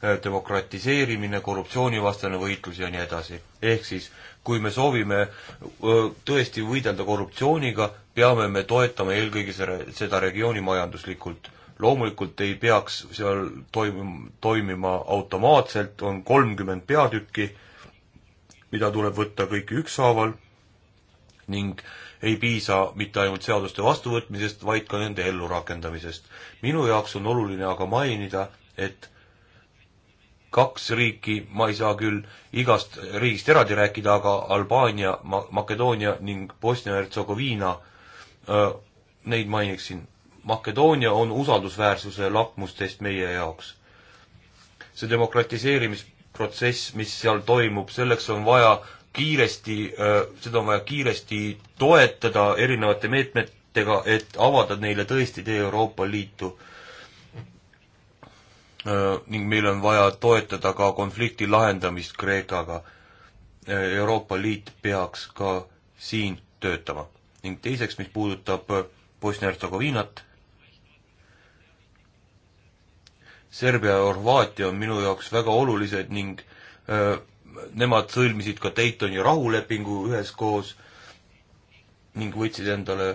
äh, demokratiseerimine, korruptsioonivastane võitlus ja nii edasi. ehk siis, kui me soovime äh, tõesti võidelda korruptsiooniga, peame me toetama eelkõige seda regiooni majanduslikult. loomulikult ei peaks seal toim-, toimima automaatselt, on kolmkümmend peatükki, mida tuleb võtta kõiki ükshaaval ning ei piisa mitte ainult seaduste vastuvõtmisest, vaid ka nende ellurakendamisest. minu jaoks on oluline aga mainida, et kaks riiki, ma ei saa küll igast riigist eraldi rääkida, aga Albaania Ma, Makedoonia ning Bosnia-Hertsegoviina, neid mainiksin. Makedoonia on usaldusväärsuse lakmustest meie jaoks. see demokratiseerimisprotsess, mis seal toimub, selleks on vaja kiiresti, äh, seda on vaja kiiresti toetada erinevate meetmetega, et avada neile tõesti tee Euroopa Liitu. Äh, ning meil on vaja toetada ka konflikti lahendamist Kreekaga. Äh, Euroopa Liit peaks ka siin töötama. ning teiseks, mis puudutab Bosnia-Hertsegoviinat, Serbia ja Horvaatia on minu jaoks väga olulised ning öö, nemad sõlmisid ka Daytoni rahulepingu üheskoos ning võtsid endale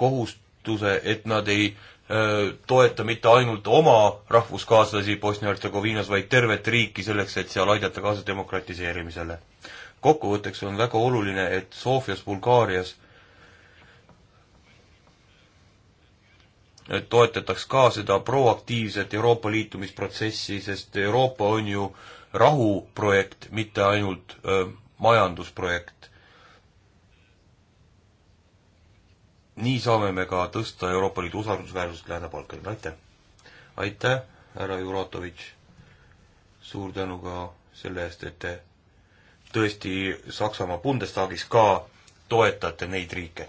kohustuse, et nad ei öö, toeta mitte ainult oma rahvuskaaslasi Bosnia-Hertsegoviinas, vaid tervet riiki selleks, et seal aidata kaasa demokratiseerimisele. kokkuvõtteks on väga oluline, et Sofias, Bulgaarias toetataks ka seda proaktiivset Euroopa liitumisprotsessi, sest Euroopa on ju äh, rahuprojekt, mitte ainult öö, majandusprojekt. nii saame me ka tõsta Euroopa Liidu usaldusväärsust Lääne-Balkanil, aitäh! aitäh, härra Juratovitš! suur tänu ka selle eest, et te tõesti Saksamaa Bundestagis ka toetate neid riike.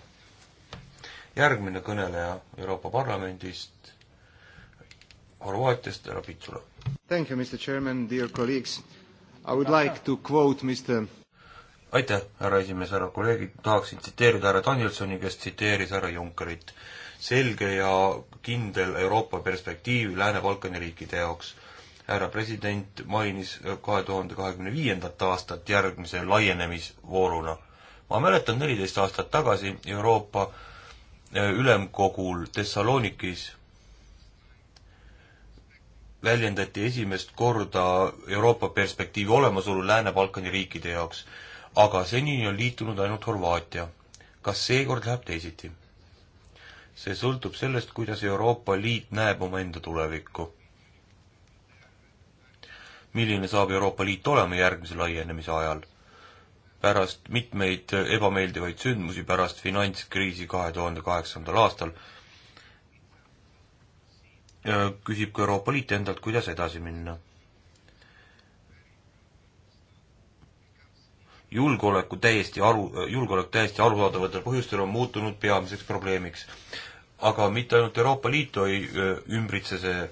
järgmine kõneleja Euroopa Parlamendist, Horvaatiast, härra Pitsula. Thank you, Mr Chairman, dear colleagues. I would like to quote Mr aitäh, härra esimees, härra kolleegid, tahaksin tsiteerida härra Danielsoni, kes tsiteeris härra Junckerit. selge ja kindel Euroopa perspektiiv Lääne-Balkani riikide jaoks. härra president mainis kahe tuhande kahekümne viiendat aastat järgmise laienemisvooruna. ma mäletan neliteist aastat tagasi Euroopa eh, Ülemkogul Thessalonikis väljendati esimest korda Euroopa perspektiivi olemasolu Lääne-Balkani riikide jaoks, aga senini on liitunud ainult Horvaatia. kas seekord läheb teisiti? see sõltub sellest, kuidas Euroopa Liit näeb omaenda tulevikku. milline saab Euroopa Liit olema järgmise laienemise ajal? pärast mitmeid ebameeldivaid sündmusi pärast finantskriisi kahe tuhande kaheksandal aastal küsib ka Euroopa Liit endalt, kuidas edasi minna. julgeoleku täiesti aru, julgeolek täiesti arusaadavatel põhjustel on muutunud peamiseks probleemiks. aga mitte ainult Euroopa Liitu ei ümbritse see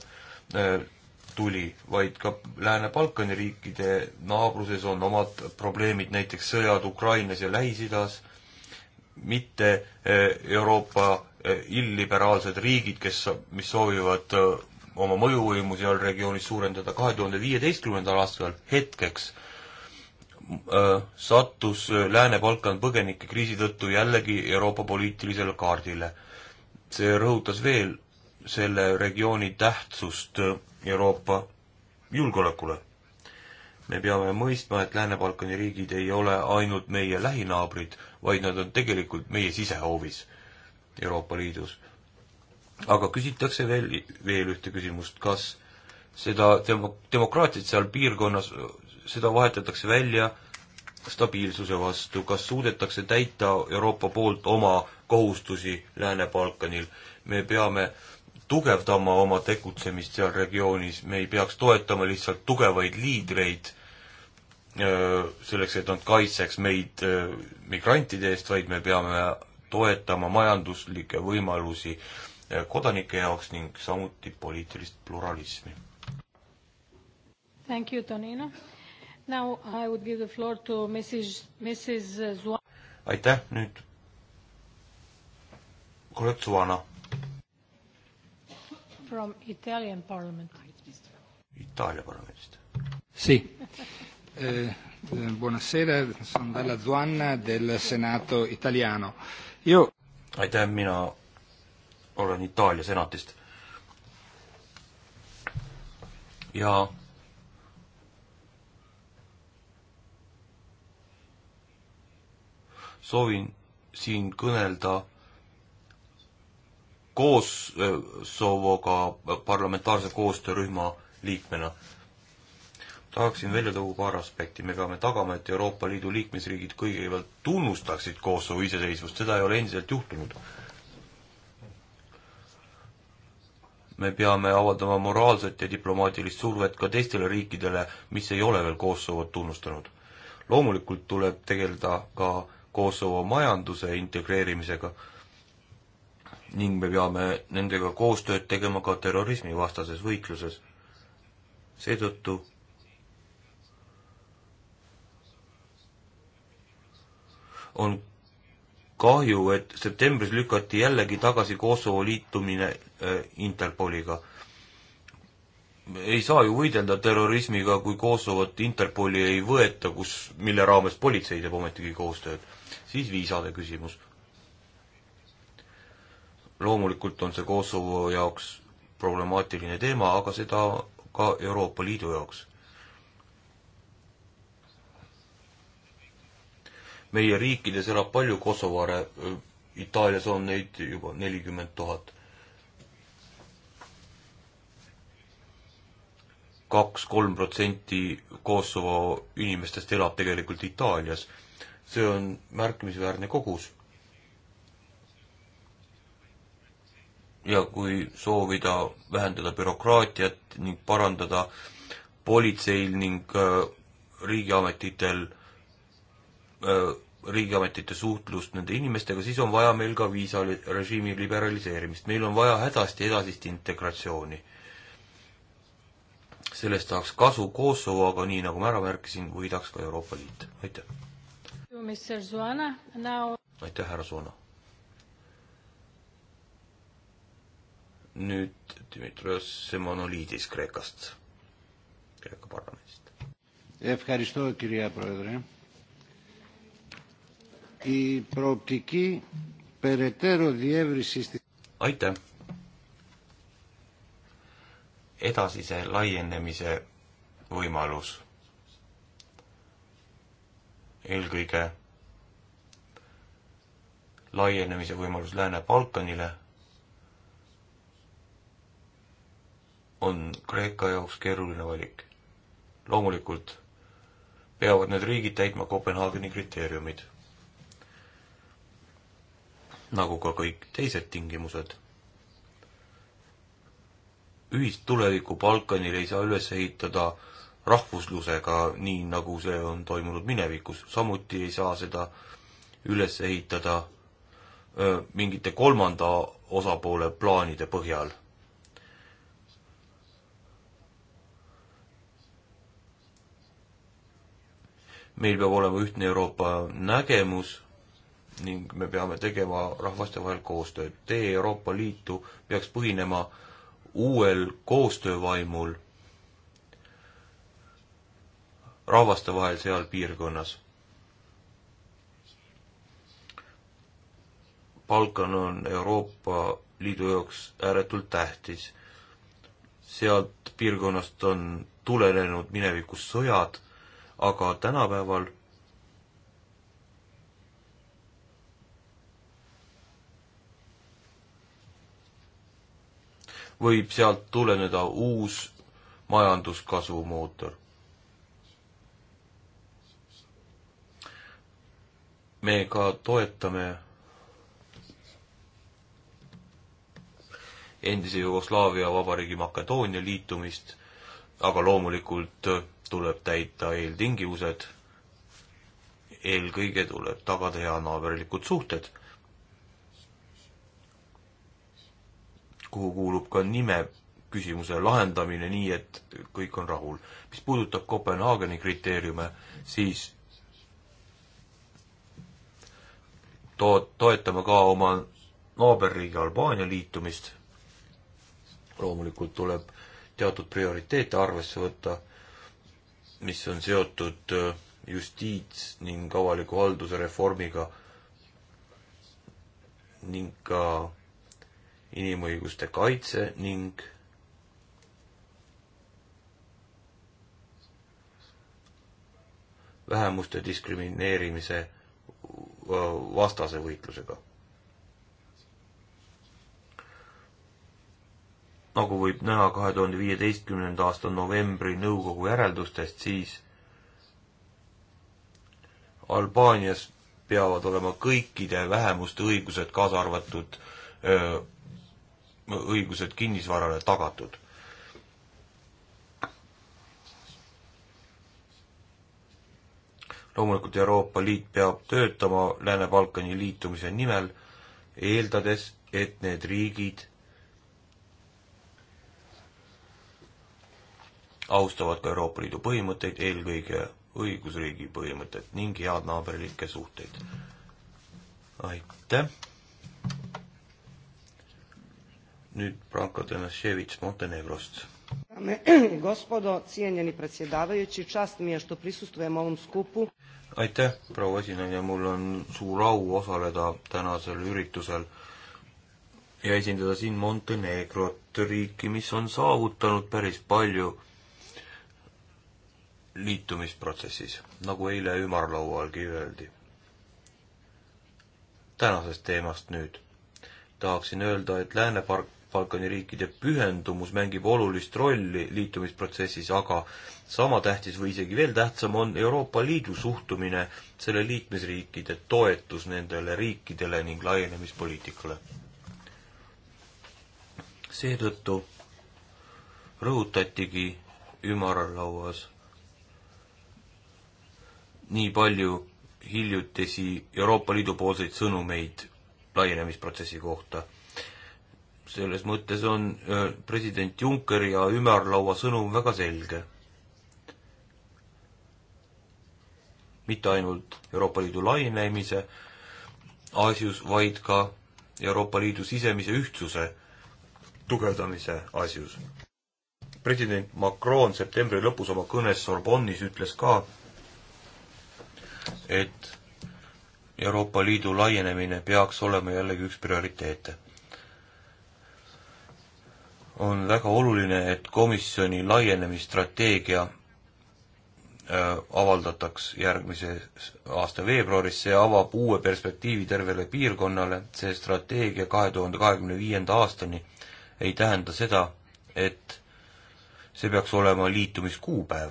tuli, vaid ka Lääne-Balkani riikide naabruses on omad probleemid, näiteks sõjad Ukrainas ja Lähis-Idas, mitte Euroopa Eh, illiberaalsed riigid, kes, mis soovivad eh, oma mõjuvõimu seal regioonis suurendada, kahe tuhande viieteistkümnendal aastal hetkeks eh, sattus Lääne-Balkan põgenikekriisi tõttu jällegi Euroopa poliitilisele kaardile. see rõhutas veel selle regiooni tähtsust Euroopa julgeolekule. me peame mõistma, et Lääne-Balkani riigid ei ole ainult meie lähinaabrid, vaid nad on tegelikult meie sisehoovis Euroopa Liidus. aga küsitakse veel, veel ühte küsimust, kas seda demo-, demokraatiat seal piirkonnas, seda vahetatakse välja stabiilsuse vastu, kas suudetakse täita Euroopa poolt oma kohustusi Lääne-Balkanil, me peame tugevdama oma tegutsemist seal regioonis, me ei peaks toetama lihtsalt tugevaid liidreid äh, selleks, et nad kaitseks meid äh, migrantide eest, vaid me peame toetama majanduslikke võimalusi eh, kodanike jaoks ning samuti poliitilist pluralismi. Thank you, Tonino. Now I would give the floor to Mrs, Mrs Zuan. aitäh, nüüd kolleeg Zuana. From Italian parliament. Itaalia parlamendist. Sì. Eh, eh, buonasera, sono dalla Zuanna del Senato italiano. Eh, aitäh, mina olen Itaalia senatist. ja soovin siin kõnelda koos äh, Sovoga parlamentaarse koostöörühma liikmena tahaksin välja tuua paar aspekti, me peame tagama, et Euroopa Liidu liikmesriigid kõigepealt tunnustaksid Kosovo iseseisvust, seda ei ole endiselt juhtunud. me peame avaldama moraalset ja diplomaatilist survet ka teistele riikidele, mis ei ole veel Kosovot tunnustanud. loomulikult tuleb tegeleda ka Kosovo majanduse integreerimisega ning me peame nendega koostööd tegema ka terrorismivastases võitluses. seetõttu on kahju, et septembris lükati jällegi tagasi Kosovo liitumine äh, Interpoliga. ei saa ju võidelda terrorismiga, kui Kosovot Interpoli ei võeta, kus, mille raames politsei teeb ometigi koostööd. siis viisade küsimus. loomulikult on see Kosovo jaoks problemaatiline teema, aga seda ka Euroopa Liidu jaoks meie riikides elab palju Kosovare, Itaalias on neid juba nelikümmend tuhat. kaks-kolm protsenti Kosovo inimestest elab tegelikult Itaalias. see on märkimisväärne kogus. ja kui soovida vähendada bürokraatiat ning parandada politseil ning riigiametitel Äh, riigiametite suhtlust nende inimestega, siis on vaja meil ka viisarežiimi liberaliseerimist, meil on vaja hädasti edasist integratsiooni. sellest tahaks kasu Kosovo, aga nii, nagu ma ära märkisin, võidaks ka Euroopa Liit, aitäh. aitäh, härra Zoona. nüüd Dimitrios Semanoliidis Kreekast, Kreeka parlamendist. Ευχαριστώ κυρία Πρόεδρε η προοπτική περαιτέρω διεύρυνσης της... Aitäh! edasise laienemise võimalus. eelkõige laienemise võimalus Lääne-Balkanile on Kreeka jaoks keeruline valik. loomulikult peavad need riigid täitma Kopenhaageni kriteeriumid nagu ka kõik teised tingimused. ühist tulevikku Balkanil ei saa üles ehitada rahvuslusega, nii nagu see on toimunud minevikus, samuti ei saa seda üles ehitada öö, mingite kolmanda osapoole plaanide põhjal. meil peab olema ühtne Euroopa nägemus ning me peame tegema rahvaste vahel koostööd. tee Euroopa Liitu peaks põhinema uuel koostöövaimul rahvaste vahel seal piirkonnas. Balkan on Euroopa Liidu jaoks ääretult tähtis. sealt piirkonnast on tulenenud minevikus sõjad, aga tänapäeval võib sealt tuleneda uus majanduskasvu mootor. me ka toetame endise Jugoslaavia vabariigi Makedoonia liitumist, aga loomulikult tuleb täita eeltingimused, eelkõige tuleb tagada heanaaberlikud suhted kuhu kuulub ka nime küsimuse lahendamine nii, et kõik on rahul. mis puudutab Kopenhaageni kriteeriume, siis to-, toetame ka oma naaberriigi Albaania liitumist. loomulikult tuleb teatud prioriteete arvesse võtta, mis on seotud äh, justiits- ning avaliku halduse reformiga ning ka inimõiguste kaitse ning vähemuste diskrimineerimise vastase võitlusega. nagu võib näha kahe tuhande viieteistkümnenda aasta novembri nõukogu järeldustest, siis Albaanias peavad olema kõikide vähemuste õigused, kaasa arvatud öö, õigused kinnisvarale tagatud. loomulikult Euroopa Liit peab töötama Lääne-Balkani liitumise nimel, eeldades, et need riigid austavad ka Euroopa Liidu põhimõtteid, eelkõige õigusriigi põhimõtet ning head naaberlikke suhteid. aitäh! nüüd Branko Tomašević Montenegrost. Gospodo, cijenjeni predsjedavajući, čast mi je što prisustujem ovom skupu. aitäh, proua esineja, mul on suur au osaleda tänasel üritusel ja esindada siin Montenegrot, riiki, mis on saavutanud päris palju liitumisprotsessis, nagu eile ümarlaualgi öeldi. tänasest teemast nüüd tahaksin öelda, et Lääne-Balk-, Balkani riikide pühendumus mängib olulist rolli liitumisprotsessis, aga sama tähtis või isegi veel tähtsam on Euroopa Liidu suhtumine, selle liikmesriikide toetus nendele riikidele ning laienemispoliitikale. seetõttu rõhutatigi ümarlauas nii palju hiljutisi Euroopa Liidu poolseid sõnumeid laienemisprotsessi kohta selles mõttes on äh, president Junckeri ja ümarlaua sõnum väga selge. mitte ainult Euroopa Liidu laienemise asjus, vaid ka Euroopa Liidu sisemise ühtsuse tugevdamise asjus. president Macron septembri lõpus oma kõnes Sorbonnis ütles ka, et Euroopa Liidu laienemine peaks olema jällegi üks prioriteete on väga oluline, et komisjoni laienemisstrateegia äh, avaldataks järgmise aasta veebruaris, see avab uue perspektiivi tervele piirkonnale, see strateegia kahe tuhande kahekümne viienda aastani ei tähenda seda, et see peaks olema liitumiskuupäev.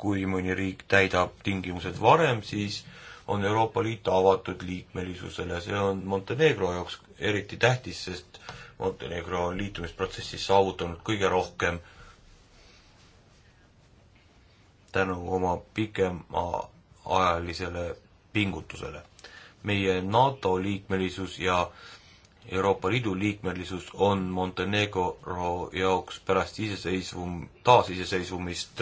kui mõni riik täidab tingimused varem, siis on Euroopa Liit avatud liikmelisusele, see on Montenegro jaoks eriti tähtis, sest Montenegro liitumisprotsessis saavutanud kõige rohkem tänu oma pikemaajalisele pingutusele. meie NATO liikmelisus ja Euroopa Liidu liikmelisus on Montenegro jaoks pärast iseseisvum-, taasiseseisvumist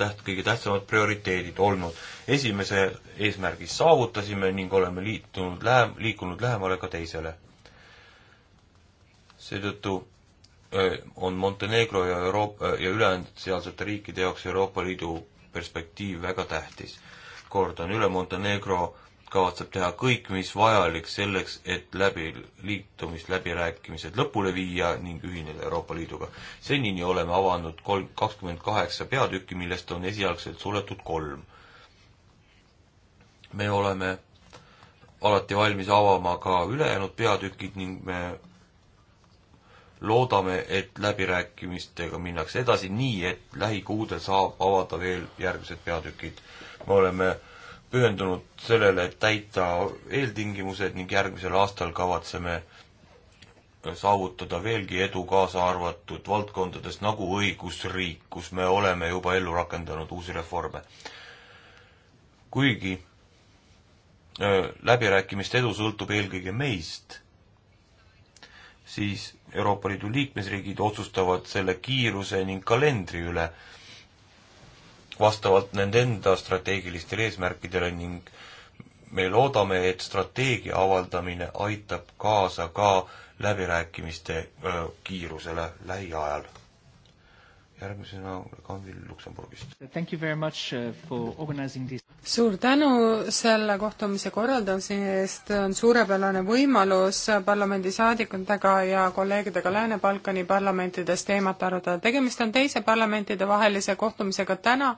täht-, kõige tähtsamad prioriteedid olnud. esimese eesmärgi saavutasime ning oleme liitunud lähem-, liikunud lähemale ka teisele seetõttu on Montenegro ja Euroopa ja ülejäänud sealsete riikide jaoks Euroopa Liidu perspektiiv väga tähtis. kordan üle, Montenegro kavatseb teha kõik, mis vajalik selleks, et läbi, liitumisläbirääkimised lõpule viia ning ühineda Euroopa Liiduga. senini oleme avanud kolm, kakskümmend kaheksa peatükki, millest on esialgselt suletud kolm. me oleme alati valmis avama ka ülejäänud peatükid ning me loodame, et läbirääkimistega minnakse edasi nii, et lähikuudel saab avada veel järgmised peatükid. me oleme pühendunud sellele, et täita eeltingimused ning järgmisel aastal kavatseme saavutada veelgi edu, kaasa arvatud valdkondades nagu õigusriik, kus me oleme juba ellu rakendanud uusi reforme. kuigi äh, läbirääkimiste edu sõltub eelkõige meist, siis Euroopa Liidu liikmesriigid otsustavad selle kiiruse ning kalendri üle vastavalt nende enda strateegilistele eesmärkidele ning me loodame, et strateegia avaldamine aitab kaasa ka läbirääkimiste kiirusele lähiajal järgmisena Kandil Luksemburgist. Uh, suur tänu selle kohtumise korraldamise eest, on suurepärane võimalus parlamendisaadikutega ja kolleegidega Lääne-Balkani parlamentides teemat arutada. tegemist on teise parlamentidevahelise kohtumisega täna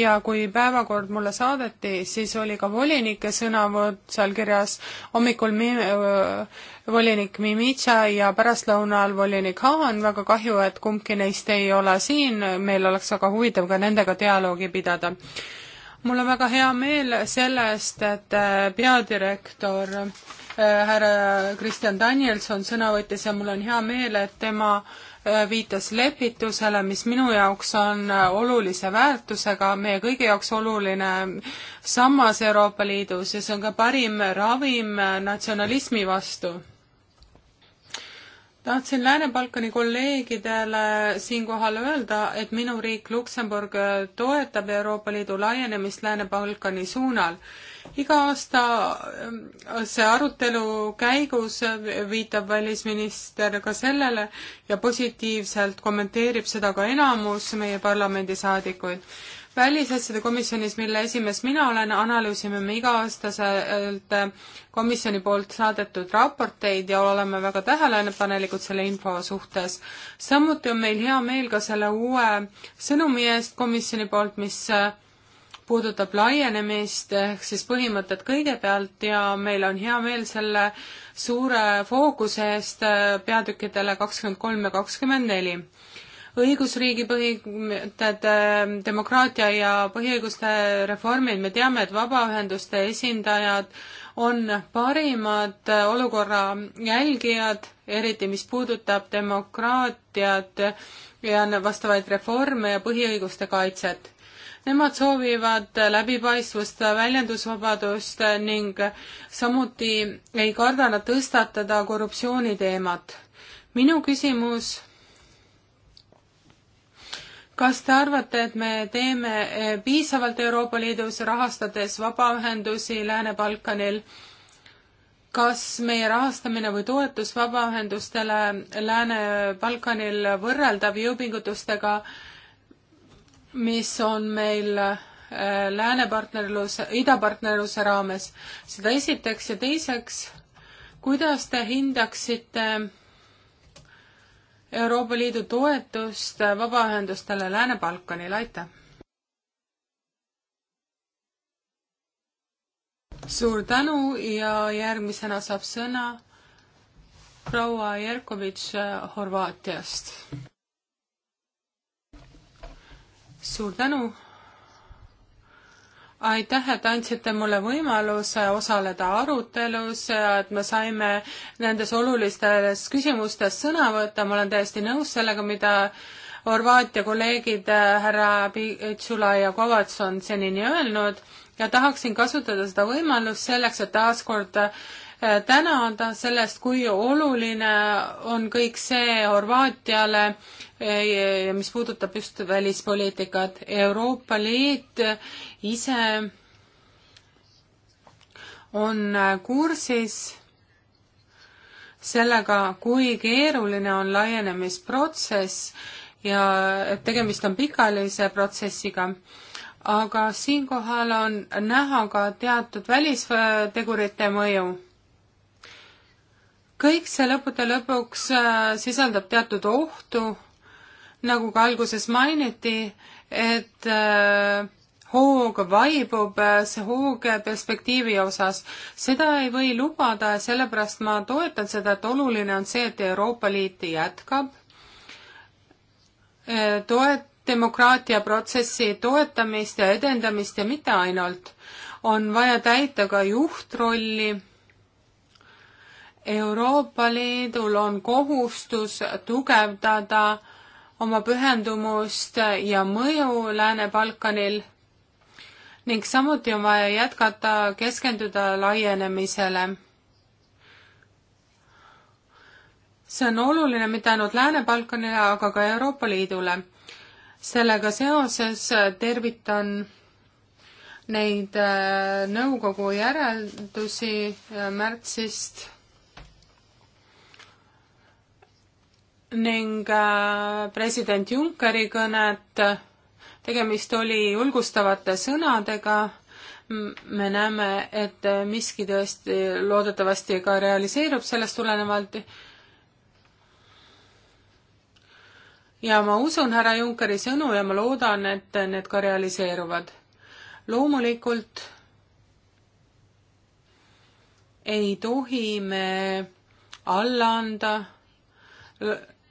ja kui päevakord mulle saadeti, siis oli ka volinike sõnavõtt seal kirjas, hommikul mi-, äh, volinik Mimitša ja pärastlõunal volinik Haan, väga kahju, et kumbki neist ei ole siin, meil oleks väga huvitav ka nendega dialoogi pidada. mul on väga hea meel sellest, et äh, peadirektor äh, härra Kristjan Danielson sõna võttis ja mul on hea meel, et tema äh, Äh, viitas lepitusele, mis minu jaoks on äh, olulise väärtusega, meie kõigi jaoks oluline sammas Euroopa Liidus ja see on ka parim ravim äh, natsionalismi vastu. tahtsin Lääne-Balkani kolleegidele siinkohal öelda, et minu riik Luksemburg toetab Euroopa Liidu laienemist Lääne-Balkani suunal iga aasta ähm, see arutelu käigus viitab välisminister ka sellele ja positiivselt kommenteerib seda ka enamus meie parlamendisaadikuid. välisasjade komisjonis, mille esimees mina olen, analüüsime me iga-aastaselt äh, komisjoni poolt saadetud raporteid ja oleme väga tähelepanelikud selle info suhtes. samuti on meil hea meel ka selle uue sõnumi eest komisjoni poolt, mis äh, puudutab laienemist ehk siis põhimõtet kõigepealt ja meil on hea meel selle suure fookuse eest äh, peatükkidele kakskümmend kolm ja kakskümmend neli. õigusriigi põhimõtted, äh, demokraatia ja põhiõiguste reformid, me teame, et vabaühenduste esindajad on parimad äh, olukorra jälgijad, eriti mis puudutab demokraatiat ja vastavaid reforme ja põhiõiguste kaitset Nemad soovivad läbipaistvust, väljendusvabadust ning samuti ei karda nad tõstatada korruptsiooniteemat. minu küsimus, kas te arvate, et me teeme piisavalt Euroopa Liidus, rahastades vabaühendusi Lääne-Balkanil? kas meie rahastamine või toetus vabaühendustele Lääne-Balkanil võrreldav jõupingutustega äh, mis on meil äh, läänepartnerluse, idapartnerluse raames, seda esiteks ja teiseks, kuidas te hindaksite Euroopa Liidu toetust vabaühendustele Lääne-Balkanil, aitäh! suur tänu ja järgmisena saab sõna proua Jerkovitš äh, Horvaatiast suur tänu. aitäh, et andsite mulle võimaluse osaleda arutelus ja et me saime nendes olulistes küsimustes sõna võtta. ma olen täiesti nõus sellega, mida Horvaatia kolleegid äh, härra Pitsula ja Kovats on senini öelnud ja tahaksin kasutada seda võimalust selleks, et taaskord Äh, tänada sellest, kui oluline on kõik see Horvaatiale, äh, mis puudutab just välispoliitikat. Euroopa Liit ise on äh, kursis sellega, kui keeruline on laienemisprotsess ja et tegemist on pikaajalise protsessiga, aga siinkohal on näha ka teatud välistegurite mõju kõik see lõppude lõpuks äh, sisaldab teatud ohtu, nagu ka alguses mainiti, et äh, hoog vaibub, äh, see hoog perspektiivi osas. seda ei või lubada ja sellepärast ma toetan seda, et oluline on see, et Euroopa Liit jätkab toet-, demokraatia protsessi toetamist ja edendamist ja mitte ainult, on vaja täita ka juhtrolli Euroopa Liidul on kohustus tugevdada oma pühendumust ja mõju Lääne-Balkanil ning samuti on vaja jätkata keskenduda laienemisele. see on oluline mitte ainult Lääne-Balkanile, aga ka Euroopa Liidule. sellega seoses tervitan neid äh, nõukogu järeldusi äh, märtsist ning äh, president Junckeri kõnet. tegemist oli julgustavate sõnadega. me näeme, et miski tõesti loodetavasti ka realiseerub sellest tulenevalt. ja ma usun härra Junckeri sõnu ja ma loodan, et need ka realiseeruvad. loomulikult ei tohi me alla anda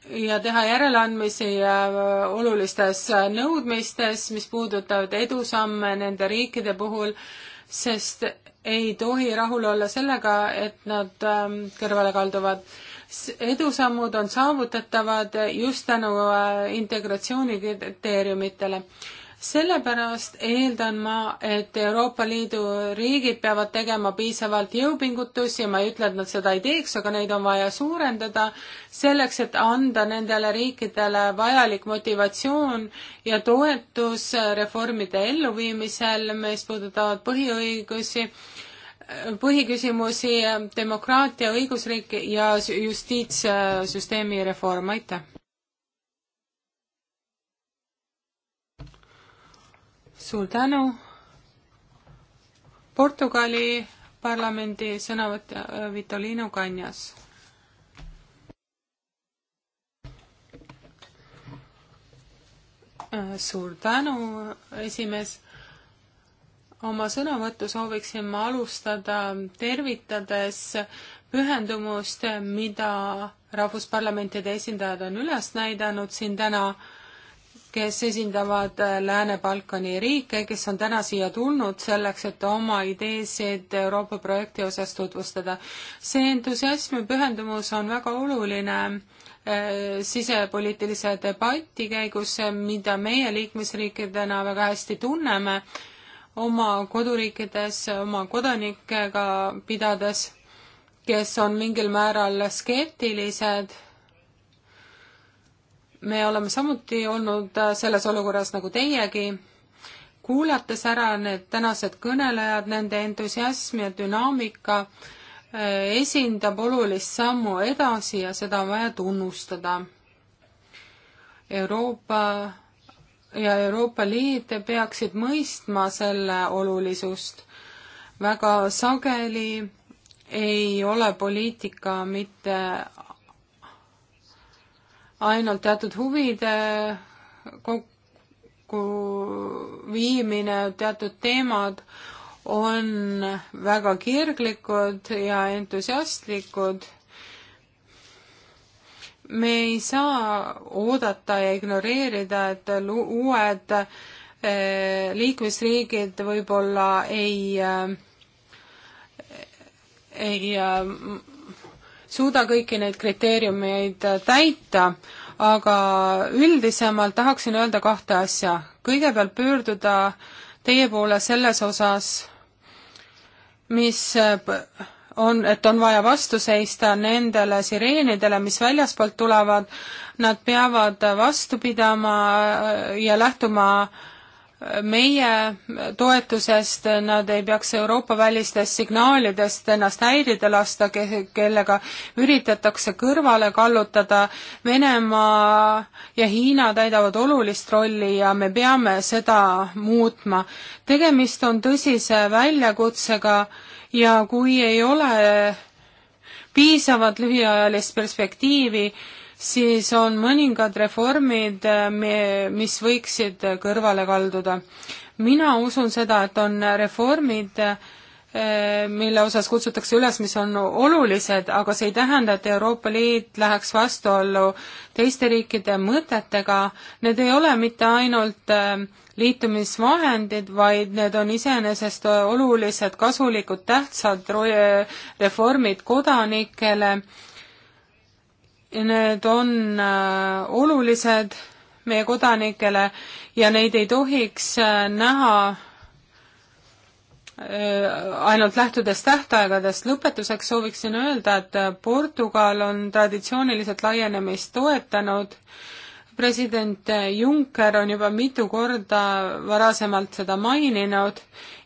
ja teha järeleandmisi äh, olulistes äh, nõudmistes, mis puudutavad edusamme nende riikide puhul, sest ei tohi rahul olla sellega, et nad ähm, kõrvale kalduvad. edusammud on saavutatavad just tänu äh, integratsiooni kriteeriumitele sellepärast eeldan ma, et Euroopa Liidu riigid peavad tegema piisavalt jõupingutusi, ma ei ütle, et nad seda ei teeks, aga neid on vaja suurendada, selleks, et anda nendele riikidele vajalik motivatsioon ja toetus reformide elluviimisel, mis puudutavad põhiõigusi, põhiküsimusi, demokraatia, õigusriik ja justiitssüsteemi reform, aitäh! suur tänu. Portugali parlamendi sõnavõtja äh, Vitolino Kanjas. Äh, suur tänu, esimees. oma sõnavõttu sooviksin ma alustada tervitades pühendumust, mida rahvusparlamentide esindajad on üles näidanud siin täna äh, kes esindavad äh, Lääne-Balkani riike, kes on täna siia tulnud selleks, et oma ideesid Euroopa projekti osas tutvustada. see entusiasm ja pühendumus on väga oluline äh, sisepoliitilise debati käigus, mida meie liikmesriikidena väga hästi tunneme, oma koduriikides oma kodanikega pidades, kes on mingil määral skeptilised me oleme samuti olnud äh, selles olukorras nagu teiegi, kuulates ära need tänased kõnelejad, nende entusiasm ja dünaamika äh, esindab olulist sammu edasi ja seda on vaja tunnustada. Euroopa ja Euroopa Liit peaksid mõistma selle olulisust. väga sageli ei ole poliitika mitte ainult teatud huvide kokku viimine, teatud teemad on väga kirglikud ja entusiastlikud. me ei saa oodata ja ignoreerida, et uued eh, liikmesriigid võib-olla ei, eh, ei eh, suuda kõiki neid kriteeriumeid täita, aga üldisemalt tahaksin öelda kahte asja. kõigepealt pöörduda teie poole selles osas, mis on, et on vaja vastu seista nendele sireenidele, mis väljaspoolt tulevad, nad peavad vastu pidama ja lähtuma äh, meie toetusest, nad ei peaks Euroopa välistest signaalidest ennast häirida lasta, kellega üritatakse kõrvale kallutada. Venemaa ja Hiina täidavad olulist rolli ja me peame seda muutma. tegemist on tõsise väljakutsega ja kui ei ole piisavalt lühiajalist perspektiivi, siis on mõningad reformid, äh, mis võiksid kõrvale kalduda. mina usun seda, et on reformid, äh, mille osas kutsutakse üles, mis on olulised, aga see ei tähenda, et Euroopa Liit läheks vastuollu teiste riikide mõtetega. Need ei ole mitte ainult äh, liitumisvahendid, vaid need on iseenesest olulised, kasulikud, tähtsad reformid kodanikele need on äh, olulised meie kodanikele ja neid ei tohiks äh, näha äh, ainult lähtudes tähtaegadest. lõpetuseks sooviksin öelda, et Portugal on traditsiooniliselt laienemist toetanud. president Juncker on juba mitu korda varasemalt seda maininud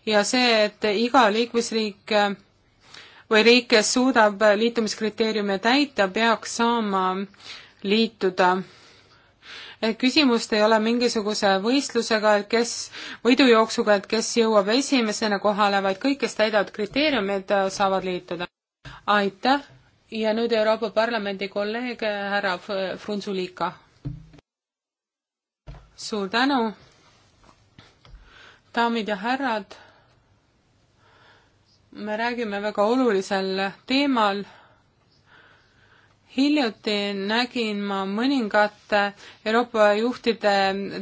ja see, et iga liikmesriik või riik, kes suudab liitumiskriteeriume täita, peaks saama liituda. küsimust ei ole mingisuguse võistlusega, et kes, võidujooksuga, et kes jõuab esimesena kohale, vaid kõik, kes täidavad kriteeriumid, saavad liituda. aitäh ja nüüd Euroopa Parlamendi kolleeg härra Frunzulika. suur tänu, daamid ja härrad me räägime väga olulisel teemal. hiljuti nägin ma mõningate Euroopa juhtide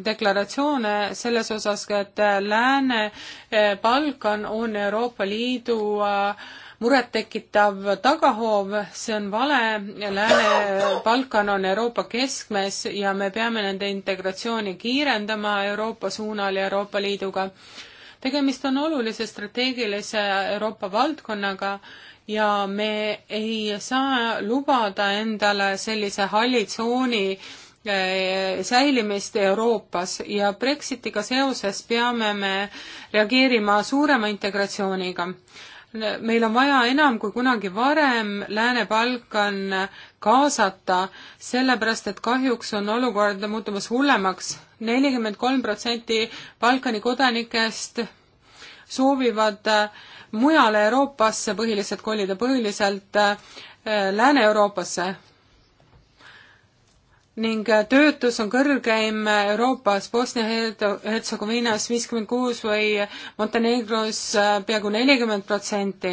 deklaratsioone selles osas, et Lääne-Balkan eh, on Euroopa Liidu eh, murettekitav tagahoov, see on vale, Lääne-Balkan on Euroopa keskmes ja me peame nende integratsiooni kiirendama Euroopa suunal ja Euroopa Liiduga tegemist on olulise strateegilise Euroopa valdkonnaga ja me ei saa lubada endale sellise halli tsooni eh, säilimist Euroopas ja Brexitiga seoses peame me reageerima suurema integratsiooniga meil on vaja enam kui kunagi varem Lääne-Balkan kaasata, sellepärast et kahjuks on olukord muutumas hullemaks nelikümmend kolm protsenti Balkani kodanikest soovivad äh, mujale Euroopasse põhiliselt kolida, äh, põhiliselt Lääne-Euroopasse. ning äh, töötus on kõrgeim Euroopas Bosnia-Hertsegoviinas viiskümmend kuus või Montenegros peaaegu nelikümmend protsenti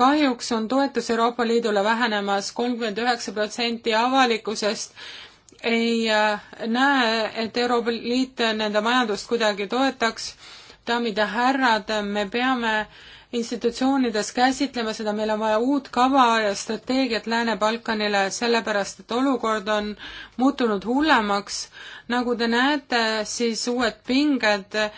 kahjuks on toetus Euroopa Liidule vähenemas kolmkümmend üheksa protsenti avalikkusest ei äh, näe, et Euroopa Liit nende majandust kuidagi toetaks. daamid ja härrad, me peame institutsioonides käsitlema seda, meil on vaja uut kava ja strateegiat Lääne-Balkanile, sellepärast et olukord on muutunud hullemaks. nagu te näete, siis uued pinged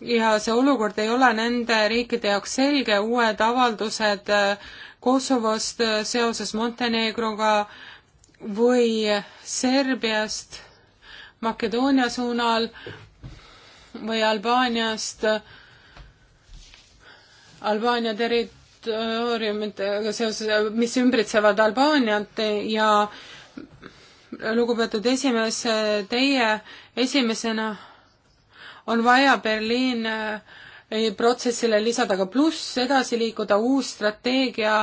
ja see olukord ei ole nende riikide jaoks selge, uued avaldused äh, Kosovost äh, seoses Montenegroga äh, või Serbiast Makedoonia suunal või Albaaniast Albaania territooriumitega seoses, mis ümbritsevad Albaaniat ja lugupeetud esimees, teie esimesena on vaja Berliin äh, Eh, protsessile lisada ka pluss, edasi liikuda uus strateegia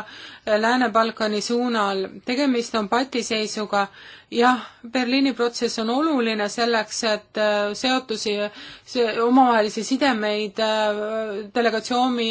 eh, Lääne-Balkani suunal. tegemist on patiseisuga. jah, Berliini protsess on oluline selleks, et eh, seotusi, omavahelisi sidemeid delegatsiooni,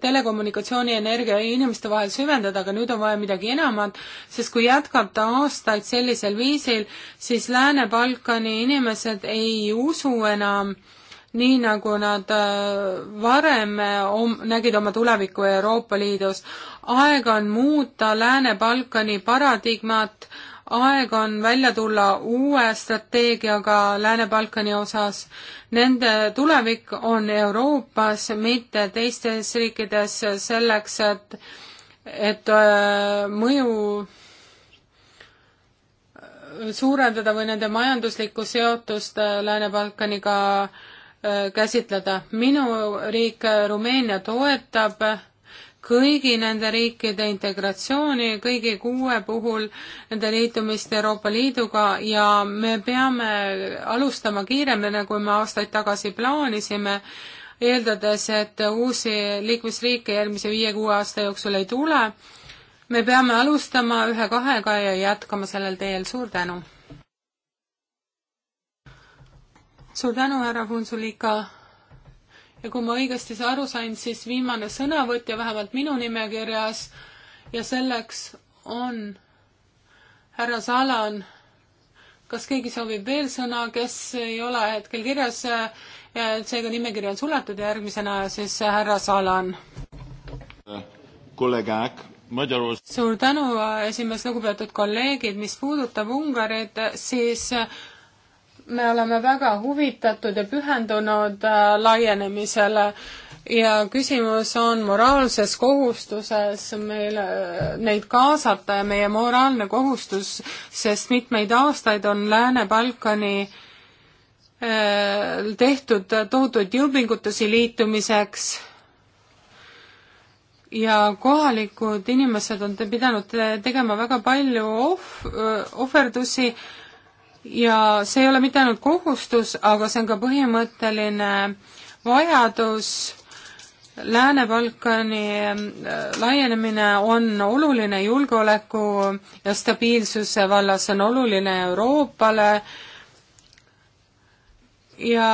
telekommunikatsiooni, energia ja inimeste vahel süvendada, aga nüüd on vaja midagi enamat, sest kui jätkata aastaid sellisel viisil, siis Lääne-Balkani inimesed ei usu enam äh, nii nagu nad äh, varem äh, om-, nägid oma tulevikku Euroopa Liidus. aeg on muuta Lääne-Balkani paradigmat, aeg on välja tulla uue strateegiaga Lääne-Balkani osas. Nende tulevik on Euroopas, mitte teistes riikides selleks, et, et äh, mõju suurendada või nende majanduslikku seotust Lääne-Balkaniga äh, Äh, käsitleda. minu riik, äh, Rumeenia, toetab kõigi nende riikide integratsiooni, kõigi kuue puhul nende liitumist Euroopa Liiduga ja me peame alustama kiiremini, kui me aastaid tagasi plaanisime, eeldades, et uusi liikmesriike järgmise viie-kuue aasta jooksul ei tule. me peame alustama ühe-kahega ja jätkama sellel teel, suur tänu! suur tänu, härra Funsulika. ja kui ma õigesti aru sain, siis viimane sõnavõtja vähemalt minu nimekirjas ja selleks on härra Salan. kas keegi soovib veel sõna, kes ei ole hetkel kirjas? seega nimekiri on suletud ja järgmisena siis härra Salan. kolleeg Aeg Madjaros. suur tänu, esimees, lugupeetud kolleegid, mis puudutab Ungarit, siis me oleme väga huvitatud ja pühendunud äh, laienemisele ja küsimus on moraalses kohustuses meil äh, neid kaasata ja meie moraalne kohustus, sest mitmeid aastaid on Lääne-Balkani äh, tehtud tohutuid jõupingutusi liitumiseks ja kohalikud inimesed on pidanud tegema väga palju ohv-, ohverdusi ja see ei ole mitte ainult kohustus, aga see on ka põhimõtteline vajadus, Lääne-Balkani äh, laienemine on oluline julgeoleku ja stabiilsuse vallas, see on oluline Euroopale ja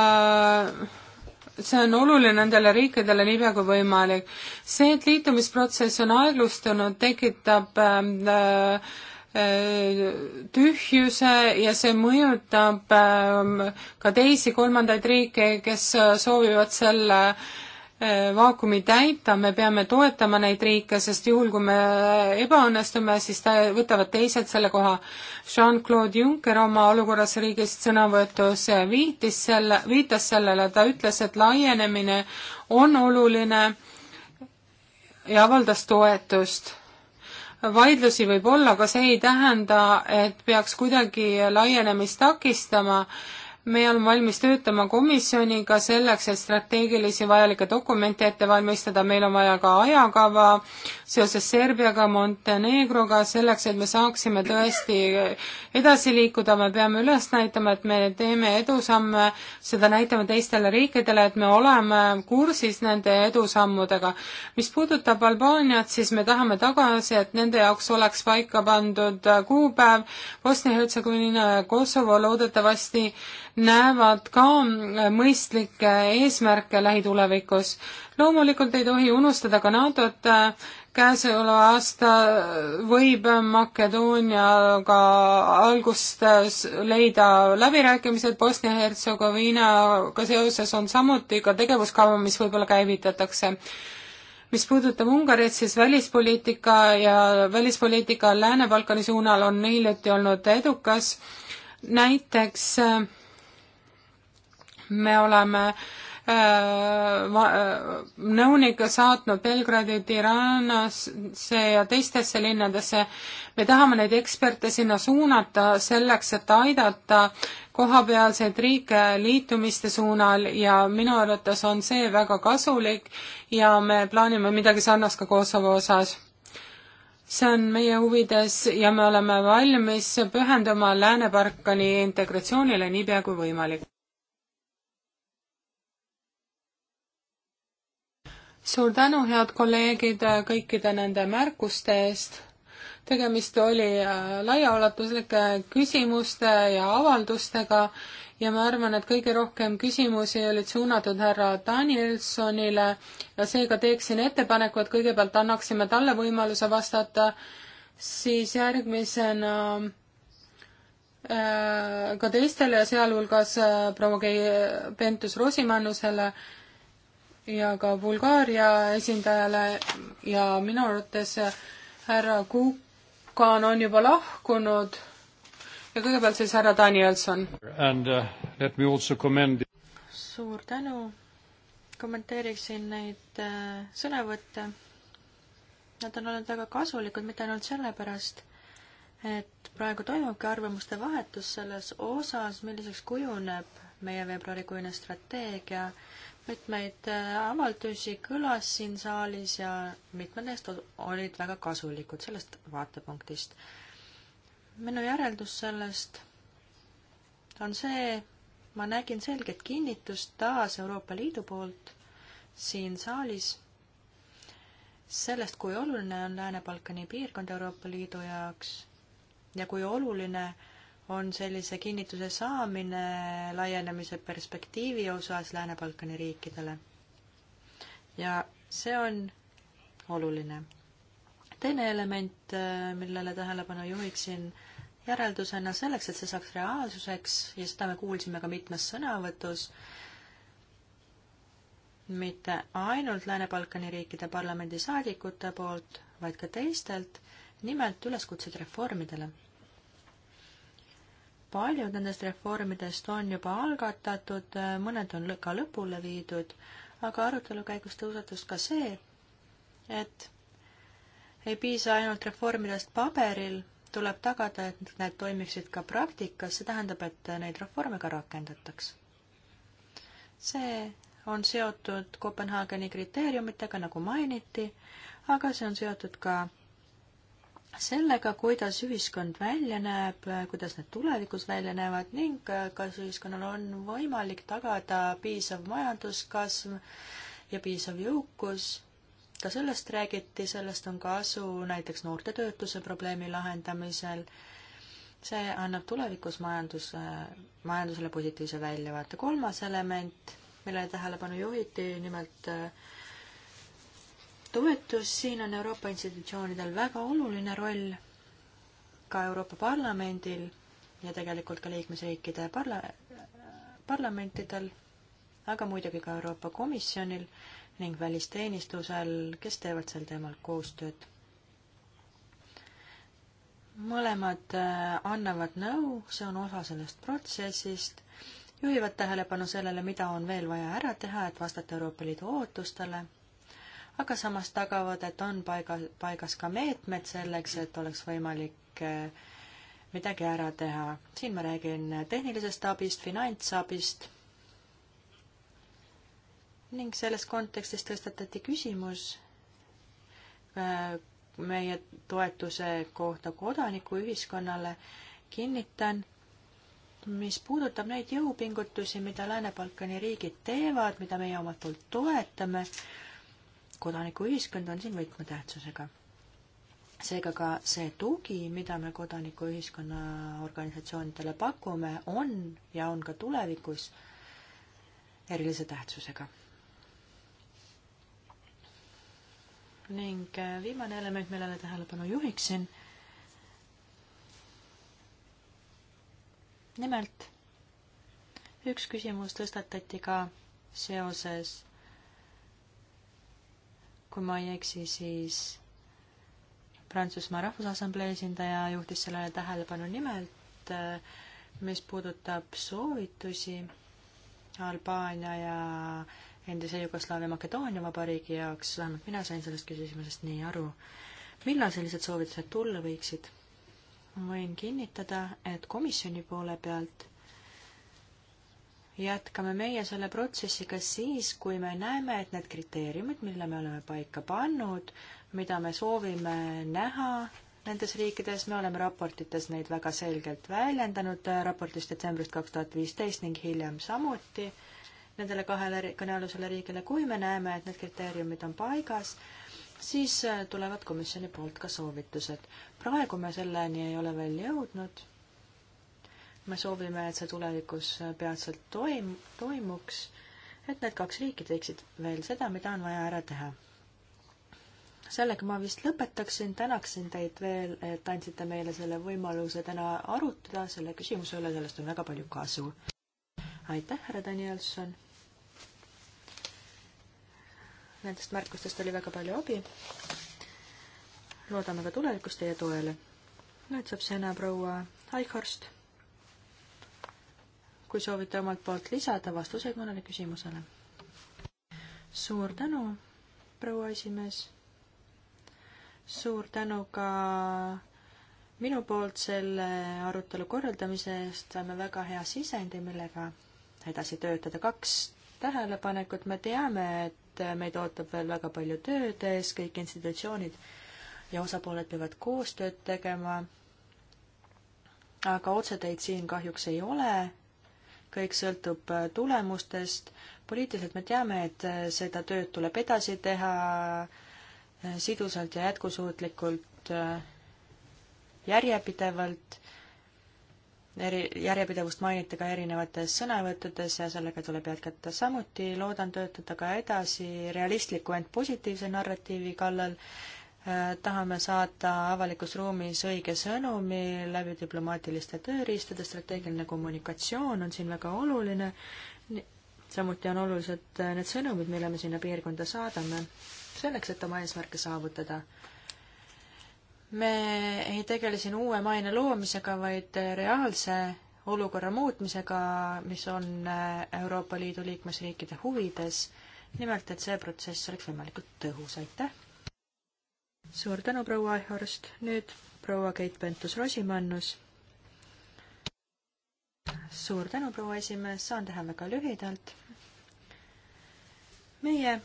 see on oluline nendele riikidele niipea kui võimalik. see, et liitumisprotsess on aeglustunud, tekitab äh, tühjuse ja see mõjutab ähm, ka teisi kolmandaid riike, kes äh, soovivad selle äh, vaakumi täita, me peame toetama neid riike, sest juhul, kui me ebaõnnestume, siis ta, võtavad teised selle koha. Jean-Claude Juncker oma olukorras riigist sõnavõtus viitis selle, viitas sellele, ta ütles, et laienemine on oluline ja avaldas toetust vaidlusi võib olla, aga see ei tähenda, et peaks kuidagi laienemist takistama me oleme valmis töötama komisjoniga selleks, et strateegilisi vajalikke dokumente ette valmistada, meil on vaja ka ajakava seoses Serbiaga, Montenegroga, selleks, et me saaksime tõesti edasi liikuda, me peame üles näitama, et me teeme edusamme, seda näitame teistele riikidele, et me oleme kursis nende edusammudega. mis puudutab Albaaniat, siis me tahame tagasi, et nende jaoks oleks paika pandud kuupäev, Bosnia-Hertsegoviina ja Kosovo loodetavasti näevad ka mõistlikke eesmärke lähitulevikus. loomulikult ei tohi unustada ka NATO-t, käesoleva aasta võib Makedooniaga algust leida läbirääkimised Bosnia-Hertsegoviinaga seoses on samuti ka tegevuskava, mis võib-olla käivitatakse. mis puudutab Ungarit, siis välispoliitika ja välispoliitika Lääne-Balkani suunal on hiljuti olnud edukas, näiteks äh, me oleme äh, äh, nõunikke saatnud Belgradi, Tiranasse ja teistesse linnadesse. me tahame neid eksperte sinna suunata selleks, et aidata kohapealseid riike liitumiste suunal ja minu arvates on see väga kasulik ja me plaanime midagi sarnast ka Kosovo osas see on meie huvides ja me oleme valmis pühenduma Lääne-Balkani integratsioonile niipea kui võimalik. suur tänu, head kolleegid, kõikide nende märkuste eest. tegemist oli äh, laiaulatuslike küsimuste ja avaldustega ja ma arvan, et kõige rohkem küsimusi olid suunatud härra Danielsonile ja seega teeksin ettepaneku, et kõigepealt annaksime talle võimaluse vastata, siis järgmisena äh, ka teistele, sealhulgas äh, proua Pentus-Rosimannusele ja ka Bulgaaria esindajale ja minu arvates härra Kukan on juba lahkunud ja kõigepealt siis härra Danielson. Uh, suur tänu, kommenteeriksin neid äh, sõnavõtte. Nad on olnud väga kasulikud mitte ainult sellepärast, et praegu toimubki arvamuste vahetus selles osas, milliseks kujuneb meie veebruarikuine strateegia äh, mitmeid äh, avaldusi kõlas siin saalis ja mitmed neist olid väga kasulikud sellest vaatepunktist. minu järeldus sellest on see, ma nägin selget kinnitust taas Euroopa Liidu poolt siin saalis sellest, kui oluline on Lääne-Balkani piirkond Euroopa Liidu jaoks ja kui oluline äh, on sellise kinnituse saamine laienemise perspektiivi osas Lääne-Balkani riikidele. ja see on oluline. teine element, millele tähelepanu juhiksin järeldusena selleks, et see saaks reaalsuseks ja seda me kuulsime ka mitmes sõnavõtus, mitte ainult Lääne-Balkani riikide parlamendisaadikute poolt, vaid ka teistelt, nimelt üleskutsed reformidele paljud nendest reformidest on juba algatatud, mõned on ka lõpule viidud, aga arutelu käigus tõusetus ka see, et ei piisa ainult reformidest paberil, tuleb tagada, et need toimiksid ka praktikas, see tähendab, et neid reforme ka rakendataks. see on seotud Kopenhaageni kriteeriumitega, nagu mainiti, aga see on seotud ka sellega, kuidas ühiskond välja näeb, kuidas need tulevikus välja näevad ning kas ühiskonnal on võimalik tagada piisav majanduskasv ja piisav jõukus. ka sellest räägiti, sellest on kasu näiteks noorte töötuse probleemi lahendamisel. see annab tulevikus majanduse, majandusele positiivse väljavaate. kolmas element, millele tähelepanu juhiti, nimelt äh, toetus, siin on Euroopa institutsioonidel väga oluline roll, ka Euroopa Parlamendil ja tegelikult ka liikmesriikide parla-, parlamentidel, aga muidugi ka Euroopa Komisjonil ning välisteenistusel, kes teevad sel teemal koostööd. mõlemad äh, annavad nõu, see on osa sellest protsessist, juhivad tähelepanu sellele, mida on veel vaja ära teha, et vastata Euroopa Liidu ootustele aga samas tagavad, et on paiga, paigas ka meetmed selleks, et oleks võimalik eh, midagi ära teha. siin ma räägin tehnilisest abist, finantsabist ning selles kontekstis tõstatati küsimus eh, meie toetuse kohta kodanikuühiskonnale. kinnitan, mis puudutab neid jõupingutusi, mida Lääne-Balkani riigid teevad, mida meie omalt poolt toetame, kodanikuühiskond on siin võtmetähtsusega. seega ka see tugi, mida me kodanikuühiskonna organisatsioonidele pakume, on ja on ka tulevikus erilise tähtsusega. ning äh, viimane element, millele tähelepanu juhiksin, nimelt üks küsimus tõstatati ka seoses kui ma ei eksi, siis Prantsusmaa Rahvusassamblee esindaja juhtis sellele tähelepanu nimelt, äh, mis puudutab soovitusi Albaania ja endise Jugoslaavia Makedoonia vabariigi jaoks, vähemalt mina sain sellest küsimusest nii aru. millal sellised soovitused tulla võiksid? ma võin kinnitada, et komisjoni poole pealt jätkame meie selle protsessiga siis, kui me näeme, et need kriteeriumid, mille me oleme paika pannud, mida me soovime näha nendes riikides, me oleme raportites neid väga selgelt väljendanud, raportis detsembrist kaks tuhat viisteist ning hiljem samuti nendele kahele kõnealusele riigile, kui me näeme, et need kriteeriumid on paigas, siis tulevad komisjoni poolt ka soovitused. praegu me selleni ei ole veel jõudnud me soovime, et see tulevikus peatselt toim-, toimuks, et need kaks riiki teeksid veel seda, mida on vaja ära teha. sellega ma vist lõpetaksin, tänaksin teid veel, et andsite meile selle võimaluse täna arutada selle küsimuse üle, sellest on väga palju kasu. aitäh, härra Danielson! Nendest märkustest oli väga palju abi. loodame ka tulevikus teie toele. nüüd saab sõna proua Aikarst kui soovite omalt poolt lisada vastuseid mõnele küsimusele. suur tänu, proua esimees. suur tänu ka minu poolt selle arutelu korraldamise eest, saime väga hea sisendi, millega edasi töötada. kaks tähelepanekut, me teame, et meid ootab veel väga palju tööd ees, kõik institutsioonid ja osapooled peavad koostööd tegema, aga otseteid siin kahjuks ei ole, kõik sõltub äh, tulemustest. poliitiliselt me teame, et äh, seda tööd tuleb edasi teha äh, sidusalt ja jätkusuutlikult, järjepidevalt, eri, järjepidevust mainiti ka erinevates sõnavõttudes ja sellega tuleb jätkata samuti, loodan töötada ka edasi realistliku, ent positiivse narratiivi kallal Äh, tahame saata avalikus ruumis õige sõnumi läbi diplomaatiliste tööriistade, strateegiline kommunikatsioon on siin väga oluline, samuti on olulised äh, need sõnumid, mille me sinna piirkonda saadame, selleks, et oma eesmärke saavutada. me ei tegele siin uue maine loomisega, vaid reaalse olukorra muutmisega, mis on äh, Euroopa Liidu liikmesriikide huvides, nimelt et see protsess oleks võimalikult tõhus, aitäh! suur tänu, proua Aihorst, nüüd proua Keit Pentus-Rosimannus. suur tänu, proua esimees, saan teha väga lühidalt. meie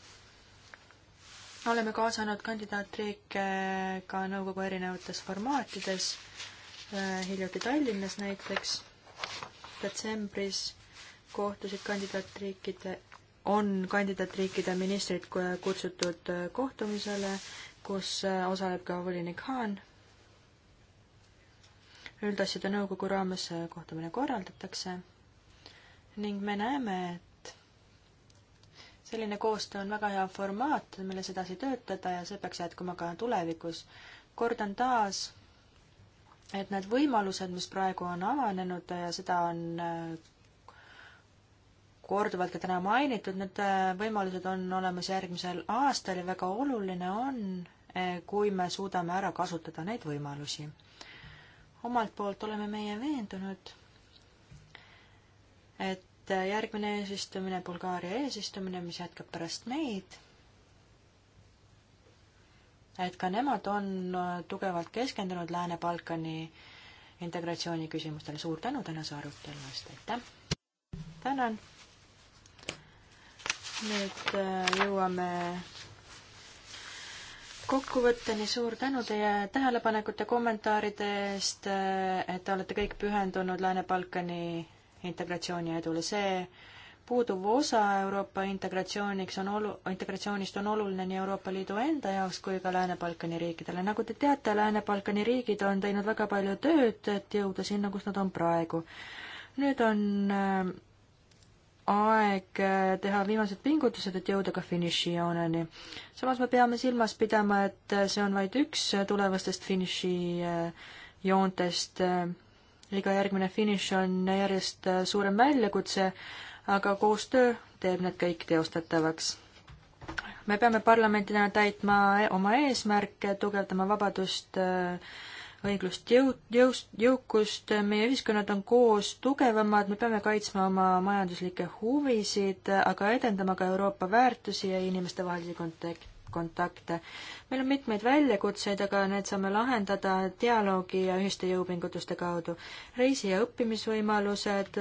oleme kaasanud kandidaatriike ka nõukogu erinevates formaatides, äh, hiljuti Tallinnas näiteks, detsembris kohtusid kandidaatriikide, on kandidaatriikide ministrid kutsutud äh, kohtumisele kus äh, osaleb ka volinik Haan. üldasjade nõukogu raames äh, kohtumine korraldatakse ning me näeme, et selline koostöö on väga hea formaat, milles edasi töötada ja see peaks jätkuma ka tulevikus. kordan taas, et need võimalused, mis praegu on avanenud ja seda on äh, korduvalt ka täna mainitud, need võimalused on olemas järgmisel aastal ja väga oluline on, Eh, kui me suudame ära kasutada neid võimalusi. omalt poolt oleme meie veendunud, et järgmine eesistumine, Bulgaaria eesistumine, mis jätkab pärast meid, et ka nemad on eh, tugevalt keskendunud Lääne-Balkani integratsiooni küsimustele. suur tänu tänase arutelu eest, aitäh! tänan! nüüd eh, jõuame kokkuvõtteni suur tänu teie tähelepanekute, kommentaaride eest, et te olete kõik pühendunud Lääne-Balkani integratsiooni edule. see puuduv osa Euroopa integratsiooniks on olu-, integratsioonist on oluline nii Euroopa Liidu enda jaoks kui ka Lääne-Balkani riikidele. nagu te teate, Lääne-Balkani riigid on teinud väga palju tööd, et jõuda sinna, kus nad on praegu. nüüd on äh, aeg äh, teha viimased pingutused, et jõuda ka finišijooneni. samas me peame silmas pidama, et äh, see on vaid üks äh, tulevastest finišijoontest. iga järgmine finiš on järjest suurem väljakutse, aga koostöö teeb need kõik teostatavaks. me peame parlamendina täitma oma eesmärke, tugevdama vabadust äh, õiglust, jõu-, jõust, jõukust, meie ühiskonnad on koos tugevamad, me peame kaitsma oma majanduslikke huvisid, aga edendama ka Euroopa väärtusi ja inimestevahelisi kontakte kontakte. meil on mitmeid väljakutseid, aga need saame lahendada dialoogi ja ühiste jõupingutuste kaudu. reisi- ja õppimisvõimalused,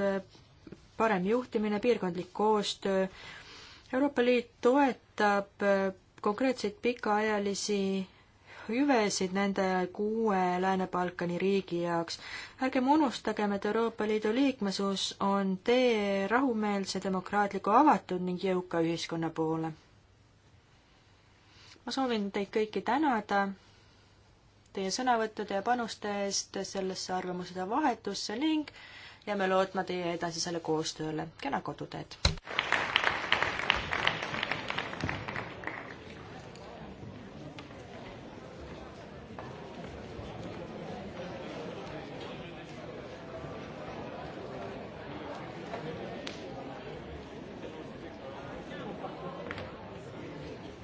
parem juhtimine, piirkondlik koostöö. Euroopa Liit toetab konkreetseid pikaajalisi hüvesid nende kuue Lääne-Balkani riigi jaoks. ärgem unustagem, et Euroopa Liidu liikmesus on tee rahumeelse, demokraatliku, avatud ning jõuka ühiskonna poole. ma soovin teid kõiki tänada teie sõnavõttude ja panuste eest sellesse arvamusede vahetusse ning jääme lootma teie edasisele koostööle. kena koduteed!